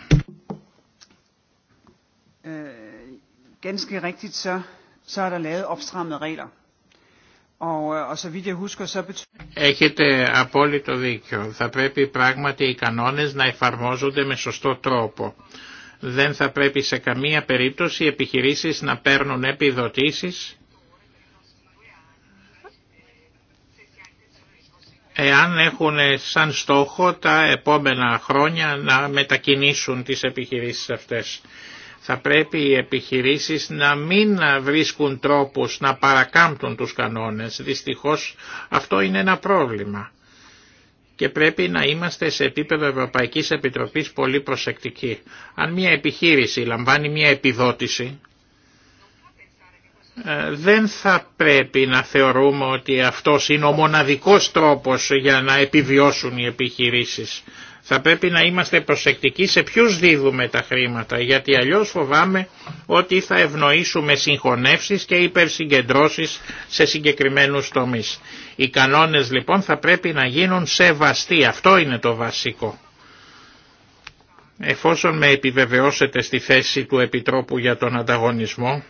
Έχετε απόλυτο δίκιο. Θα πρέπει πράγματι οι κανόνες να εφαρμόζονται με σωστό τρόπο. Δεν θα πρέπει σε καμία περίπτωση οι επιχειρήσεις να παίρνουν επιδοτήσεις εάν έχουν σαν στόχο τα επόμενα χρόνια να μετακινήσουν τις επιχειρήσεις αυτές. Θα πρέπει οι επιχειρήσεις να μην βρίσκουν τρόπους να παρακάμπτουν τους κανόνες. Δυστυχώς αυτό είναι ένα πρόβλημα. Και πρέπει να είμαστε σε επίπεδο Ευρωπαϊκής Επιτροπής πολύ προσεκτικοί. Αν μια επιχείρηση λαμβάνει μια επιδότηση, ε, δεν θα πρέπει να θεωρούμε ότι αυτός είναι ο μοναδικός τρόπος για να επιβιώσουν οι επιχειρήσεις. Θα πρέπει να είμαστε προσεκτικοί σε ποιους δίδουμε τα χρήματα, γιατί αλλιώς φοβάμαι ότι θα ευνοήσουμε συγχωνεύσεις και υπερσυγκεντρώσεις σε συγκεκριμένους τομείς. Οι κανόνες λοιπόν θα πρέπει να γίνουν σεβαστοί, αυτό είναι το βασικό. Εφόσον με επιβεβαιώσετε στη θέση του Επιτρόπου για τον ανταγωνισμό,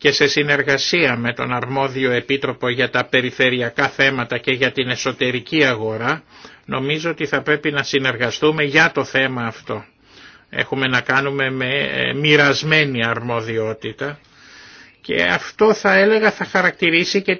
και σε συνεργασία με τον αρμόδιο επίτροπο για τα περιφερειακά θέματα και για την εσωτερική αγορά, νομίζω ότι θα πρέπει να συνεργαστούμε για το θέμα αυτό. Έχουμε να κάνουμε με ε, μοιρασμένη αρμοδιότητα και αυτό θα έλεγα θα χαρακτηρίσει και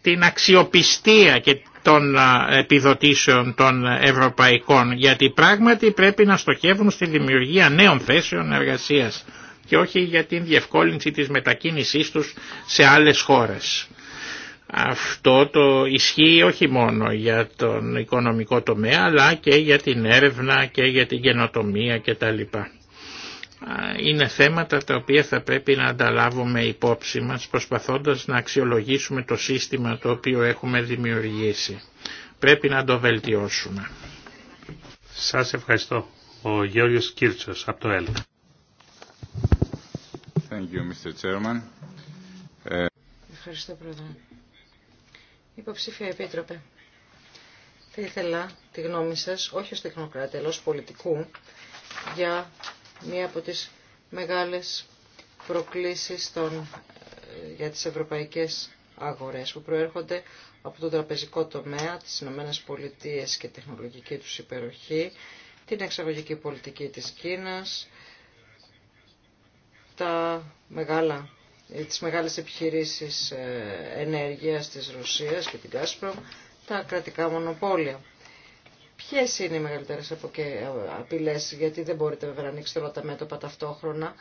την αξιοπιστία και των επιδοτήσεων των ευρωπαϊκών, γιατί πράγματι πρέπει να στοχεύουν στη δημιουργία νέων θέσεων εργασίας και όχι για την διευκόλυνση της μετακίνησής τους σε άλλες χώρες. Αυτό το ισχύει όχι μόνο για τον οικονομικό τομέα αλλά και για την έρευνα και για την καινοτομία κτλ. Είναι θέματα τα οποία θα πρέπει να ανταλάβουμε υπόψη μας προσπαθώντας να αξιολογήσουμε το σύστημα το οποίο έχουμε δημιουργήσει. Πρέπει να το βελτιώσουμε. Σας ευχαριστώ. Ο Γιώργος Κίρτσος από το ΕΛΚ. Thank you, Mr. Chairman. Ε, Ευχαριστώ, Πρόεδρε. Υποψήφια Επίτροπε, θα ήθελα τη γνώμη σας, όχι ως τεχνοκράτη, αλλά ως πολιτικού, για μία από τις μεγάλες προκλήσεις των, ε, για τις ευρωπαϊκές αγορές που προέρχονται από τον τραπεζικό τομέα, τις Ηνωμένες Πολιτείες και τεχνολογική τους υπεροχή, την εξαγωγική πολιτική της Κίνας, τα μεγάλα, τις μεγάλες επιχειρήσεις ε, ενέργειας της Ρωσίας και την Κάσπρο, τα κρατικά μονοπόλια. Ποιες είναι οι μεγαλύτερες ε, απειλές, γιατί δεν μπορείτε βέβαια να ανοίξετε όλα τα μέτωπα ταυτόχρονα.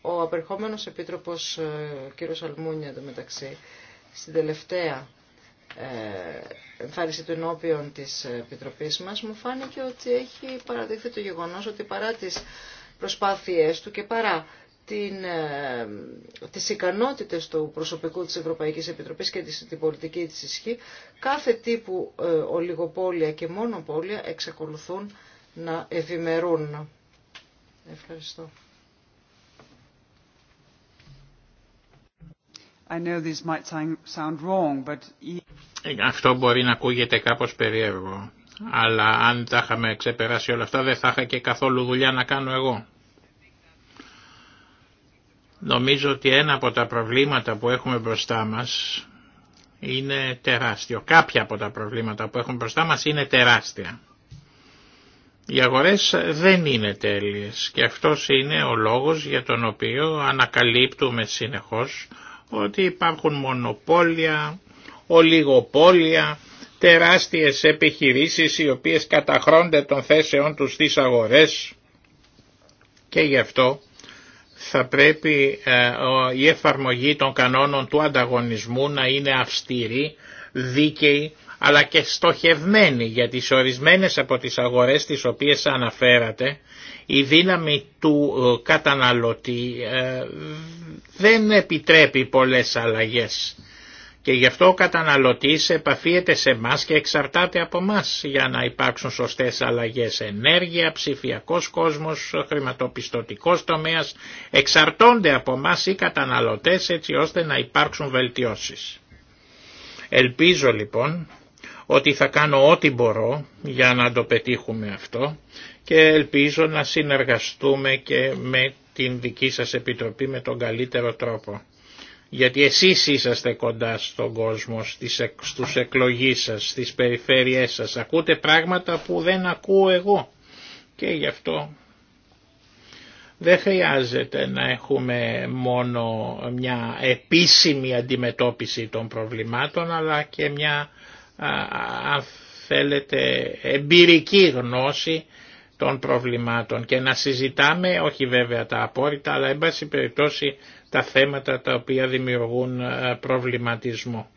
Ο απερχόμενος επίτροπος ε, κύριος Αλμούνια, μεταξύ, στην τελευταία εμφάνιση του ενώπιον της Επιτροπής μας μου φάνηκε ότι έχει παραδειχθεί το γεγονός ότι παρά τις προσπάθειές του και παρά την, ε, τις ικανότητες του προσωπικού της Ευρωπαϊκής Επιτροπής και της, την πολιτική της ισχύ, κάθε τύπου ε, ολιγοπόλια και μονοπόλια εξακολουθούν να ευημερούν. Ευχαριστώ. Αυτό μπορεί να ακούγεται κάπως περίεργο, αλλά αν τα είχαμε ξεπεράσει όλα αυτά δεν θα είχα και καθόλου δουλειά να κάνω εγώ. Νομίζω ότι ένα από τα προβλήματα που έχουμε μπροστά μας είναι τεράστιο. Κάποια από τα προβλήματα που έχουμε μπροστά μας είναι τεράστια. Οι αγορές δεν είναι τέλειες και αυτός είναι ο λόγος για τον οποίο ανακαλύπτουμε συνεχώς ότι υπάρχουν μονοπόλια, ολιγοπόλια, τεράστιες επιχειρήσεις οι οποίες καταχρώνται των θέσεών τους στις αγορές και γι' αυτό θα πρέπει ε, η εφαρμογή των κανόνων του ανταγωνισμού να είναι αυστηρή, δίκαιη, αλλά και στοχευμένη για τις ορισμένες από τις αγορές τις οποίες αναφέρατε, η δύναμη του ε, καταναλωτή ε, δεν επιτρέπει πολλές αλλαγές. Και γι' αυτό ο καταναλωτής επαφίεται σε εμά και εξαρτάται από εμά για να υπάρξουν σωστές αλλαγές ενέργεια, ψηφιακός κόσμος, χρηματοπιστωτικός τομέας. Εξαρτώνται από εμά οι καταναλωτές έτσι ώστε να υπάρξουν βελτιώσεις. Ελπίζω λοιπόν ότι θα κάνω ό,τι μπορώ για να το πετύχουμε αυτό και ελπίζω να συνεργαστούμε και με την δική σας επιτροπή με τον καλύτερο τρόπο γιατί εσείς είσαστε κοντά στον κόσμο, στις, στους εκλογείς σας, στις περιφέρειές σας. Ακούτε πράγματα που δεν ακούω εγώ και γι' αυτό δεν χρειάζεται να έχουμε μόνο μια επίσημη αντιμετώπιση των προβλημάτων αλλά και μια αν θέλετε εμπειρική γνώση των προβλημάτων και να συζητάμε όχι βέβαια τα απόρριτα αλλά εν πάση περιπτώσει τα θέματα τα οποία δημιουργούν ε, προβληματισμό.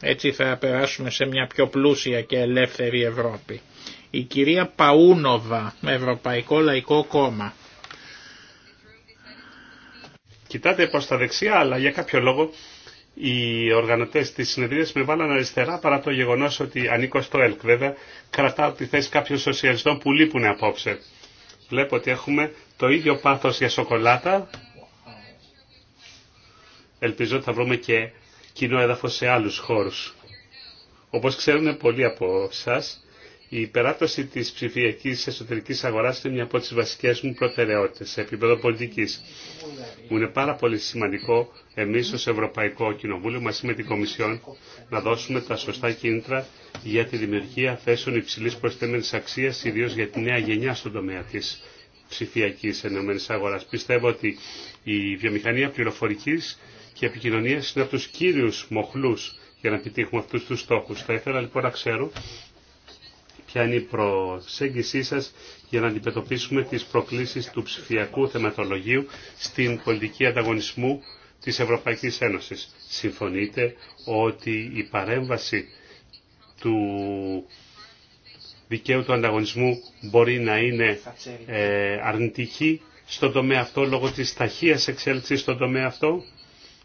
Έτσι θα περάσουμε σε μια πιο πλούσια και ελεύθερη Ευρώπη. Η κυρία Παούνοβα, Ευρωπαϊκό Λαϊκό Κόμμα. Κοιτάτε προς τα δεξιά, αλλά για κάποιο λόγο οι οργανωτές της συνεδρίας με βάλαν αριστερά παρά το γεγονός ότι ανήκω στο ΕΛΚ. Βέβαια κρατάω τη θέση κάποιων σοσιαλιστών που λείπουν απόψε. Βλέπω ότι έχουμε το ίδιο πάθος για σοκολάτα. Ελπίζω ότι θα βρούμε και κοινό έδαφος σε άλλους χώρους. Όπως ξέρουν πολλοί από εσά, η υπεράπτωση της ψηφιακής εσωτερικής αγοράς είναι μια από τις βασικές μου προτεραιότητες σε επίπεδο πολιτικής. Μου είναι πάρα πολύ σημαντικό εμείς ως Ευρωπαϊκό Κοινοβούλιο μαζί με την Κομισιόν να δώσουμε τα σωστά κίνητρα για τη δημιουργία θέσεων υψηλής προσθέμενης αξίας, ιδίως για τη νέα γενιά στον τομέα της ψηφιακή Ενωμένη αγοράς. Πιστεύω ότι η βιομηχανία πληροφορική και επικοινωνία είναι από του κύριου μοχλου για να επιτύχουμε αυτού του στόχου. Θα ήθελα λοιπόν να ξέρω ποια είναι η προσέγγισή σα για να αντιμετωπίσουμε τις προκλήσεις του ψηφιακού θεματολογίου στην πολιτική ανταγωνισμού της ευρωπαϊκή Ένωση. Συμφωνείτε ότι η παρέμβαση του δικαίου του ανταγωνισμού μπορεί να είναι ε, αρνητική στον τομέα αυτό λόγω της ταχείας εξέλιξης στον τομέα αυτό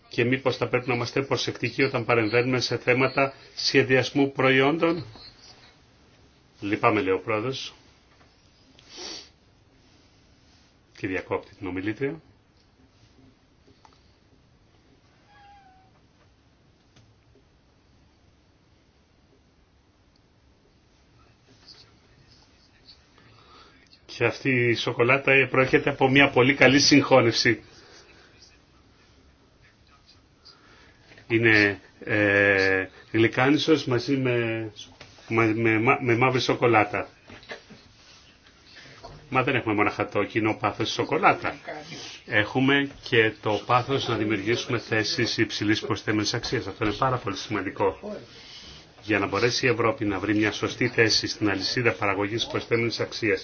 και μήπως θα πρέπει να είμαστε προσεκτικοί όταν παρεμβαίνουμε σε θέματα σχεδιασμού προϊόντων. Λυπάμαι λέει ο πρόεδρος ομιλήτρια. και αυτή η σοκολάτα προέρχεται από μια πολύ καλή συγχώνευση. Είναι ε, γλυκάνισος μαζί με, με, με, μαύρη σοκολάτα. Μα δεν έχουμε μόνο το κοινό πάθος σοκολάτα. Έχουμε και το πάθος να δημιουργήσουμε θέσεις υψηλής προσθέμενης αξίας. Αυτό είναι πάρα πολύ σημαντικό. Για να μπορέσει η Ευρώπη να βρει μια σωστή θέση στην αλυσίδα παραγωγής προσθέμενης αξία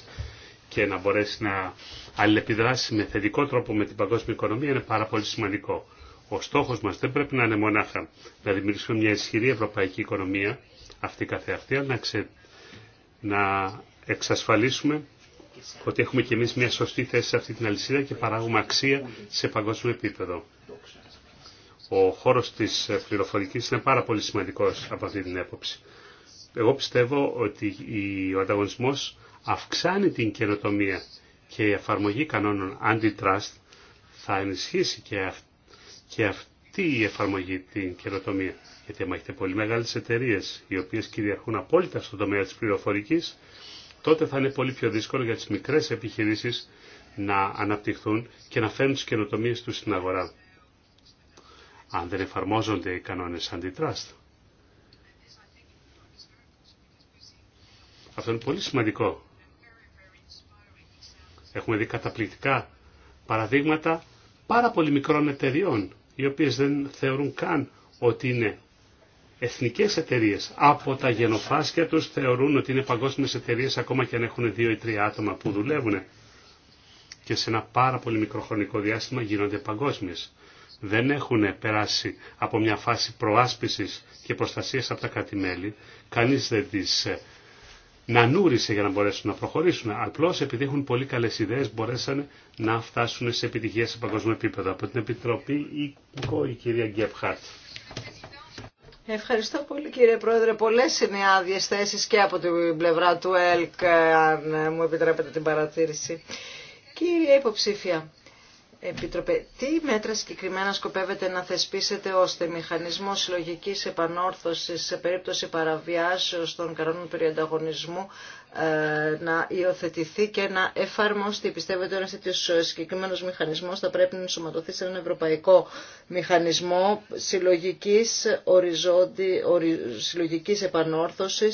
και να μπορέσει να αλληλεπιδράσει με θετικό τρόπο με την παγκόσμια οικονομία είναι πάρα πολύ σημαντικό. Ο στόχος μας δεν πρέπει να είναι μονάχα να δημιουργήσουμε μια ισχυρή ευρωπαϊκή οικονομία αυτή καθεαυτή, αλλά να, να εξασφαλίσουμε ότι έχουμε και εμείς μια σωστή θέση σε αυτή την αλυσίδα και παράγουμε αξία σε παγκόσμιο επίπεδο. Ο χώρος της πληροφορικής είναι πάρα πολύ σημαντικός από αυτή την έποψη. Εγώ πιστεύω ότι ο ανταγωνισμός αυξάνει την καινοτομία και η εφαρμογή κανόνων antitrust θα ενισχύσει και, αυτή η εφαρμογή την καινοτομία. Γιατί αν έχετε πολύ μεγάλες εταιρείε οι οποίες κυριαρχούν απόλυτα στον τομέα της πληροφορικής, τότε θα είναι πολύ πιο δύσκολο για τις μικρές επιχειρήσεις να αναπτυχθούν και να φέρουν τι καινοτομίε του στην αγορά. Αν δεν εφαρμόζονται οι κανόνε αντιτράστ. Αυτό είναι πολύ σημαντικό Έχουμε δει καταπληκτικά παραδείγματα πάρα πολύ μικρών εταιριών, οι οποίες δεν θεωρούν καν ότι είναι εθνικές εταιρείε. Από τα γενοφάσκια τους θεωρούν ότι είναι παγκόσμιες εταιρείε ακόμα και αν έχουν δύο ή τρία άτομα που δουλεύουν. Και σε ένα πάρα πολύ μικρό χρονικό διάστημα γίνονται παγκόσμιες. Δεν έχουν περάσει από μια φάση προάσπισης και προστασίας από τα κράτη-μέλη. Κανείς δεν τις ε, να νούρισε για να μπορέσουν να προχωρήσουν. Απλώ επειδή έχουν πολύ καλέ ιδέε μπορέσαν να φτάσουν σε επιτυχία σε παγκόσμιο επίπεδο. Από την Επιτροπή η κυρία Γκέπχαρτ. Ευχαριστώ πολύ κύριε Πρόεδρε. Πολλέ είναι άδειε θέσει και από την πλευρά του ΕΛΚ, αν μου επιτρέπετε την παρατήρηση. Κύριε υποψήφια, Επίτροπε, τι μέτρα συγκεκριμένα σκοπεύετε να θεσπίσετε ώστε μηχανισμό συλλογική επανόρθωση σε περίπτωση παραβιάσεως των κανόνων περί ε, να υιοθετηθεί και να εφαρμοστεί. Πιστεύετε ότι ένα τέτοιο συγκεκριμένο μηχανισμό θα πρέπει να ενσωματωθεί σε έναν ευρωπαϊκό μηχανισμό συλλογική συλλογικής επανόρθωση,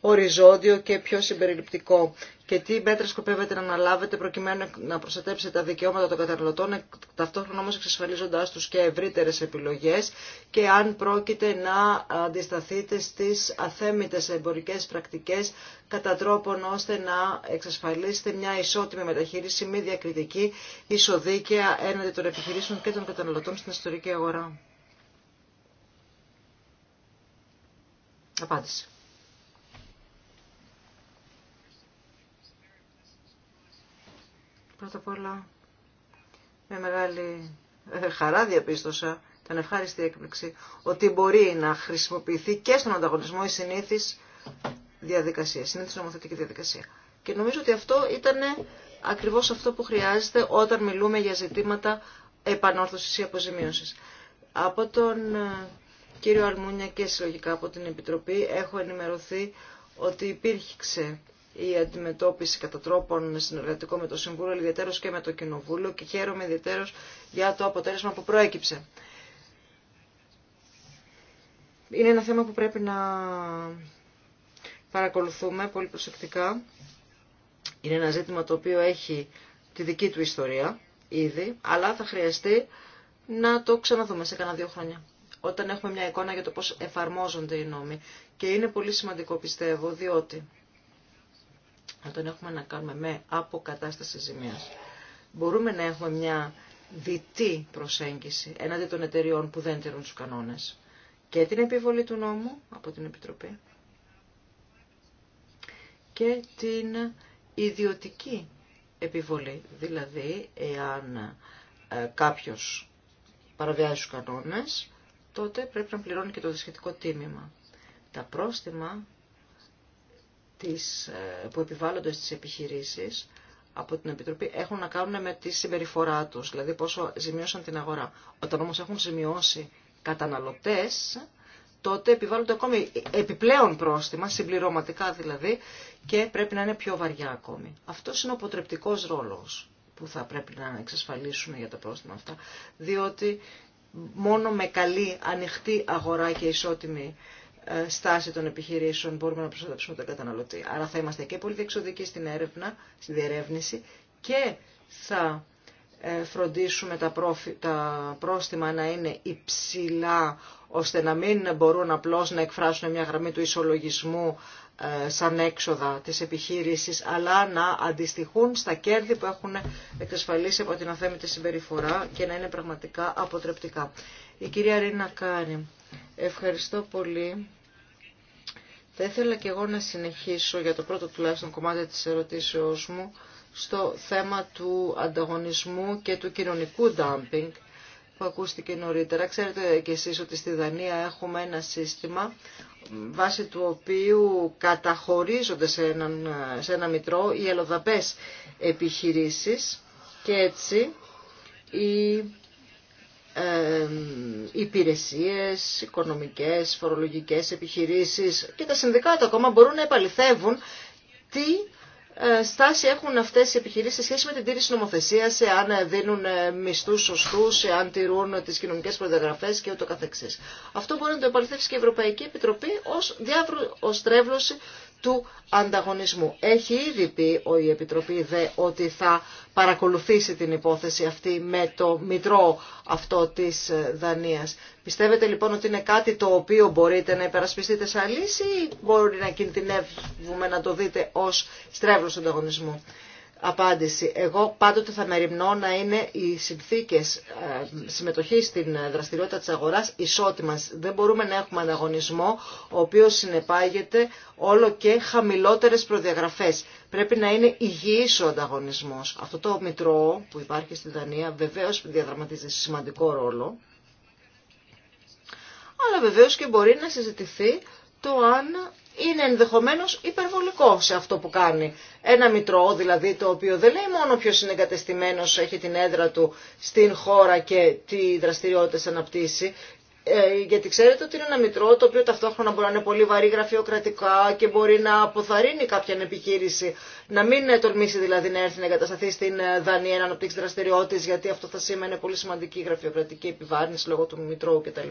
οριζόντιο και πιο συμπεριληπτικό. Και τι μέτρα σκοπεύετε να αναλάβετε προκειμένου να προστατέψετε τα δικαιώματα των καταναλωτών, ταυτόχρονα όμω εξασφαλίζοντά του και ευρύτερε επιλογέ και αν πρόκειται να αντισταθείτε στι αθέμητε εμπορικέ πρακτικέ κατά τρόπον ώστε να εξασφαλίσετε μια ισότιμη μεταχείριση, μη διακριτική, ισοδίκαια έναντι των επιχειρήσεων και των καταναλωτών στην ιστορική αγορά. Απάντηση. Πρώτα απ' όλα, με μεγάλη ε, χαρά διαπίστωσα, ήταν ευχάριστη έκπληξη, ότι μπορεί να χρησιμοποιηθεί και στον ανταγωνισμό η συνήθις διαδικασία, συνήθως νομοθετική διαδικασία. Και νομίζω ότι αυτό ήταν ακριβώς αυτό που χρειάζεται όταν μιλούμε για ζητήματα επανόρθωσης ή αποζημίωσης. Από τον ε, κύριο Αλμούνια και συλλογικά από την Επιτροπή έχω ενημερωθεί ότι υπήρξε η αντιμετώπιση κατά εχω ενημερωθει οτι υπηρχε η συνεργατικό με το Συμβούλιο, ιδιαίτερο και με το Κοινοβούλιο και χαίρομαι ιδιαίτερο για το αποτέλεσμα που προέκυψε. Είναι ένα θέμα που πρέπει να παρακολουθούμε πολύ προσεκτικά. Είναι ένα ζήτημα το οποίο έχει τη δική του ιστορία ήδη, αλλά θα χρειαστεί να το ξαναδούμε σε κανένα δύο χρόνια. Όταν έχουμε μια εικόνα για το πώς εφαρμόζονται οι νόμοι. Και είναι πολύ σημαντικό πιστεύω, διότι όταν έχουμε να κάνουμε με αποκατάσταση ζημίας, μπορούμε να έχουμε μια διτή προσέγγιση έναντι των εταιριών που δεν τηρούν τους κανόνες. Και την επιβολή του νόμου από την Επιτροπή και την ιδιωτική επιβολή. Δηλαδή, εάν ε, κάποιος παραβιάζει τους κανόνες, τότε πρέπει να πληρώνει και το σχετικό τίμημα. Τα πρόστιμα ε, που επιβάλλονται στις επιχειρήσεις από την Επιτροπή έχουν να κάνουν με τη συμπεριφορά τους, δηλαδή πόσο ζημιώσαν την αγορά. Όταν όμως έχουν ζημιώσει καταναλωτές, τότε επιβάλλονται ακόμη επιπλέον πρόστιμα, συμπληρωματικά δηλαδή, και πρέπει να είναι πιο βαριά ακόμη. Αυτό είναι ο αποτρεπτικό ρόλος που θα πρέπει να εξασφαλίσουμε για τα πρόστιμα αυτά, διότι μόνο με καλή ανοιχτή αγορά και ισότιμη ε, στάση των επιχειρήσεων μπορούμε να προστατεύσουμε τον καταναλωτή. Άρα θα είμαστε και πολύ διεξοδικοί στην έρευνα, στη διερεύνηση και θα ε, φροντίσουμε τα, τα πρόστιμα να είναι υψηλά ώστε να μην μπορούν απλώς να εκφράσουν μια γραμμή του ισολογισμού ε, σαν έξοδα της επιχείρησης, αλλά να αντιστοιχούν στα κέρδη που έχουν εξασφαλίσει από την αθέμητη συμπεριφορά και να είναι πραγματικά αποτρεπτικά. Η κυρία Ρίνα Κάρη, ευχαριστώ πολύ. Θα ήθελα και εγώ να συνεχίσω για το πρώτο τουλάχιστον κομμάτι της ερωτήσεώς μου στο θέμα του ανταγωνισμού και του κοινωνικού dumping που ακούστηκε νωρίτερα. Ξέρετε κι εσείς ότι στη Δανία έχουμε ένα σύστημα βάσει του οποίου καταχωρίζονται σε, έναν, ένα μητρό οι ελοδαπές επιχειρήσεις και έτσι οι ε, υπηρεσίες, οικονομικές, φορολογικές επιχειρήσεις και τα συνδικάτα ακόμα μπορούν να επαληθεύουν τι ε, στάση έχουν αυτές οι επιχειρήσεις σε σχέση με την τήρηση νομοθεσίας, εάν ε, δίνουν ε, μισθούς σωστούς, εάν τηρούν τις κοινωνικές προδιαγραφές και ούτω καθεξής. Αυτό μπορεί να το επαληθεύσει και η Ευρωπαϊκή Επιτροπή ως διάβρο, ως τρέβλωση του ανταγωνισμού. Έχει ήδη πει η Επιτροπή ΔΕ ότι θα παρακολουθήσει την υπόθεση αυτή με το μητρό αυτό της ε, Δανίας. Πιστεύετε λοιπόν ότι είναι κάτι το οποίο μπορείτε να υπερασπιστείτε σαν λύση ή μπορεί να κινδυνεύουμε να το δείτε ως στρέβλος ανταγωνισμού απάντηση. Εγώ πάντοτε θα μεριμνώ να είναι οι συνθήκες ε, συμμετοχής στην δραστηριότητα της αγοράς ισότιμας. Δεν μπορούμε να έχουμε ανταγωνισμό ο οποίος συνεπάγεται όλο και χαμηλότερες προδιαγραφές. Πρέπει να είναι υγιής ο ανταγωνισμός. Αυτό το μητρό που υπάρχει στη Δανία βεβαίως διαδραματίζει σημαντικό ρόλο. Αλλά βεβαίως και μπορεί να συζητηθεί το αν είναι ενδεχομένως υπερβολικό σε αυτό που κάνει. Ένα μητρό δηλαδή το οποίο δεν λέει μόνο ποιος είναι εγκατεστημένος, έχει την έδρα του στην χώρα και τι δραστηριότητες αναπτύσσει, ε, γιατί ξέρετε ότι είναι ένα μητρό το οποίο ταυτόχρονα μπορεί να είναι πολύ βαρύ γραφειοκρατικά και μπορεί να αποθαρρύνει κάποια επιχείρηση να μην τολμήσει δηλαδή να έρθει να εγκατασταθεί στην ε, Δανία να αναπτύξει δραστηριότητε, γιατί αυτό θα σήμαινε πολύ σημαντική γραφειοκρατική επιβάρυνση λόγω του Μητρώου κτλ.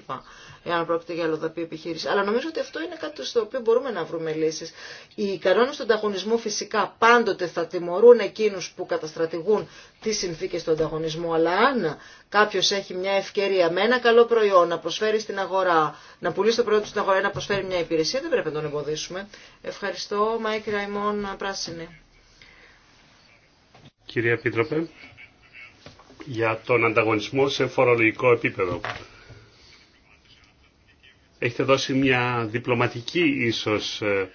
Εάν πρόκειται για αλλοδαπή επιχείρηση. Αλλά νομίζω ότι αυτό είναι κάτι στο οποίο μπορούμε να βρούμε λύσει. Οι κανόνε του ανταγωνισμού φυσικά πάντοτε θα τιμωρούν εκείνου που καταστρατηγούν τι συνθήκε του ανταγωνισμού. Αλλά αν κάποιο έχει μια ευκαιρία με ένα καλό προϊόν να προσφέρει στην αγορά, να πουλήσει το προϊόν του στην αγορά, να προσφέρει μια υπηρεσία, δεν πρέπει να τον εμποδίσουμε. Ευχαριστώ, Μάικ Ραϊμόν Πράσινη κυρία Επίτροπε, για τον ανταγωνισμό σε φορολογικό επίπεδο. Έχετε δώσει μια διπλωματική ίσως ε,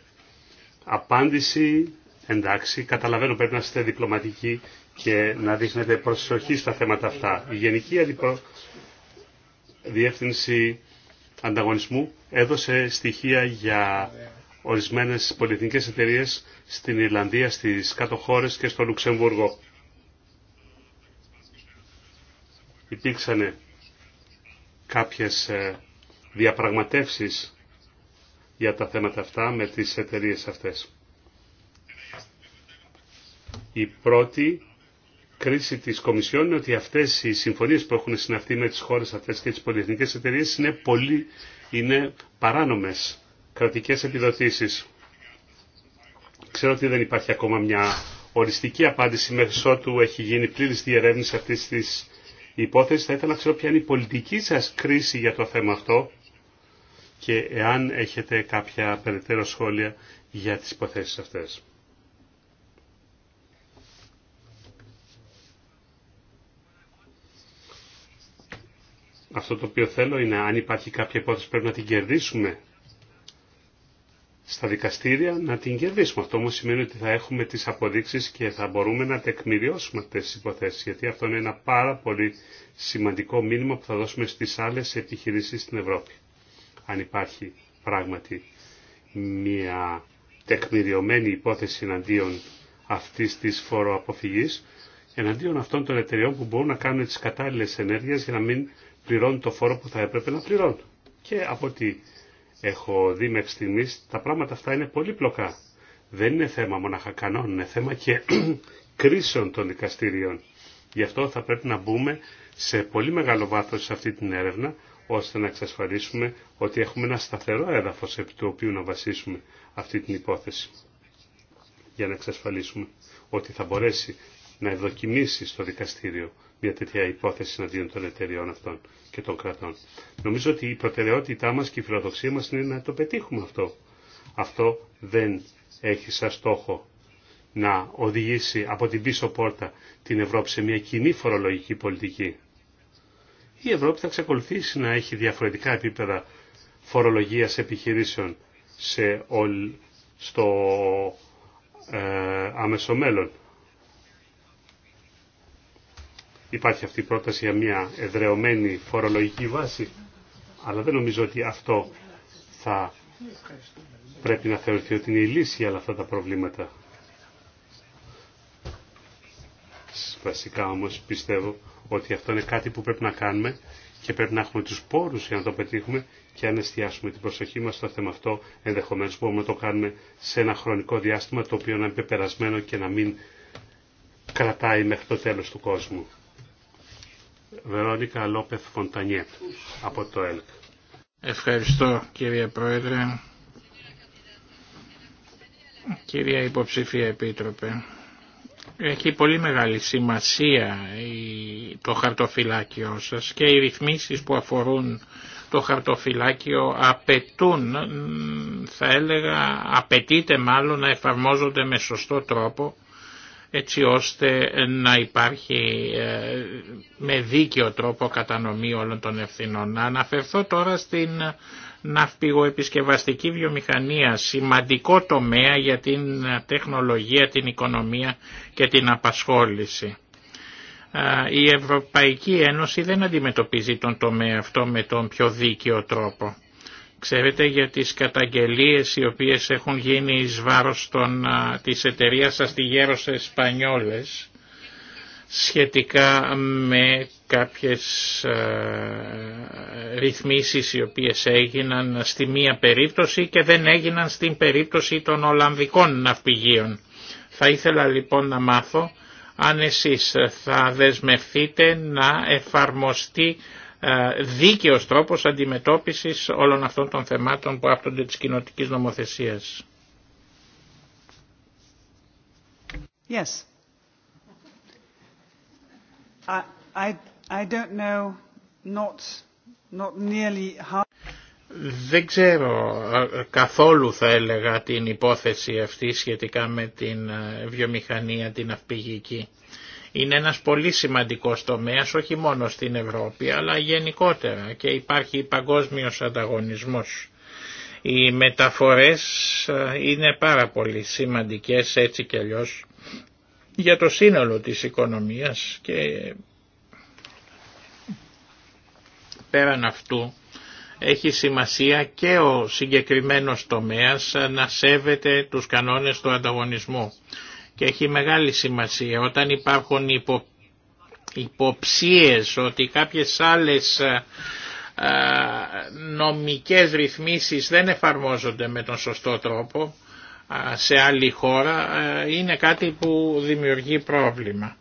απάντηση. Εντάξει, καταλαβαίνω πρέπει να είστε διπλωματικοί και να δείχνετε προσοχή στα θέματα αυτά. Η Γενική Αντιπρο... Διεύθυνση Ανταγωνισμού έδωσε στοιχεία για ορισμένες πολιτικές εταιρείες στην Ιρλανδία, στις κάτω χώρες και στο Λουξεμβούργο. υπήρξαν κάποιες ε, διαπραγματεύσεις για τα θέματα αυτά με τις εταιρείες αυτές. Η πρώτη κρίση της Κομισιόν είναι ότι αυτές οι συμφωνίες που έχουν συναυθεί με τις χώρες αυτές και τις πολυεθνικές εταιρείες είναι, πολύ, είναι παράνομες κρατικές επιδοτήσεις. Ξέρω ότι δεν υπάρχει ακόμα μια οριστική απάντηση μέχρι ότου έχει γίνει πλήρης διερεύνηση αυτής της υπόθεση. Θα ήθελα να ξέρω ποια είναι η πολιτική σας κρίση για το θέμα αυτό και εάν έχετε κάποια περαιτέρω σχόλια για τις υποθέσεις αυτές. Αυτό το οποίο θέλω είναι αν υπάρχει κάποια υπόθεση πρέπει να την κερδίσουμε στα δικαστήρια να την κερδίσουμε. Αυτό όμως σημαίνει ότι θα έχουμε τις αποδείξεις και θα μπορούμε να τεκμηριώσουμε αυτές τις υποθέσεις, γιατί αυτό είναι ένα πάρα πολύ σημαντικό μήνυμα που θα δώσουμε στις άλλες επιχειρήσεις στην Ευρώπη. Αν υπάρχει πράγματι μια τεκμηριωμένη υπόθεση εναντίον αυτής της φοροαποφυγής, εναντίον αυτών των εταιριών που μπορούν να κάνουν τις κατάλληλες ενέργειες για να μην πληρώνουν το φόρο που θα έπρεπε να πληρώνουν. Και από ό,τι έχω δει μέχρι στιγμή, τα πράγματα αυτά είναι πολύ πλοκά. Δεν είναι θέμα μονάχα κανόνων, είναι θέμα και κρίσεων των δικαστηρίων. Γι' αυτό θα πρέπει να μπούμε σε πολύ μεγάλο βάθος σε αυτή την έρευνα, ώστε να εξασφαλίσουμε ότι έχουμε ένα σταθερό έδαφος επί του οποίου να βασίσουμε αυτή την υπόθεση. Για να εξασφαλίσουμε ότι θα μπορέσει να ευδοκιμήσει στο δικαστήριο μια τέτοια υπόθεση εναντίον των εταιριών αυτών και των κρατών. Νομίζω ότι η προτεραιότητά μας και η φιλοδοξία μας είναι να το πετύχουμε αυτό. Αυτό δεν έχει σαν στόχο να οδηγήσει από την πίσω πόρτα την Ευρώπη σε μια κοινή φορολογική πολιτική. Η Ευρώπη θα εξακολουθήσει να έχει διαφορετικά επίπεδα φορολογίας επιχειρήσεων σε στο ε, άμεσο μέλλον. υπάρχει αυτή η πρόταση για μια εδρεωμένη φορολογική βάση, αλλά δεν νομίζω ότι αυτό θα πρέπει να θεωρηθεί ότι είναι η λύση για όλα αυτά τα προβλήματα. Βασικά όμως πιστεύω ότι αυτό είναι κάτι που πρέπει να κάνουμε και πρέπει να έχουμε τους πόρους για να το πετύχουμε και αν εστιάσουμε την προσοχή μας στο θέμα αυτό, ενδεχομένως μπορούμε να το κάνουμε σε ένα χρονικό διάστημα το οποίο να είναι πεπερασμένο και να μην κρατάει μέχρι το τέλος του κόσμου. Βερόνικα Λόπεθ Φοντανιέ από το ΕΛΚ. Ευχαριστώ κύριε Πρόεδρε. Κυρία Υποψηφία Επίτροπε, έχει πολύ μεγάλη σημασία το χαρτοφυλάκιό σας και οι ρυθμίσεις που αφορούν το χαρτοφυλάκιο απαιτούν, θα έλεγα, απαιτείται μάλλον να εφαρμόζονται με σωστό τρόπο έτσι ώστε να υπάρχει ε, με δίκαιο τρόπο κατανομή όλων των ευθυνών. Να αναφερθώ τώρα στην ναυπηγοεπισκευαστική βιομηχανία, σημαντικό τομέα για την τεχνολογία, την οικονομία και την απασχόληση. Ε, η Ευρωπαϊκή Ένωση δεν αντιμετωπίζει τον τομέα αυτό με τον πιο δίκαιο τρόπο. Ξέρετε για τις καταγγελίες οι οποίες έχουν γίνει εις βάρος των, της εταιρείας Γέρος Εσπανιόλες σχετικά με κάποιες α, ρυθμίσεις οι οποίες έγιναν στη μία περίπτωση και δεν έγιναν στην περίπτωση των Ολλανδικών ναυπηγείων. Θα ήθελα λοιπόν να μάθω αν εσείς θα δεσμευτείτε να εφαρμοστεί ε, δίκαιος τρόπος αντιμετώπισης όλων αυτών των θεμάτων που άπτονται της κοινοτική νομοθεσίας. Yes. I, I, don't know, not, not nearly Δεν ξέρω ε, καθόλου θα έλεγα την υπόθεση αυτή σχετικά με την ε, βιομηχανία την αυπηγική. Είναι ένας πολύ σημαντικός τομέας όχι μόνο στην Ευρώπη αλλά γενικότερα και υπάρχει παγκόσμιος ανταγωνισμός. Οι μεταφορές ε, είναι πάρα πολύ σημαντικές έτσι κι αλλιώς για το σύνολο της οικονομίας και πέραν αυτού έχει σημασία και ο συγκεκριμένος τομέας να σέβεται τους κανόνες του ανταγωνισμού και έχει μεγάλη σημασία όταν υπάρχουν υπο, υποψίες ότι κάποιες άλλες ε, ε, νομικές ρυθμίσεις δεν εφαρμόζονται με τον σωστό τρόπο ε, σε άλλη χώρα είναι κάτι που δημιουργεί πρόβλημα.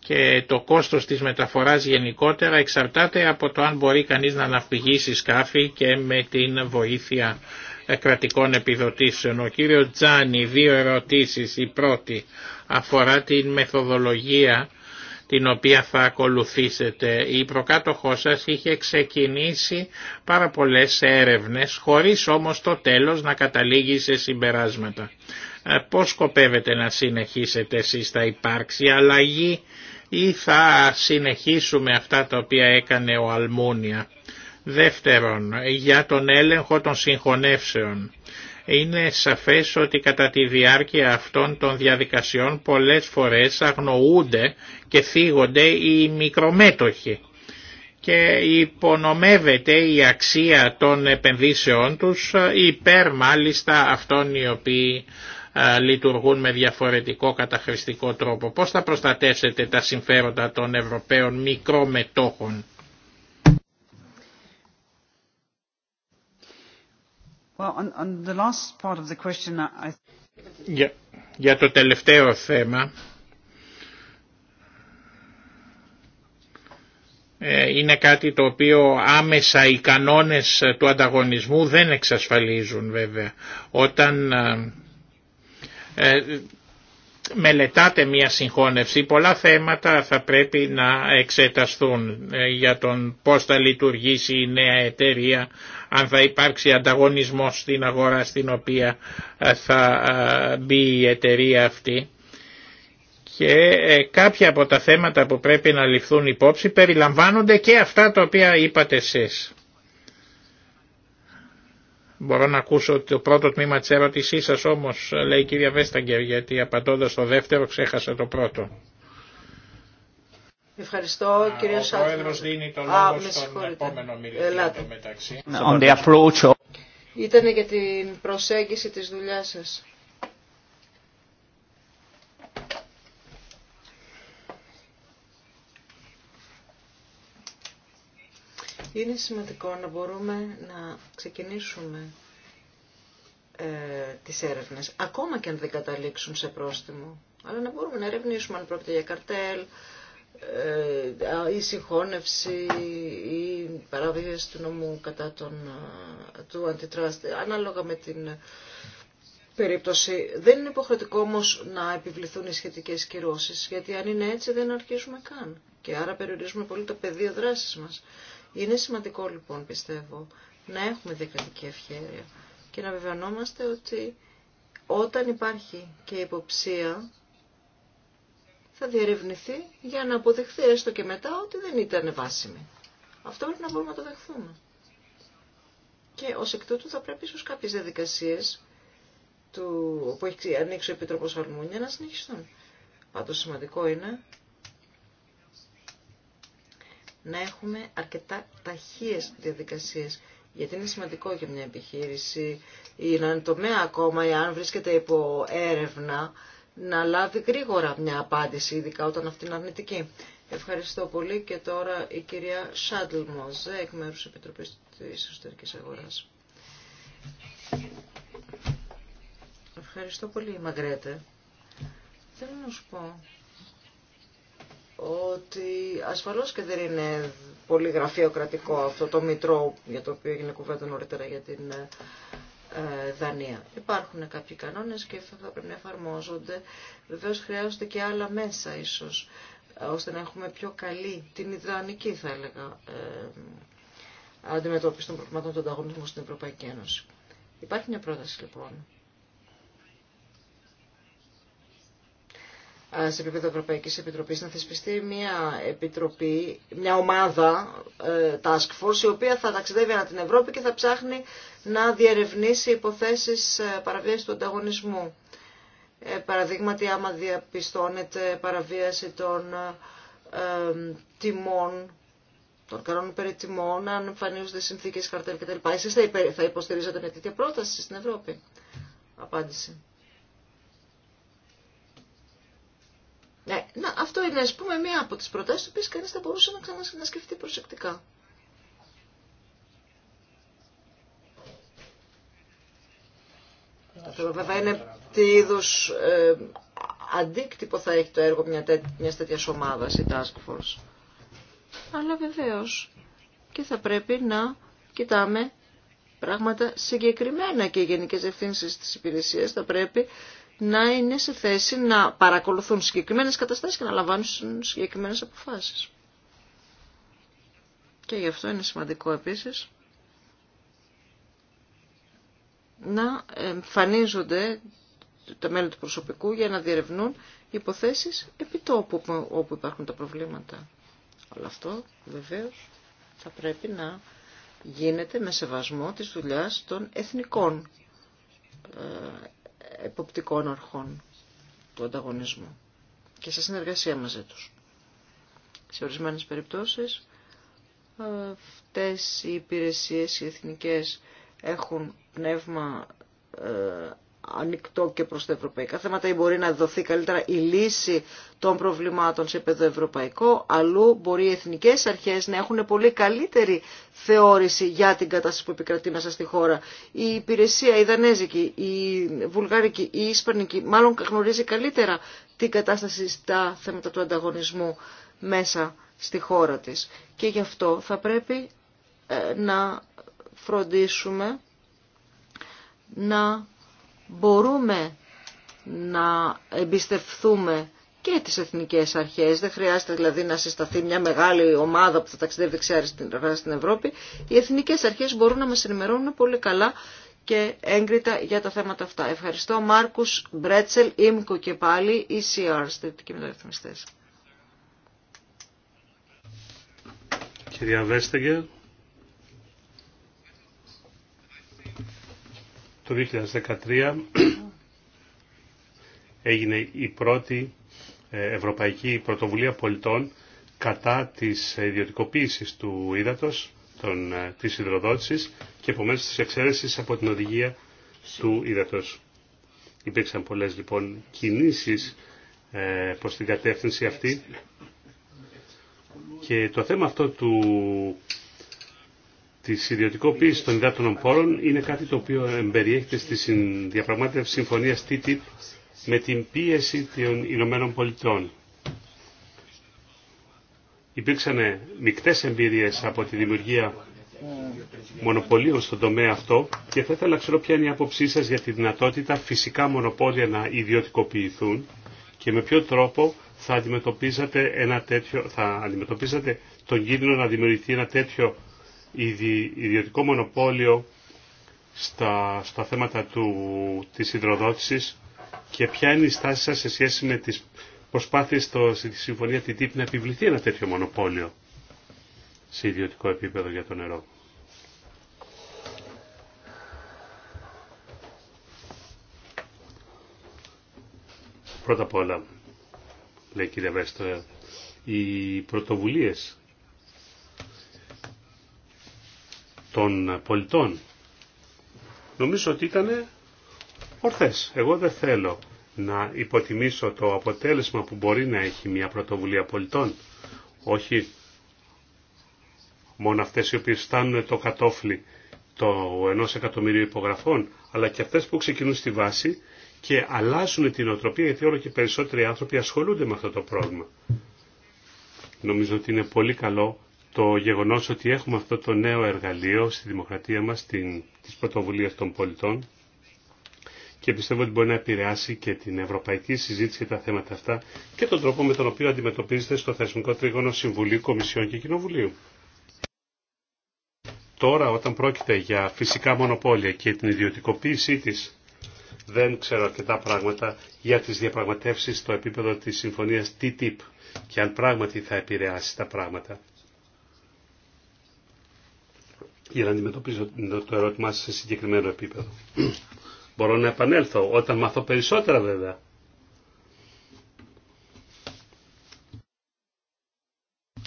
Και το κόστος της μεταφοράς γενικότερα εξαρτάται από το αν μπορεί κανείς να αναφυγήσει σκάφη και με την βοήθεια κρατικών επιδοτήσεων. Ο κύριος Τζάνι, δύο ερωτήσεις. Η πρώτη αφορά την μεθοδολογία την οποία θα ακολουθήσετε. Η προκάτοχό σας είχε ξεκινήσει πάρα πολλές έρευνες, χωρίς όμως το τέλος να καταλήγει σε συμπεράσματα. Ε, πώς σκοπεύετε να συνεχίσετε εσείς, θα υπάρξει αλλαγή ή θα συνεχίσουμε αυτά τα οποία έκανε ο Αλμούνια. Δεύτερον, για τον έλεγχο των συγχωνεύσεων. Είναι σαφές ότι κατά τη διάρκεια αυτών των διαδικασιών πολλές φορές αγνοούνται και θίγονται οι μικρομέτοχοι και υπονομεύεται η αξία των επενδύσεών τους υπέρ μάλιστα αυτών οι οποίοι λειτουργούν με διαφορετικό καταχρηστικό τρόπο. Πώς θα προστατεύσετε τα συμφέροντα των Ευρωπαίων μικρομετόχων. Για το τελευταίο θέμα, ε, είναι κάτι το οποίο άμεσα οι κανόνες του ανταγωνισμού δεν εξασφαλίζουν βέβαια. Όταν ε, ε, μελετάτε μια συγχώνευση πολλά θέματα θα πρέπει να εξεταστούν για τον πώς θα λειτουργήσει η νέα εταιρεία, αν θα υπάρξει ανταγωνισμός στην αγορά στην οποία ε, θα ε, μπει η εταιρεία αυτή. Και ε, κάποια από τα θέματα που πρέπει να ληφθούν υπόψη περιλαμβάνονται και αυτά τα οποία είπατε εσείς. Μπορώ να ακούσω το πρώτο τμήμα της ερώτησής σας όμως, λέει η κυρία Βέσταγκερ, γιατί απαντώντας το δεύτερο ξέχασα το πρώτο. Ευχαριστώ, κύριε Σάφη. Ο Πρόεδρος Α, στον επόμενο μιλητή ε, μεταξύ. Ήταν για την προσέγγιση της δουλειάς σας. Είναι σημαντικό να μπορούμε να ξεκινήσουμε ε, τις έρευνες, ακόμα και αν δεν καταλήξουν σε πρόστιμο. Αλλά να μπορούμε να ερευνήσουμε αν πρόκειται για καρτέλ, ε, η συγχώνευση ή παραβίαση του νόμου κατά τον, ε, του αντιτράστη, ανάλογα με την περίπτωση. Δεν είναι υποχρεωτικό όμω να επιβληθούν οι σχετικέ κυρώσει, γιατί αν είναι έτσι δεν αρχίζουμε καν. Και άρα περιορίζουμε πολύ το πεδίο δράση μα. Είναι σημαντικό λοιπόν, πιστεύω, να έχουμε διακριτική ευχαίρεια και να βεβαιωνόμαστε ότι όταν υπάρχει και υποψία θα διερευνηθεί για να αποδεχθεί έστω και μετά ότι δεν ήταν βάσιμη. Αυτό πρέπει να μπορούμε να το δεχθούμε. Και ως εκ τούτου θα πρέπει ίσως κάποιες διαδικασίες του, που έχει ανοίξει ο Επίτροπος Αλμούνια να συνεχιστούν. Πάντως σημαντικό είναι να έχουμε αρκετά ταχείες διαδικασίες. Γιατί είναι σημαντικό για μια επιχείρηση ή να τομέα ακόμα, αν βρίσκεται υπό έρευνα, να λάβει γρήγορα μια απάντηση, ειδικά όταν αυτή είναι αρνητική. Ευχαριστώ πολύ και τώρα η κυρία Σάντλ Μοζέ, εκ μέρους Επιτροπής της Εσωτερικής Αγοράς. Ευχαριστώ πολύ, Μαγκρέτε. Θέλω να σου πω ότι ασφαλώς και δεν είναι πολύ γραφειοκρατικό αυτό το μητρό για το οποίο έγινε κουβέντα νωρίτερα για την ε, ε, δανεία. Υπάρχουν κάποιοι κανόνες και θα πρέπει να εφαρμόζονται. Βεβαίως χρειάζονται και άλλα μέσα ίσως, ώστε να έχουμε πιο καλή, την ιδανική θα έλεγα, ε, αντιμετώπιση των προβλημάτων των ανταγωνισμού στην Ευρωπαϊκή Ένωση. Υπάρχει μια πρόταση λοιπόν Ε, σε επίπεδο Ευρωπαϊκής Επιτροπής να θεσπιστεί μια επιτροπή, μια ομάδα ε, task force η οποία θα ταξιδεύει ανά την Ευρώπη και θα ψάχνει να διερευνήσει υποθέσεις ε, παραβίασης του ανταγωνισμού. Ε, παραδείγματι άμα διαπιστώνεται παραβίαση των τιμών των κανόνων περί τιμών, αν εμφανίζονται συνθήκες καρτέλ κτλ. Εσείς θα υποστηρίζετε μια τέτοια πρόταση στην Ευρώπη. Απάντηση. Ναι, να, αυτό είναι, πούμε, μία από τις προτάσεις που κανείς θα μπορούσε να ξανασκεφτεί προσεκτικά. Αυτό βέβαια είναι τι είδου ε, αντίκτυπο θα έχει το έργο μια, απο τις προτασεις που κανεις θα μπορουσε να ξανασκεφτει προσεκτικα αυτο βεβαια ειναι τι ειδου αντικτυπο θα εχει το εργο μια τε μιας τέτοιας ομάδας, η Task Force. Αλλά βεβαίως και θα πρέπει να κοιτάμε πράγματα συγκεκριμένα και οι γενικές ευθύνσεις τη Υπηρεσία. θα πρέπει να είναι σε θέση να παρακολουθούν συγκεκριμένες καταστάσεις και να λαμβάνουν συγκεκριμένες αποφάσεις. Και γι' αυτό είναι σημαντικό επίσης να εμφανίζονται τα μέλη του προσωπικού για να διερευνούν υποθέσεις τόπου όπου υπάρχουν τα προβλήματα. Αλλά αυτό βεβαίως θα πρέπει να γίνεται με σεβασμό της δουλειάς των εθνικών ε, εποπτικών αρχών του ανταγωνισμού και σε συνεργασία μαζί τους. Σε ορισμένες περιπτώσεις ε, αυτές οι υπηρεσίες οι εθνικές έχουν πνεύμα ε, ανοιχτό και προς τα ευρωπαϊκά θέματα ή μπορεί να δοθεί καλύτερα η λύση των προβλημάτων σε επίπεδο ευρωπαϊκό. Αλλού μπορεί οι εθνικές αρχές να έχουν πολύ καλύτερη θεώρηση για την κατάσταση που επικρατεί μέσα στη χώρα. Η υπηρεσία, η δανέζικη, η βουλγάρικη, η ισπανική μάλλον γνωρίζει καλύτερα την κατάσταση στα θέματα του ανταγωνισμού μέσα στη χώρα της. Και γι' αυτό θα πρέπει ε, να φροντίσουμε να μπορούμε να εμπιστευθούμε και τις εθνικές αρχές. Δεν χρειάζεται δηλαδή να συσταθεί μια μεγάλη ομάδα που θα ταξιδεύει δεξιά στην Ευρώπη. Οι εθνικές αρχές μπορούν να μας ενημερώνουν πολύ καλά και έγκριτα για τα θέματα αυτά. Ευχαριστώ Μάρκους Μπρέτσελ, Ίμκο και πάλι, ECR, στρατιωτικοί μεταρρυθμιστές. Κυρία Βέστεγερ. Το 2013 έγινε η πρώτη ε, ευρωπαϊκή πρωτοβουλία πολιτών κατά της ε, ιδιωτικοποίησης του ύδατος, των, ε, της υδροδότησης και επομένως της εξαίρεσης από την οδηγία του ύδατος. Υπήρξαν πολλές λοιπόν κινήσεις ε, προς την κατεύθυνση αυτή και το θέμα αυτό του της ιδιωτικοποίησης των υδάτινων πόρων είναι κάτι το οποίο εμπεριέχεται στη διαπραγμάτευση συμφωνίας TTIP με την πίεση των Ηνωμένων Πολιτειών. Υπήρξαν μικτές εμπειρίες από τη δημιουργία μονοπωλίων στον τομέα αυτό και θα ήθελα να ξέρω ποια είναι η άποψή σας για τη δυνατότητα φυσικά μονοπόλια να ιδιωτικοποιηθούν και με ποιο τρόπο θα αντιμετωπίζατε, θα αντιμετωπίζατε τον κίνδυνο να δημιουργηθεί ένα τέτοιο ιδιωτικό μονοπόλιο στα, στα θέματα του, της υδροδότησης και ποια είναι η στάση σας σε σχέση με τις προσπάθειες στο, στη συμφωνία TTIP να επιβληθεί ένα τέτοιο μονοπόλιο σε ιδιωτικό επίπεδο για το νερό. Πρώτα απ' όλα, λέει η κυρία οι πρωτοβουλίες των πολιτών. Νομίζω ότι ήταν ορθές. Εγώ δεν θέλω να υποτιμήσω το αποτέλεσμα που μπορεί να έχει μια πρωτοβουλία πολιτών. Όχι μόνο αυτές οι οποίες φτάνουν το κατόφλι το ενός εκατομμυρίου υπογραφών, αλλά και αυτές που ξεκινούν στη βάση και αλλάζουν την οτροπία γιατί όλο και περισσότεροι άνθρωποι ασχολούνται με αυτό το πρόβλημα. Νομίζω ότι είναι πολύ καλό το γεγονός ότι έχουμε αυτό το νέο εργαλείο στη δημοκρατία μας, την, της πρωτοβουλίας των πολιτών και πιστεύω ότι μπορεί να επηρεάσει και την ευρωπαϊκή συζήτηση για τα θέματα αυτά και τον τρόπο με τον οποίο αντιμετωπίζεται στο θεσμικό τρίγωνο Συμβουλίου, Κομισιών και Κοινοβουλίου. Τώρα όταν πρόκειται για φυσικά μονοπόλια και την ιδιωτικοποίησή της δεν ξέρω αρκετά πράγματα για τις διαπραγματεύσεις στο επίπεδο της συμφωνίας TTIP και αν πράγματι θα επηρεάσει τα πράγματα για να αντιμετωπίσω το ερώτημά σας σε συγκεκριμένο επίπεδο. Μπορώ να επανέλθω όταν μάθω περισσότερα βέβαια.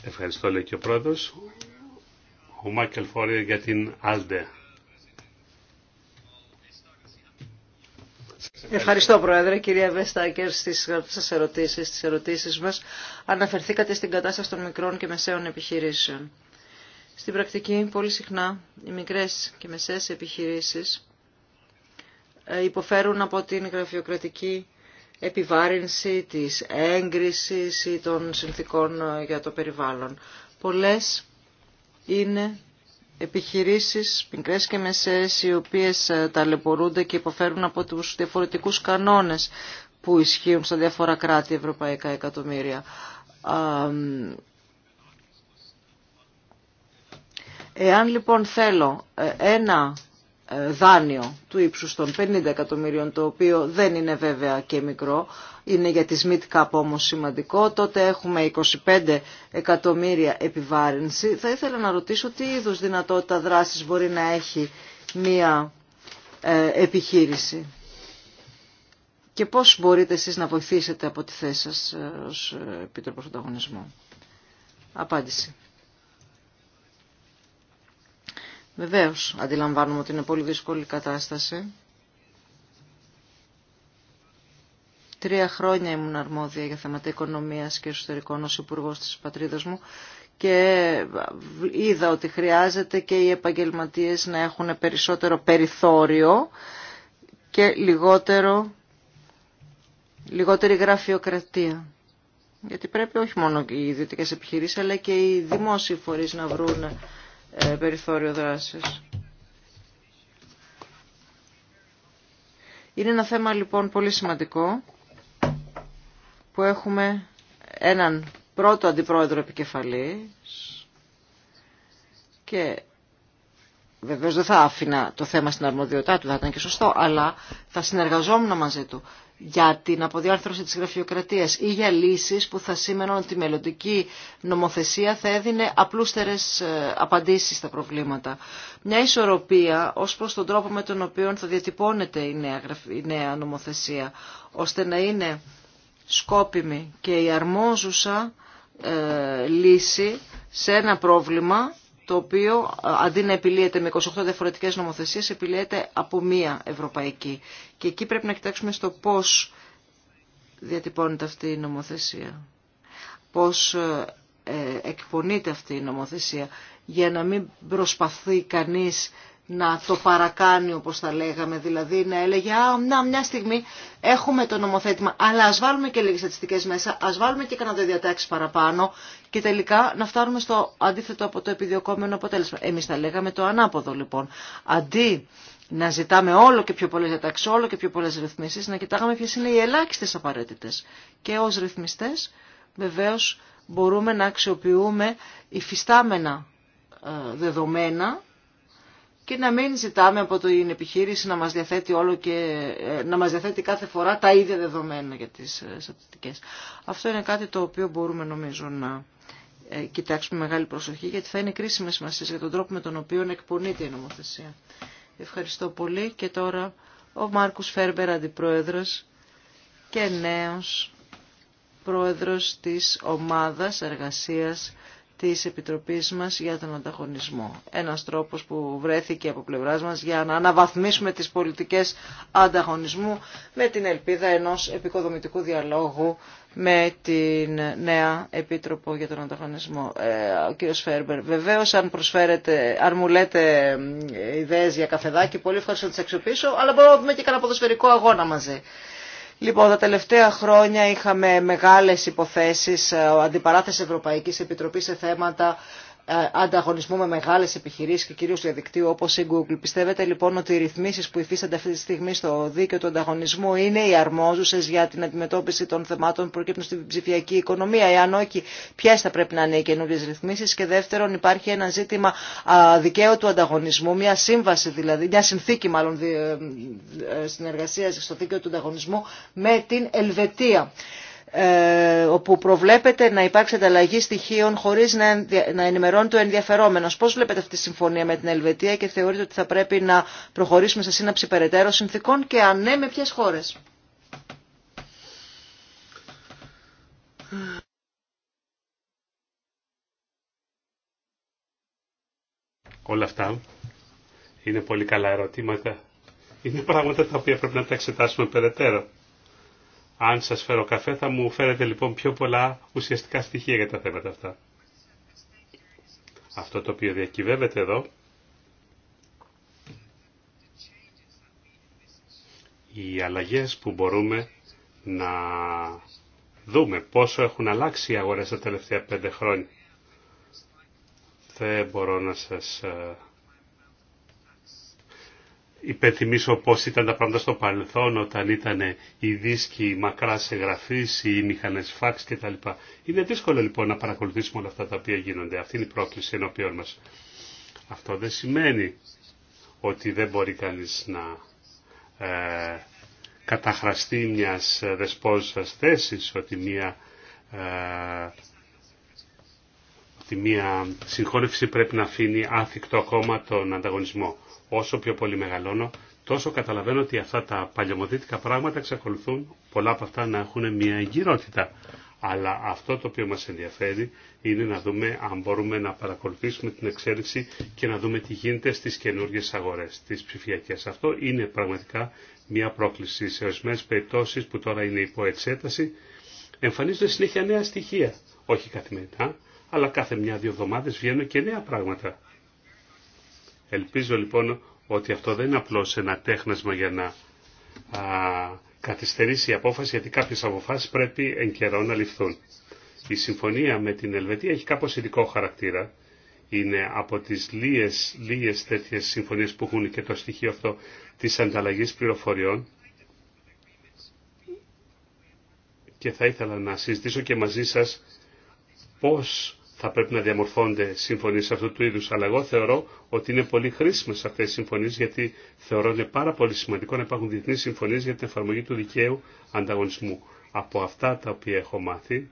Ευχαριστώ λέει και ο πρόεδρος. Ο Μάκελ Φόρια για την Άλντε. Ευχαριστώ Πρόεδρε, κυρία Βεστάκερ, στις σας ερωτήσεις, στις ερωτήσεις μας. Αναφερθήκατε στην κατάσταση των μικρών και μεσαίων επιχειρήσεων. Στην πρακτική, πολύ συχνά, οι μικρές και μεσαίες επιχειρήσεις ε, υποφέρουν από την γραφειοκρατική επιβάρυνση της έγκρισης ή των συνθήκων ε, για το περιβάλλον. Πολλές είναι επιχειρήσεις, μικρές και μεσαίες, οι οποίες ε, ταλαιπωρούνται και υποφέρουν από τους διαφορετικούς κανόνες που ισχύουν στα διάφορα κράτη ευρωπαϊκά εκατομμύρια. Εάν λοιπόν θέλω ε, ένα ε, δάνειο του ύψους των 50 εκατομμυρίων, το οποίο δεν είναι βέβαια και μικρό, είναι για τις mid-cap όμως σημαντικό, τότε έχουμε 25 εκατομμύρια επιβάρυνση. Θα ήθελα να ρωτήσω τι είδους δυνατότητα δράσης μπορεί να έχει μία ε, επιχείρηση και πώς μπορείτε εσείς να βοηθήσετε από τη θέση σας ως Επίτροπος Ανταγωνισμού. Απάντηση. Βεβαίως αντιλαμβάνομαι ότι είναι πολύ δύσκολη η κατάσταση. Τρία χρόνια ήμουν αρμόδια για θέματα οικονομίας και εσωτερικών ως υπουργό της πατρίδας μου και είδα ότι χρειάζεται και οι επαγγελματίες να έχουν περισσότερο περιθώριο και λιγότερο, λιγότερη γραφειοκρατία. Γιατί πρέπει όχι μόνο οι ιδιωτικές επιχειρήσεις αλλά και οι δημόσιοι φορείς να βρουν ε, περιθώριο δράσης. Είναι ένα θέμα λοιπόν πολύ σημαντικό που έχουμε έναν πρώτο αντιπρόεδρο επικεφαλής και Βεβαίω δεν θα άφηνα το θέμα στην αρμοδιότητά του, θα ήταν και σωστό, αλλά θα συνεργαζόμουν μαζί του για την αποδιάρθρωση της γραφειοκρατίας ή για λύσεις που θα σήμαιναν ότι η μελλοντική νομοθεσία θα έδινε απλούστερες ε, απαντήσεις στα προβλήματα. Μια ισορροπία ως προς τον τρόπο με τον οποίο θα διατυπώνεται η η νέα νομοθεσία, ώστε να είναι σκόπιμη και η αρμόζουσα ε, λύση σε ένα πρόβλημα το οποίο ε, αντί να επιλύεται με 28 διαφορετικέ νομοθεσίες, επιλύεται από μία ευρωπαϊκή. Και εκεί πρέπει να κοιτάξουμε στο πώς διατυπώνεται αυτή η νομοθεσία, πώς ε, ε, εκπονείται αυτή η νομοθεσία, για να μην προσπαθεί κανείς να το παρακάνει όπως θα λέγαμε, δηλαδή να έλεγε «Α, να, μια στιγμή έχουμε το νομοθέτημα, αλλά ας βάλουμε και λίγες στατιστικές μέσα, ας βάλουμε και κανένα διατάξεις παραπάνω και τελικά να φτάνουμε στο αντίθετο από το επιδιοκόμενο αποτέλεσμα». Εμείς θα λέγαμε το ανάποδο λοιπόν. Αντί να ζητάμε όλο και πιο πολλές διατάξεις, όλο και πιο πολλές ρυθμίσεις, να κοιτάγαμε ποιες είναι οι ελάχιστε απαραίτητε. Και ως ρυθμιστές βεβαίω μπορούμε να αξιοποιούμε υφιστάμενα ε, δεδομένα και να μην ζητάμε από την επιχείρηση να μας διαθέτει όλο και ε, να μας διαθέτει κάθε φορά τα ίδια δεδομένα για τις ε, στατιστικές. Αυτό είναι κάτι το οποίο μπορούμε νομίζω να ε, κοιτάξουμε μεγάλη προσοχή γιατί θα είναι κρίσιμε σημασία για τον τρόπο με τον οποίο εκπονείται η νομοθεσία. Ευχαριστώ πολύ και τώρα ο Μάρκους Φέρμπερ αντιπρόεδρος και νέος πρόεδρος της ομάδας εργασίας της Επιτροπής μας για τον ανταγωνισμό. Ένας τρόπος που βρέθηκε από πλευράς μας για να αναβαθμίσουμε τις πολιτικές ανταγωνισμού με την ελπίδα ενός επικοδομητικού διαλόγου με την νέα Επίτροπο για τον Ανταγωνισμό, ε, ο κύριος Φέρμπερ. Βεβαίως, αν, προσφέρετε, αν μου λέτε ιδέες για καφεδάκι, πολύ ευχαριστώ να τις αξιοποιήσω, αλλά μπορώ να δούμε και κανένα ποδοσφαιρικό αγώνα μαζί. Λοιπόν, τα τελευταία χρόνια είχαμε μεγάλες υποθέσεις ε, αντιπαράθεση Ευρωπαϊκής Επιτροπής σε θέματα ε, ανταγωνισμού με μεγάλες επιχειρήσεις και κυρίως διαδικτύου όπως η Google. Πιστεύετε λοιπόν ότι οι ρυθμίσεις που υφίστανται αυτή τη στιγμή στο δίκαιο του ανταγωνισμού είναι οι αρμόζουσες για την αντιμετώπιση των θεμάτων που προκύπτουν στην ψηφιακή οικονομία. Εάν όχι, ποιε θα πρέπει να είναι οι καινούριε ρυθμίσεις. Και δεύτερον, υπάρχει ένα ζήτημα δικαίου του ανταγωνισμού, μια σύμβαση δηλαδή, μια συνθήκη μάλλον ε, συνεργασία στο δίκαιο του ανταγωνισμού με την Ελβετία. Ε, όπου προβλέπεται να υπάρξει ανταλλαγή στοιχείων χωρίς να ενημερώνει το ενδιαφερόμενο. Πώς βλέπετε αυτή τη συμφωνία με την Ελβετία και θεωρείτε ότι θα πρέπει να προχωρήσουμε σε σύναψη περαιτέρω συνθήκων και αν ναι με ποιες χώρες. Όλα αυτά είναι πολύ καλά ερωτήματα. Είναι πράγματα τα οποία πρέπει να τα εξετάσουμε περαιτέρω. Αν σας φέρω καφέ θα μου φέρετε λοιπόν πιο πολλά ουσιαστικά στοιχεία για τα θέματα αυτά. Αυτό το οποίο διακυβεύεται εδώ οι αλλαγές που μπορούμε να δούμε πόσο έχουν αλλάξει οι αγορές τα τελευταία πέντε χρόνια. Δεν μπορώ να σας ε, υπενθυμίσω πώς ήταν τα πράγματα στο παρελθόν όταν ήταν οι δίσκοι μακράς εγγραφής, οι μηχανές φάξ κτλ. Είναι δύσκολο λοιπόν να παρακολουθήσουμε όλα αυτά τα οποία γίνονται. Αυτή είναι η πρόκληση ενώπιόν μας. Αυτό δεν σημαίνει ότι δεν μπορεί κανείς να ε, καταχραστεί μιας δεσπόζουσας θέσης, ότι μια, ε, ότι μια πρέπει να αφήνει άθικτο ακόμα τον ανταγωνισμό όσο πιο πολύ μεγαλώνω, τόσο καταλαβαίνω ότι αυτά τα παλαιομοδίτικα πράγματα εξακολουθούν πολλά από αυτά να έχουν μια εγκυρότητα. Αλλά αυτό το οποίο μας ενδιαφέρει είναι να δούμε αν μπορούμε να παρακολουθήσουμε την εξέλιξη και να δούμε τι γίνεται στις καινούργιες αγορές, στις ψηφιακές. Αυτό είναι πραγματικά μια πρόκληση. Σε ορισμένε περιπτώσει που τώρα είναι υπό εξέταση εμφανίζονται συνέχεια νέα στοιχεία. Όχι καθημερινά, αλλά κάθε μια-δύο εβδομάδε βγαίνουν και νέα πράγματα. Ελπίζω λοιπόν ότι αυτό δεν είναι απλώς ένα τέχνασμα για να α, καθυστερήσει η απόφαση, γιατί κάποιες αποφάσεις πρέπει εν καιρό να ληφθούν. Η συμφωνία με την Ελβετία έχει κάπως ειδικό χαρακτήρα. Είναι από τις λίες λίες τέτοιες συμφωνίες που έχουν και το στοιχείο αυτό της ανταλλαγής πληροφοριών. Και θα ήθελα να συζητήσω και μαζί σας πώς θα πρέπει να διαμορφώνονται συμφωνίες αυτού του είδους, αλλά εγώ θεωρώ ότι είναι πολύ χρήσιμες αυτές οι συμφωνίες, γιατί θεωρώ είναι πάρα πολύ σημαντικό να υπάρχουν διεθνείς συμφωνίες για την εφαρμογή του δικαίου ανταγωνισμού. Από αυτά τα οποία έχω μάθει,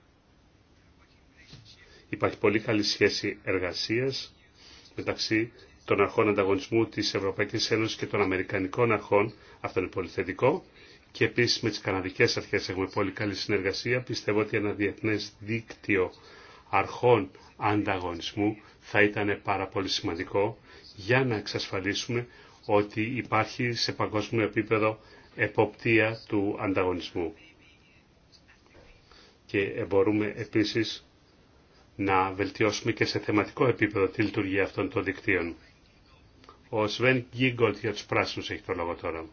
υπάρχει πολύ καλή σχέση εργασίας μεταξύ των αρχών ανταγωνισμού της Ευρωπαϊκής Ένωσης και των Αμερικανικών αρχών, αυτό είναι πολύ θετικό, και επίσης με τις Καναδικές αρχές έχουμε πολύ καλή συνεργασία, πιστεύω ότι ένα διεθνέ δίκτυο αρχών ανταγωνισμού θα ήταν πάρα πολύ σημαντικό για να εξασφαλίσουμε ότι υπάρχει σε παγκόσμιο επίπεδο εποπτεία του ανταγωνισμού. Και μπορούμε επίσης να βελτιώσουμε και σε θεματικό επίπεδο τη λειτουργία αυτών των δικτύων. Ο Σβέν Γκίγκολτ για τους πράσινους έχει το λόγο τώρα.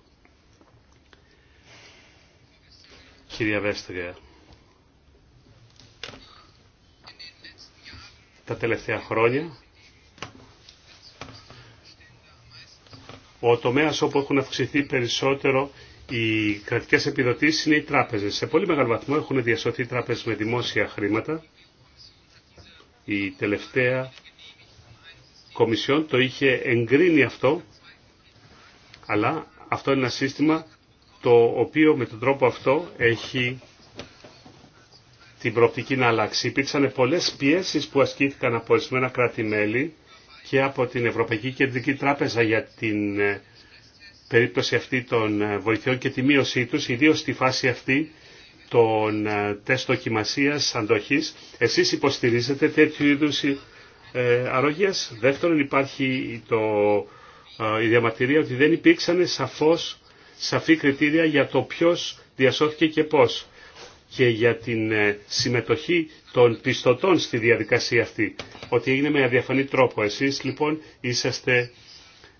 Κυρία Βέστρια, τα τελευταία χρόνια. Ο τομέας όπου έχουν αυξηθεί περισσότερο οι κρατικές επιδοτήσεις είναι οι τράπεζες. Σε πολύ μεγάλο βαθμό έχουν διασωθεί τράπεζες με δημόσια χρήματα. Η τελευταία Κομισιόν το είχε εγκρίνει αυτό, αλλά αυτό είναι ένα σύστημα το οποίο με τον τρόπο αυτό έχει την προοπτική να αλλάξει. Υπήρξαν πολλές πιέσεις που ασκήθηκαν από ορισμένα κράτη-μέλη και από την Ευρωπαϊκή Κεντρική Τράπεζα για την ε, περίπτωση αυτή των ε, βοηθειών και τη μείωσή τους, ιδίως στη φάση αυτή των ε, τεστ δοκιμασίας αντοχής. Εσείς υποστηρίζετε τέτοιου είδους αρρώγια. Δεύτερον υπάρχει το, η διαμαρτυρία ότι δεν υπήρξαν σαφή κριτήρια για το ποιος διασώθηκε και πώς και για την ε, συμμετοχή των πιστωτών στη διαδικασία αυτή. Ότι έγινε με αδιαφανή τρόπο. Εσείς λοιπόν είσαστε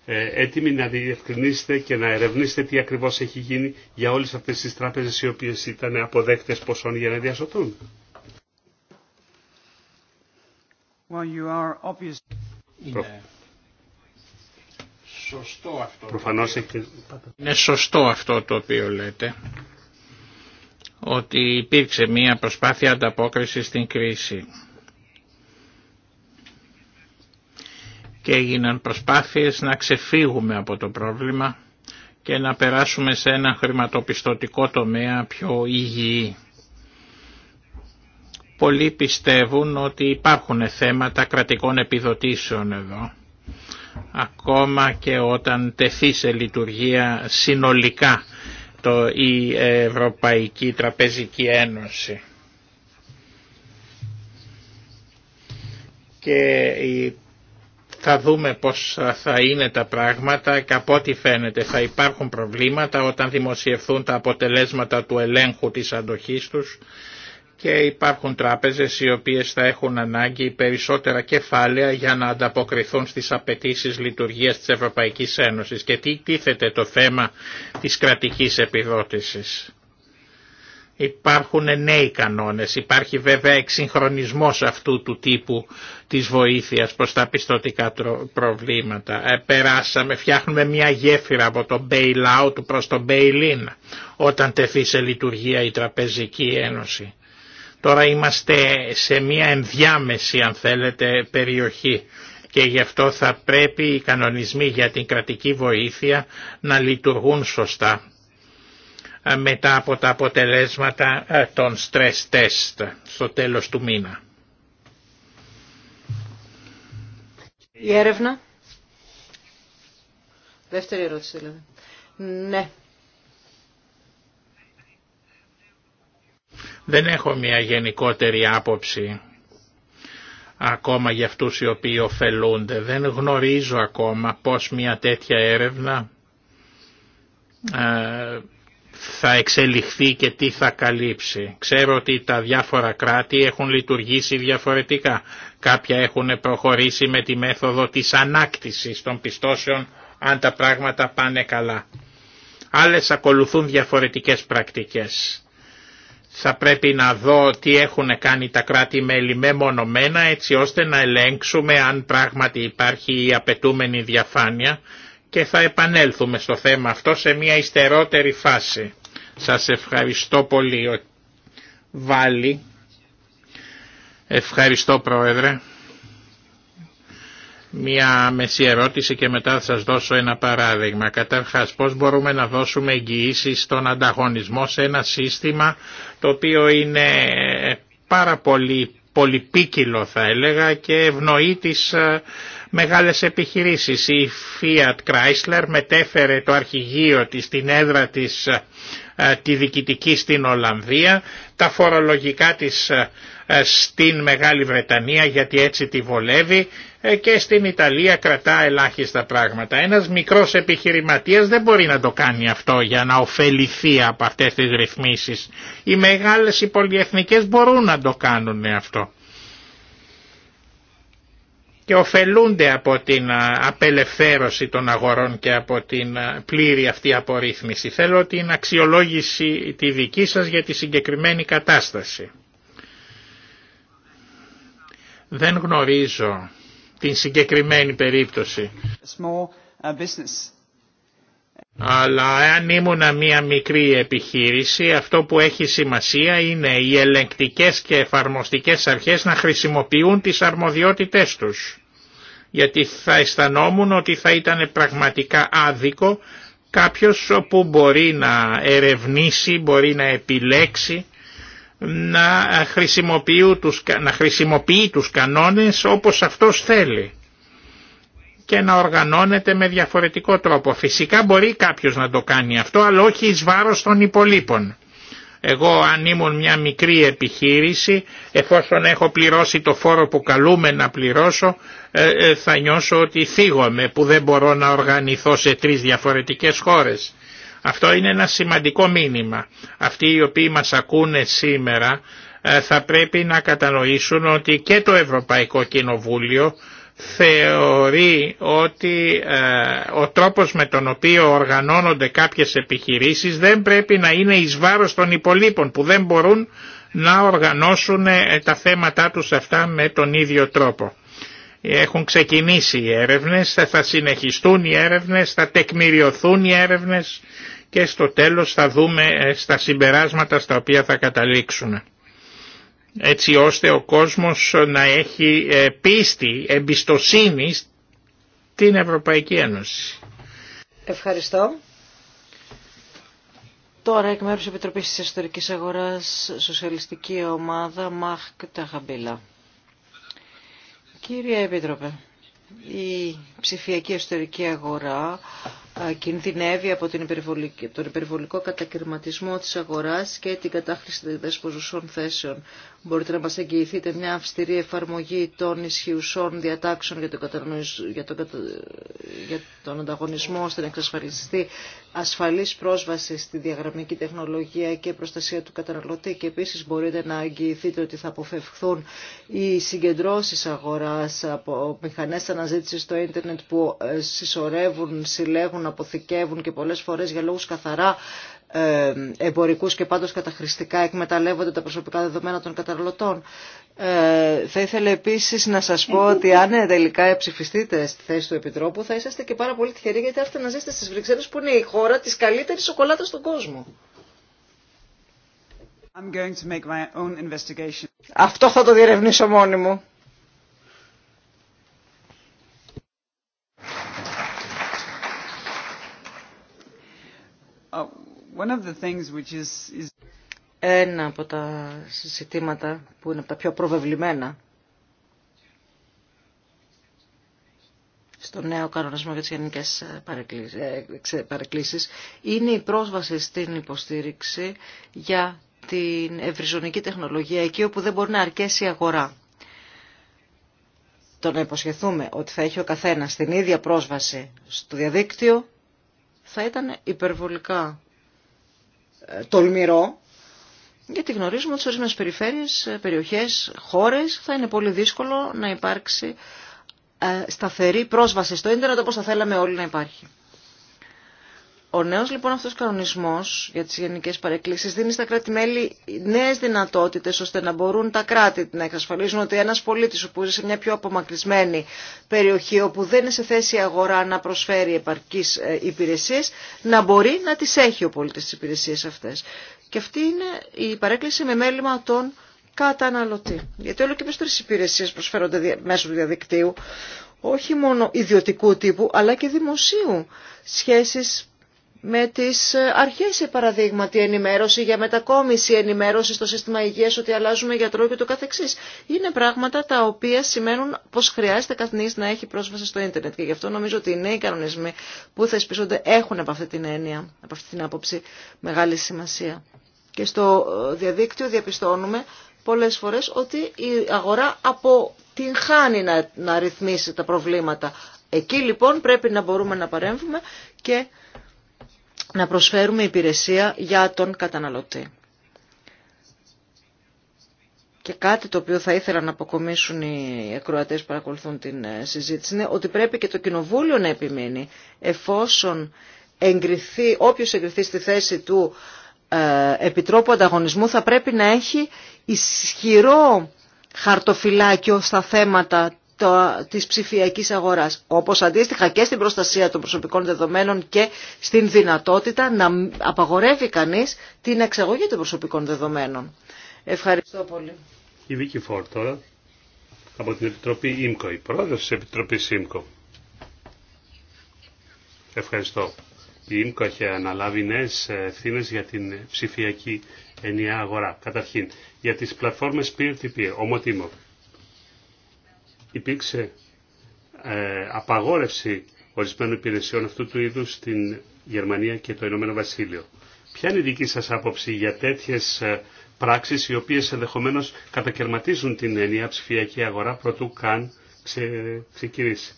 ε, έτοιμοι να διευκρινίσετε και να ερευνήσετε τι ακριβώς έχει γίνει για όλες αυτές τις τράπεζες οι οποίες ήταν αποδέκτες ποσών για να διασωθούν. Well, you are Προφανώς Είναι σωστό αυτό το οποίο λέτε ότι υπήρξε μία προσπάθεια ανταπόκρισης στην κρίση. Και έγιναν προσπάθειες να ξεφύγουμε από το πρόβλημα και να περάσουμε σε ένα χρηματοπιστωτικό τομέα πιο υγιή. Πολλοί πιστεύουν ότι υπάρχουν θέματα κρατικών επιδοτήσεων εδώ, ακόμα και όταν τεθεί σε λειτουργία συνολικά το, η Ευρωπαϊκή Τραπεζική Ένωση. Και θα δούμε πώς θα είναι τα πράγματα και από ό,τι φαίνεται θα υπάρχουν προβλήματα όταν δημοσιευθούν τα αποτελέσματα του ελέγχου της αντοχής τους και υπάρχουν τράπεζες οι οποίες θα έχουν ανάγκη περισσότερα κεφάλαια για να ανταποκριθούν στις απαιτήσεις λειτουργίας της Ευρωπαϊκής Ένωσης και τι τίθεται το θέμα της κρατικής επιδότησης. Υπάρχουν νέοι κανόνες, υπάρχει βέβαια εξυγχρονισμός αυτού του τύπου της βοήθειας προς τα πιστοτικά προβλήματα. Ε, φτιάχνουμε μια γέφυρα από το bailout προς το bail-in όταν τεθεί σε λειτουργία η Τραπεζική Ένωση. Τώρα είμαστε σε μια ενδιάμεση αν θέλετε περιοχή και γι' αυτό θα πρέπει οι κανονισμοί για την κρατική βοήθεια να λειτουργούν σωστά ε, μετά από τα αποτελέσματα ε, των stress test στο τέλος του μήνα. Η έρευνα. Δεύτερη ερώτηση δηλαδή. Ναι, Δεν έχω μια γενικότερη άποψη ακόμα για αυτούς οι οποίοι ωφελούνται. Δεν γνωρίζω ακόμα πώς μια τέτοια έρευνα ε, θα εξελιχθεί και τι θα καλύψει. Ξέρω ότι τα διάφορα κράτη έχουν λειτουργήσει διαφορετικά. Κάποια έχουν προχωρήσει με τη μέθοδο της ανάκτησης των πιστώσεων αν τα πράγματα πάνε καλά. Άλλες ακολουθούν διαφορετικές πρακτικές θα πρέπει να δω τι έχουν κάνει τα κράτη-μέλη μονομένα έτσι ώστε να ελέγξουμε αν πράγματι υπάρχει η απαιτούμενη διαφάνεια και θα επανέλθουμε στο θέμα αυτό σε μια ιστερότερη φάση. Σας ευχαριστώ πολύ. Βάλει. Ευχαριστώ Πρόεδρε. Μία μεση ερώτηση και μετά θα σας δώσω ένα παράδειγμα. Καταρχάς, πώς μπορούμε να δώσουμε εγγυήσει στον ανταγωνισμό σε ένα σύστημα το οποίο είναι πάρα πολύ πολυπίκυλο θα έλεγα και ευνοεί τις ε, μεγάλες επιχειρήσεις. Η Fiat Chrysler μετέφερε το αρχηγείο της στην έδρα της ε, τη διοικητική στην Ολλανδία τα φορολογικά της ε, ε, στην Μεγάλη Βρετανία γιατί έτσι τη βολεύει ε, και στην Ιταλία κρατά ελάχιστα πράγματα. Ένας μικρός επιχειρηματίας δεν μπορεί να το κάνει αυτό για να ωφεληθεί από αυτές τις ρυθμίσεις. Οι μεγάλες οι πολυεθνικές μπορούν να το κάνουν αυτό και ωφελούνται από την απελευθέρωση των αγορών και από την πλήρη αυτή απορρίθμιση. Θέλω την αξιολόγηση τη δική σας για τη συγκεκριμένη κατάσταση. Δεν γνωρίζω την συγκεκριμένη περίπτωση. Uh, Αλλά αν ήμουν μια μικρή επιχείρηση, αυτό που έχει σημασία είναι οι ελεγκτικές και εφαρμοστικές αρχές να χρησιμοποιούν τις αρμοδιότητές τους γιατί θα αισθανόμουν ότι θα ήταν πραγματικά άδικο κάποιος που μπορεί να ερευνήσει, μπορεί να επιλέξει, να, τους, να χρησιμοποιεί τους κανόνες όπως αυτός θέλει και να οργανώνεται με διαφορετικό τρόπο. Φυσικά μπορεί κάποιος να το κάνει αυτό, αλλά όχι εις βάρος των υπολείπων. Εγώ αν ήμουν μια μικρή επιχείρηση, εφόσον έχω πληρώσει το φόρο που καλούμε να πληρώσω, ε, ε, θα νιώσω ότι θίγομαι που δεν μπορώ να οργανηθώ σε τρεις διαφορετικές χώρες. Αυτό είναι ένα σημαντικό μήνυμα. Αυτοί οι οποίοι μας ακούνε σήμερα ε, θα πρέπει να κατανοήσουν ότι και το Ευρωπαϊκό Κοινοβούλιο θεωρεί ότι ε, ο τρόπος με τον οποίο οργανώνονται κάποιες επιχειρήσεις δεν πρέπει να είναι εις βάρος των υπολείπων που δεν μπορούν να οργανώσουν ε, τα θέματα τους αυτά με τον ίδιο τρόπο. Έχουν ξεκινήσει οι έρευνες, θα συνεχιστούν οι έρευνες, θα τεκμηριωθούν οι έρευνες και στο τέλος θα δούμε στα συμπεράσματα στα οποία θα καταλήξουν έτσι ώστε ο κόσμος να έχει ε, πίστη, εμπιστοσύνη στην Ευρωπαϊκή Ένωση. Ευχαριστώ. Τώρα εκ μέρους της Επιτροπής της Ιστορικής Αγοράς, Σοσιαλιστική Ομάδα, Μαχκ Ταχαμπίλα. Κύριε Επίτροπε, η ψηφιακή ιστορική αγορά κινδυνεύει από, την από τον υπερβολικό κατακαιρματισμό της αγοράς και την κατάχρηση δεσποζουσών θέσεων. Μπορείτε να μας εγγυηθείτε μια αυστηρή εφαρμογή των ισχυουσών διατάξεων για τον, για τον ανταγωνισμό ώστε να εξασφαλιστεί ασφαλής πρόσβαση στη διαγραμμική τεχνολογία και προστασία του καταναλωτή και επίσης μπορείτε να αγγιηθείτε ότι θα αποφευχθούν οι συγκεντρώσεις αγοράς από μηχανές αναζήτησης στο ίντερνετ που ε, συσσωρεύουν, συλλέγουν, αποθηκεύουν και πολλές φορές για λόγους καθαρά ε, εμπορικούς και πάντως καταχρηστικά εκμεταλλεύονται τα προσωπικά δεδομένα των καταναλωτών. Ε, θα ήθελα επίση να σας πω ότι αν τελικά ψηφιστείτε στη θέση του Επιτρόπου θα είσαστε και πάρα πολύ τυχεροί γιατί έρθετε να ζήσετε στις Βρυξέλλε που είναι η χώρα της καλύτερης σοκολάτας στον κόσμο. Αυτό θα το διερευνήσω μόνη μου. Uh, one of the which is, is ένα από τα συζητήματα που είναι από τα πιο προβεβλημένα στο νέο κανονισμό για τις γενικές ε, παρεκκλήσεις είναι η πρόσβαση στην υποστήριξη για την ευρυζωνική τεχνολογία εκεί όπου δεν μπορεί να αρκέσει η αγορά. Το να υποσχεθούμε ότι θα έχει ο καθένα την ίδια πρόσβαση στο διαδίκτυο θα ήταν υπερβολικά ε, τολμηρό γιατί γνωρίζουμε ότι σε ορισμένε περιφέρειες, ε, περιοχέ, χώρε, θα είναι πολύ δύσκολο να υπάρξει ε, σταθερή πρόσβαση στο ίντερνετ όπω θα θέλαμε όλοι να υπάρχει. Ο νέο λοιπόν αυτό κανονισμό για τι γενικέ παρεκκλήσει δίνει στα κράτη-μέλη νέε δυνατότητε ώστε να μπορούν τα κράτη να εξασφαλίζουν ότι ένα πολίτη που ζει σε μια πιο απομακρυσμένη περιοχή όπου δεν είναι σε θέση αγορά να προσφέρει επαρκεί ε, υπηρεσίε, να μπορεί να τι έχει ο πολίτης τις υπηρεσίε αυτέ. Και αυτή είναι η παρέκκληση με μέλημα των καταναλωτή. Γιατί όλο και περισσότερε υπηρεσίε προσφέρονται μέσω του διαδικτύου, όχι μόνο ιδιωτικού τύπου, αλλά και δημοσίου. Σχέσει με τις αρχές, παραδείγματι, ενημέρωση για μετακόμιση, ενημέρωση στο σύστημα υγείας ότι αλλάζουμε γιατρό και το καθεξής. Είναι πράγματα τα οποία σημαίνουν πως χρειάζεται καθνής να έχει πρόσβαση στο ίντερνετ και γι' αυτό νομίζω ότι οι νέοι κανονισμοί που θεσπίζονται έχουν από αυτή την έννοια, από αυτή την άποψη μεγάλη σημασία και στο ε, διαδίκτυο διαπιστώνουμε πολλές φορές ότι η αγορά αποτυγχάνει να, να ρυθμίσει τα προβλήματα. Εκεί λοιπόν πρέπει να μπορούμε να παρέμβουμε και να προσφέρουμε υπηρεσία για τον καταναλωτή. Και κάτι το οποίο θα ήθελα να αποκομίσουν οι εκροατέ που παρακολουθούν την ε, συζήτηση είναι ότι πρέπει και το Κοινοβούλιο να επιμείνει εφόσον εγκριθεί, όποιος εγκριθεί στη θέση του ε, Επιτρόπου Ανταγωνισμού θα πρέπει να έχει ισχυρό χαρτοφυλάκιο στα θέματα της ψηφιακής αγοράς, όπως αντίστοιχα και στην προστασία των προσωπικών δεδομένων και στην δυνατότητα να απαγορεύει κανείς την εξαγωγή των προσωπικών δεδομένων. Ευχαριστώ πολύ. Η Βίκη Φόρ τώρα, από την Επιτροπή ΙΜΚΟ, η πρόεδρος της Επιτροπής ΙΜΚΟ. Ευχαριστώ η ΙΜΚΟ έχει αναλάβει νέε ευθύνε για την ψηφιακή ενιαία αγορά. Καταρχήν, για τις πλατφόρμες peer-to-peer, ομοτήμο. Υπήρξε ε, απαγόρευση ορισμένων υπηρεσιών αυτού του είδους στην Γερμανία και το Ηνωμένο Βασίλειο. Ποια είναι η δική σας άποψη για τέτοιες ε, πράξεις οι οποίες ενδεχομένως κατακαιρματίζουν την ενιαία ψηφιακή αγορά προτού καν ξε, ξεκινήσει.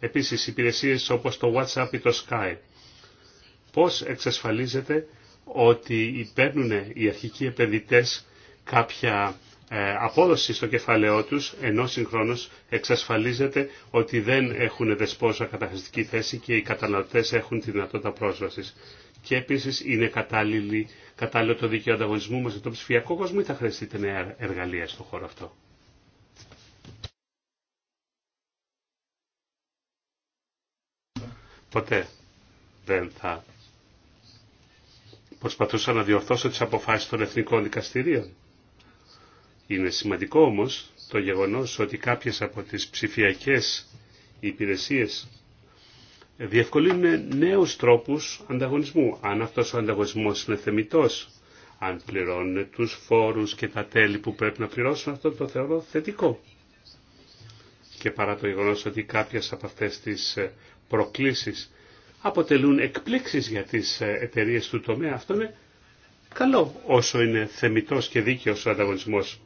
Επίσης, υπηρεσίες όπως το WhatsApp ή το Skype πώς εξασφαλίζεται ότι παίρνουν οι αρχικοί επενδυτές κάποια ε, απόδοση στο κεφαλαίο τους, ενώ συγχρόνως εξασφαλίζεται ότι δεν έχουν δεσπόζα καταχρηστική θέση και οι καταναλωτές έχουν τη δυνατότητα πρόσβασης. Και επίσης είναι κατάλληλο το δίκαιο ανταγωνισμού μας για τον ψηφιακό κόσμο ή θα χρειαστείτε νέα εργαλεία στον χώρο αυτό. Ποτέ δεν θα προσπαθούσα να διορθώσω τις αποφάσεις των εθνικών δικαστηρίων. Είναι σημαντικό όμως το γεγονός ότι κάποιες από τις ψηφιακές υπηρεσίες διευκολύνουν νέους τρόπους ανταγωνισμού. Αν αυτός ο ανταγωνισμός είναι θεμητός, αν πληρώνουν τους φόρους και τα τέλη που πρέπει να πληρώσουν, αυτό το θεωρώ θετικό. Και παρά το γεγονός ότι κάποιες από αυτές τις ε, προκλήσεις αποτελούν εκπλήξεις για τις ε, εταιρείες του τομέα. Αυτό είναι καλό όσο είναι θεμητός και δίκαιος ο ανταγωνισμός.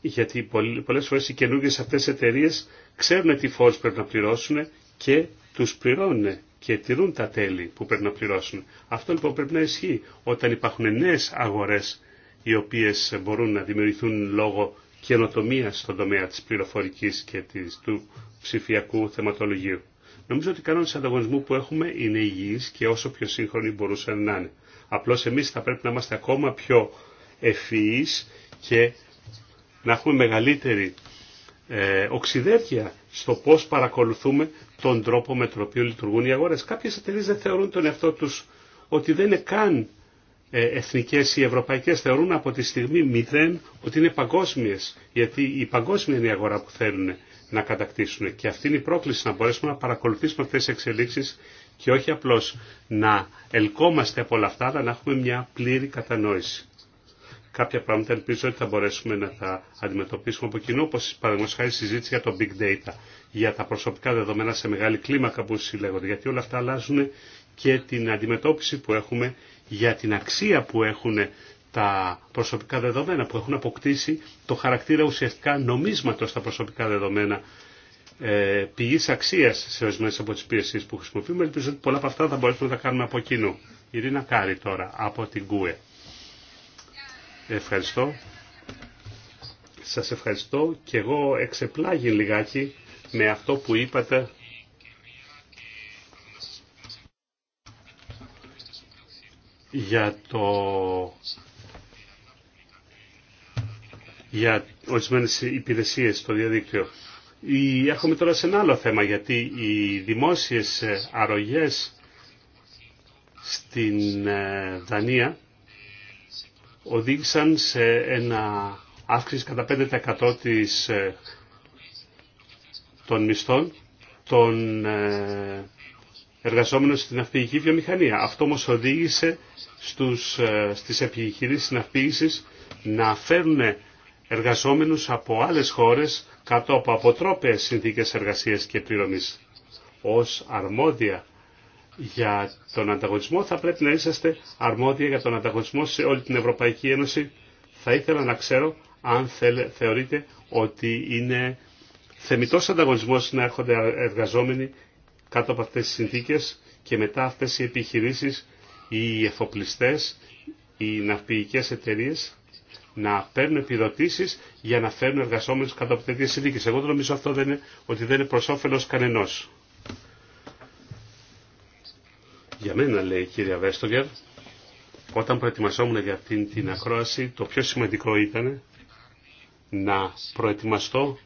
Γιατί πολλές φορές οι καινούργιες αυτές εταιρείε ξέρουν τι φόρους πρέπει να πληρώσουν και τους πληρώνουν και τηρούν τα τέλη που πρέπει να πληρώσουν. Αυτό λοιπόν πρέπει να ισχύει όταν υπάρχουν νέες αγορές οι οποίες μπορούν να δημιουργηθούν λόγω καινοτομία στον τομέα της πληροφορικής και της, του ψηφιακού θεματολογίου. Νομίζω ότι οι κανόνες ανταγωνισμού που έχουμε είναι υγιείς και όσο πιο σύγχρονοι μπορούσαν να είναι. Απλώς εμείς θα πρέπει να είμαστε ακόμα πιο ευφυείς και να έχουμε μεγαλύτερη ε, οξυδέρκεια στο πώς παρακολουθούμε τον τρόπο με τον οποίο λειτουργούν οι αγορές. Κάποιες εταιρείε δεν θεωρούν τον εαυτό τους ότι δεν είναι καν ε, εθνικές ή ευρωπαϊκές θεωρούν από τη στιγμή μηδέν ότι είναι παγκόσμιες, γιατί η παγκόσμια είναι η αγορά που θέλουν να κατακτήσουν. Και αυτή είναι η πρόκληση να μπορέσουμε να παρακολουθήσουμε αυτές τις εξελίξεις και όχι απλώς να ελκόμαστε από όλα αυτά, αλλά να έχουμε μια πλήρη κατανόηση. Κάποια πράγματα ελπίζω ότι θα μπορέσουμε να τα αντιμετωπίσουμε από κοινού, όπως παραδείγματος χάρη συζήτηση για το big data, για τα προσωπικά δεδομένα σε μεγάλη κλίμακα που συλλέγονται, γιατί όλα αυτά αλλάζουν και την αντιμετώπιση που έχουμε για την αξία που έχουν τα προσωπικά δεδομένα, που έχουν αποκτήσει το χαρακτήρα ουσιαστικά νομίσματος στα προσωπικά δεδομένα ε, πηγής αξίας σε ορισμένε από τις πίεσεις που χρησιμοποιούμε. Ελπίζω ότι πολλά από αυτά θα μπορέσουμε να τα κάνουμε από κοινού. Ειρήνα Κάρη τώρα από την ΚΟΕ. Ευχαριστώ. Σας ευχαριστώ και εγώ εξεπλάγει λιγάκι με αυτό που είπατε για το για ορισμένες υπηρεσίες στο διαδίκτυο. Έχουμε τώρα σε ένα άλλο θέμα, γιατί οι δημόσιες ε, αρρωγές στην ε, Δανία οδήγησαν σε ένα αύξηση κατά 5% της, ε, των μισθών των εργαζόμενος στην αυτοϊκή βιομηχανία. Αυτό όμως οδήγησε στους, ε, στις επιχειρήσεις ναυπήγησης να φέρουν εργαζόμενους από άλλες χώρες κάτω από αποτρόπες συνθήκες εργασίας και πληρωμής. Ως αρμόδια για τον ανταγωνισμό θα πρέπει να είσαστε αρμόδια για τον ανταγωνισμό σε όλη την Ευρωπαϊκή Ένωση. Θα ήθελα να ξέρω αν θεωρείτε ότι είναι θεμητός ανταγωνισμός να έρχονται εργαζόμενοι κάτω από αυτές τις συνθήκες και μετά αυτές οι επιχειρήσεις, οι εφοπλιστές, οι ναυπηγικές εταιρείε να παίρνουν επιδοτήσεις για να φέρουν εργασόμενους κάτω από τέτοιες συνθήκες. Εγώ το νομίζω αυτό δεν είναι, ότι δεν είναι προς όφελος κανενός. Για μένα, λέει η κυρία Βέστογκερ, όταν προετοιμασόμουν για αυτήν την ακρόαση, το πιο σημαντικό ήταν να προετοιμαστώ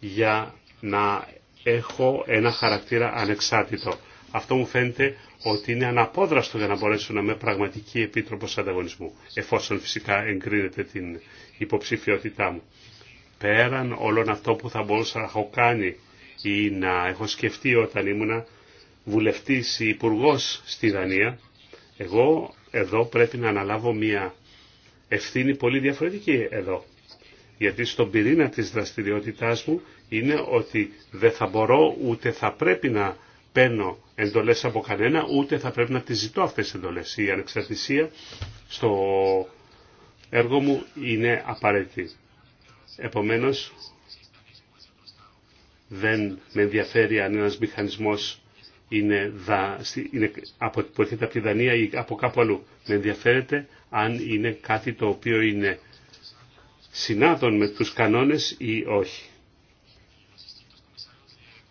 για να έχω ένα χαρακτήρα ανεξάρτητο. Αυτό μου φαίνεται ότι είναι αναπόδραστο για να μπορέσω να είμαι πραγματική επίτροπος ανταγωνισμού, εφόσον φυσικά εγκρίνεται την υποψηφιότητά μου. Πέραν όλων αυτό που θα μπορούσα να έχω κάνει ή να έχω σκεφτεί όταν ήμουνα βουλευτής ή υπουργό στη Δανία, εγώ εδώ πρέπει να αναλάβω μια ευθύνη πολύ διαφορετική εδώ. Γιατί στον πυρήνα της δραστηριότητάς μου είναι ότι δεν θα μπορώ ούτε θα πρέπει να παίρνω εντολές από κανένα, ούτε θα πρέπει να τις ζητώ αυτές τις εντολές. Η ανεξαρτησία στο έργο μου είναι απαραίτητη. Επομένως, δεν με ενδιαφέρει αν ένας μηχανισμός είναι, δα, από, που έρχεται από τη Δανία ή από κάπου αλλού. Με ενδιαφέρεται αν είναι κάτι το οποίο είναι συνάδων με τους κανόνες ή όχι.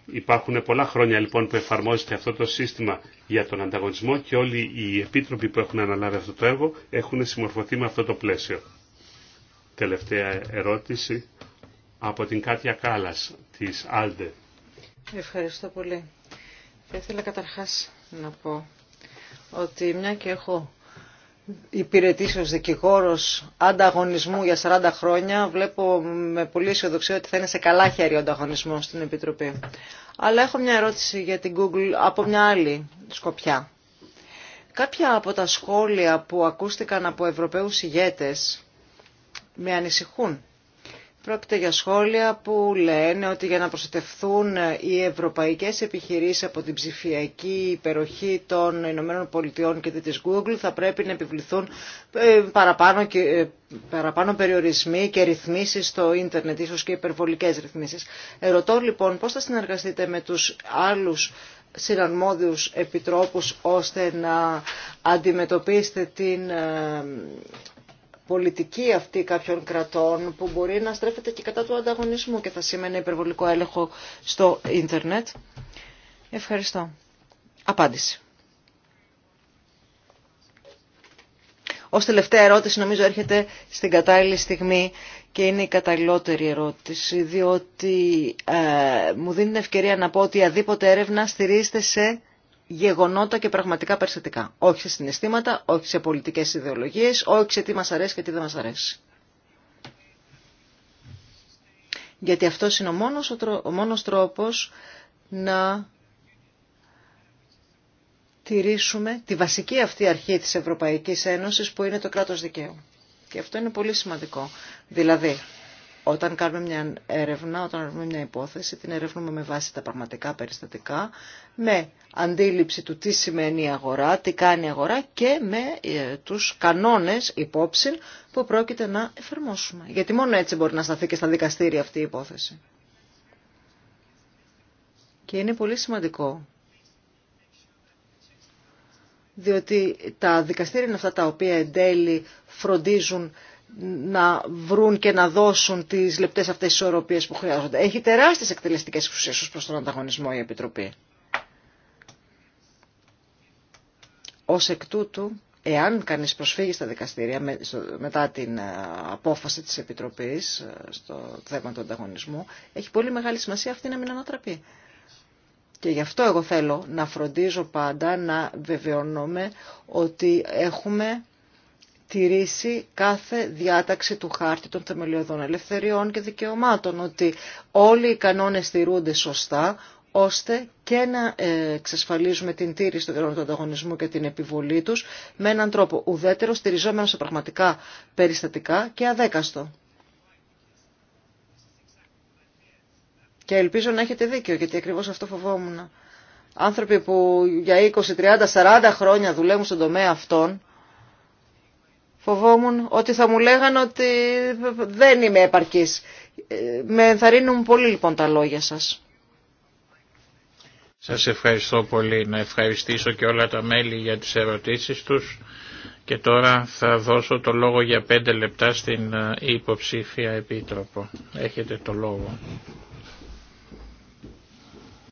Υπάρχουν πολλά χρόνια λοιπόν που εφαρμόζεται αυτό το σύστημα για τον ανταγωνισμό και όλοι οι επίτροποι που έχουν αναλάβει αυτό το έργο έχουν συμμορφωθεί με αυτό το πλαίσιο. Τελευταία ερώτηση από την Κάτια Κάλλας της Άλντε. Ευχαριστώ πολύ. Θα ήθελα καταρχάς να πω ότι μια και έχω υπηρετήσει ως δικηγόρος ανταγωνισμού για 40 χρόνια. Βλέπω με πολύ αισιοδοξία ότι θα είναι σε καλά χέρια ο ανταγωνισμός στην Επιτροπή. Αλλά έχω μια ερώτηση για την Google από μια άλλη σκοπιά. Κάποια από τα σχόλια που ακούστηκαν από Ευρωπαίους ηγέτες με ανησυχούν. Πρόκειται για σχόλια που λένε ότι για να προστατευθούν οι ευρωπαϊκές επιχειρήσεις από την ψηφιακή υπεροχή των Ηνωμένων Πολιτειών και της Google θα πρέπει να επιβληθούν ε, παραπάνω, ε, παραπάνω περιορισμοί και ρυθμίσεις στο ίντερνετ, ίσως και υπερβολικές ρυθμίσεις. Ερωτώ λοιπόν πώς θα συνεργαστείτε με τους άλλους συναρμόδιους επιτρόπους ώστε να αντιμετωπίσετε την ε, πολιτική αυτή κάποιων κρατών που μπορεί να στρέφεται και κατά του ανταγωνισμού και θα σήμαινε υπερβολικό έλεγχο στο ίντερνετ. Ευχαριστώ. Απάντηση. Ω τελευταία ερώτηση νομίζω έρχεται στην κατάλληλη στιγμή και είναι η καταλληλότερη ερώτηση διότι ε, μου δίνει την ευκαιρία να πω ότι αδίποτε έρευνα στηρίζεται σε γεγονότα και πραγματικά περιστατικά. Όχι σε συναισθήματα, όχι σε πολιτικές ιδεολογίες, όχι σε τι μας αρέσει και τι δεν μας αρέσει. Γιατί αυτό είναι ο μόνος, ο μόνος τρόπος να τηρήσουμε τη βασική αυτή αρχή της Ευρωπαϊκής Ένωσης που είναι το κράτος δικαίου. Και αυτό είναι πολύ σημαντικό. Δηλαδή, όταν κάνουμε μια έρευνα, όταν έρευνουμε μια υπόθεση, την ερευνούμε με βάση τα πραγματικά περιστατικά, με αντίληψη του τι σημαίνει η αγορά, τι κάνει η αγορά και με ε, τους κανόνες υπόψη που πρόκειται να εφαρμόσουμε. Γιατί μόνο έτσι μπορεί να σταθεί και στα δικαστήρια αυτή η υπόθεση. Και είναι πολύ σημαντικό διότι τα δικαστήρια είναι αυτά τα οποία εν τέλει φροντίζουν να βρουν και να δώσουν τις λεπτές αυτές τις που χρειάζονται. Έχει τεράστιες εκτελεστικές εξουσίες προς τον ανταγωνισμό η Επιτροπή. Ως εκ τούτου, εάν κανείς προσφύγει στα δικαστήρια μετά την ε, απόφαση της Επιτροπής ε, στο θέμα του ανταγωνισμού, έχει πολύ μεγάλη σημασία αυτή να μην ανατραπεί. Και γι' αυτό εγώ θέλω να φροντίζω πάντα να βεβαιωνόμαι ότι έχουμε τηρήσει κάθε διάταξη του χάρτη των θεμελιωδών ελευθεριών και δικαιωμάτων, ότι όλοι οι κανόνες τηρούνται σωστά, ώστε και να ε, εξασφαλίζουμε την τήρηση των κανόνων του ανταγωνισμού και την επιβολή τους με έναν τρόπο ουδέτερο, στηριζόμενο σε πραγματικά περιστατικά και αδέκαστο. Και ελπίζω να έχετε δίκιο, γιατί ακριβώς αυτό φοβόμουν. Άνθρωποι που για 20, 30, 40 χρόνια δουλεύουν στον τομέα αυτών, Φοβόμουν ότι θα μου λέγανε ότι δεν είμαι επαρκής. Ε, με ενθαρρύνουν πολύ λοιπόν τα λόγια σας. Σας ευχαριστώ πολύ. Να ευχαριστήσω και όλα τα μέλη για τις ερωτήσεις τους. Και τώρα θα δώσω το λόγο για πέντε λεπτά στην ε, υποψήφια επίτροπο. Έχετε το λόγο.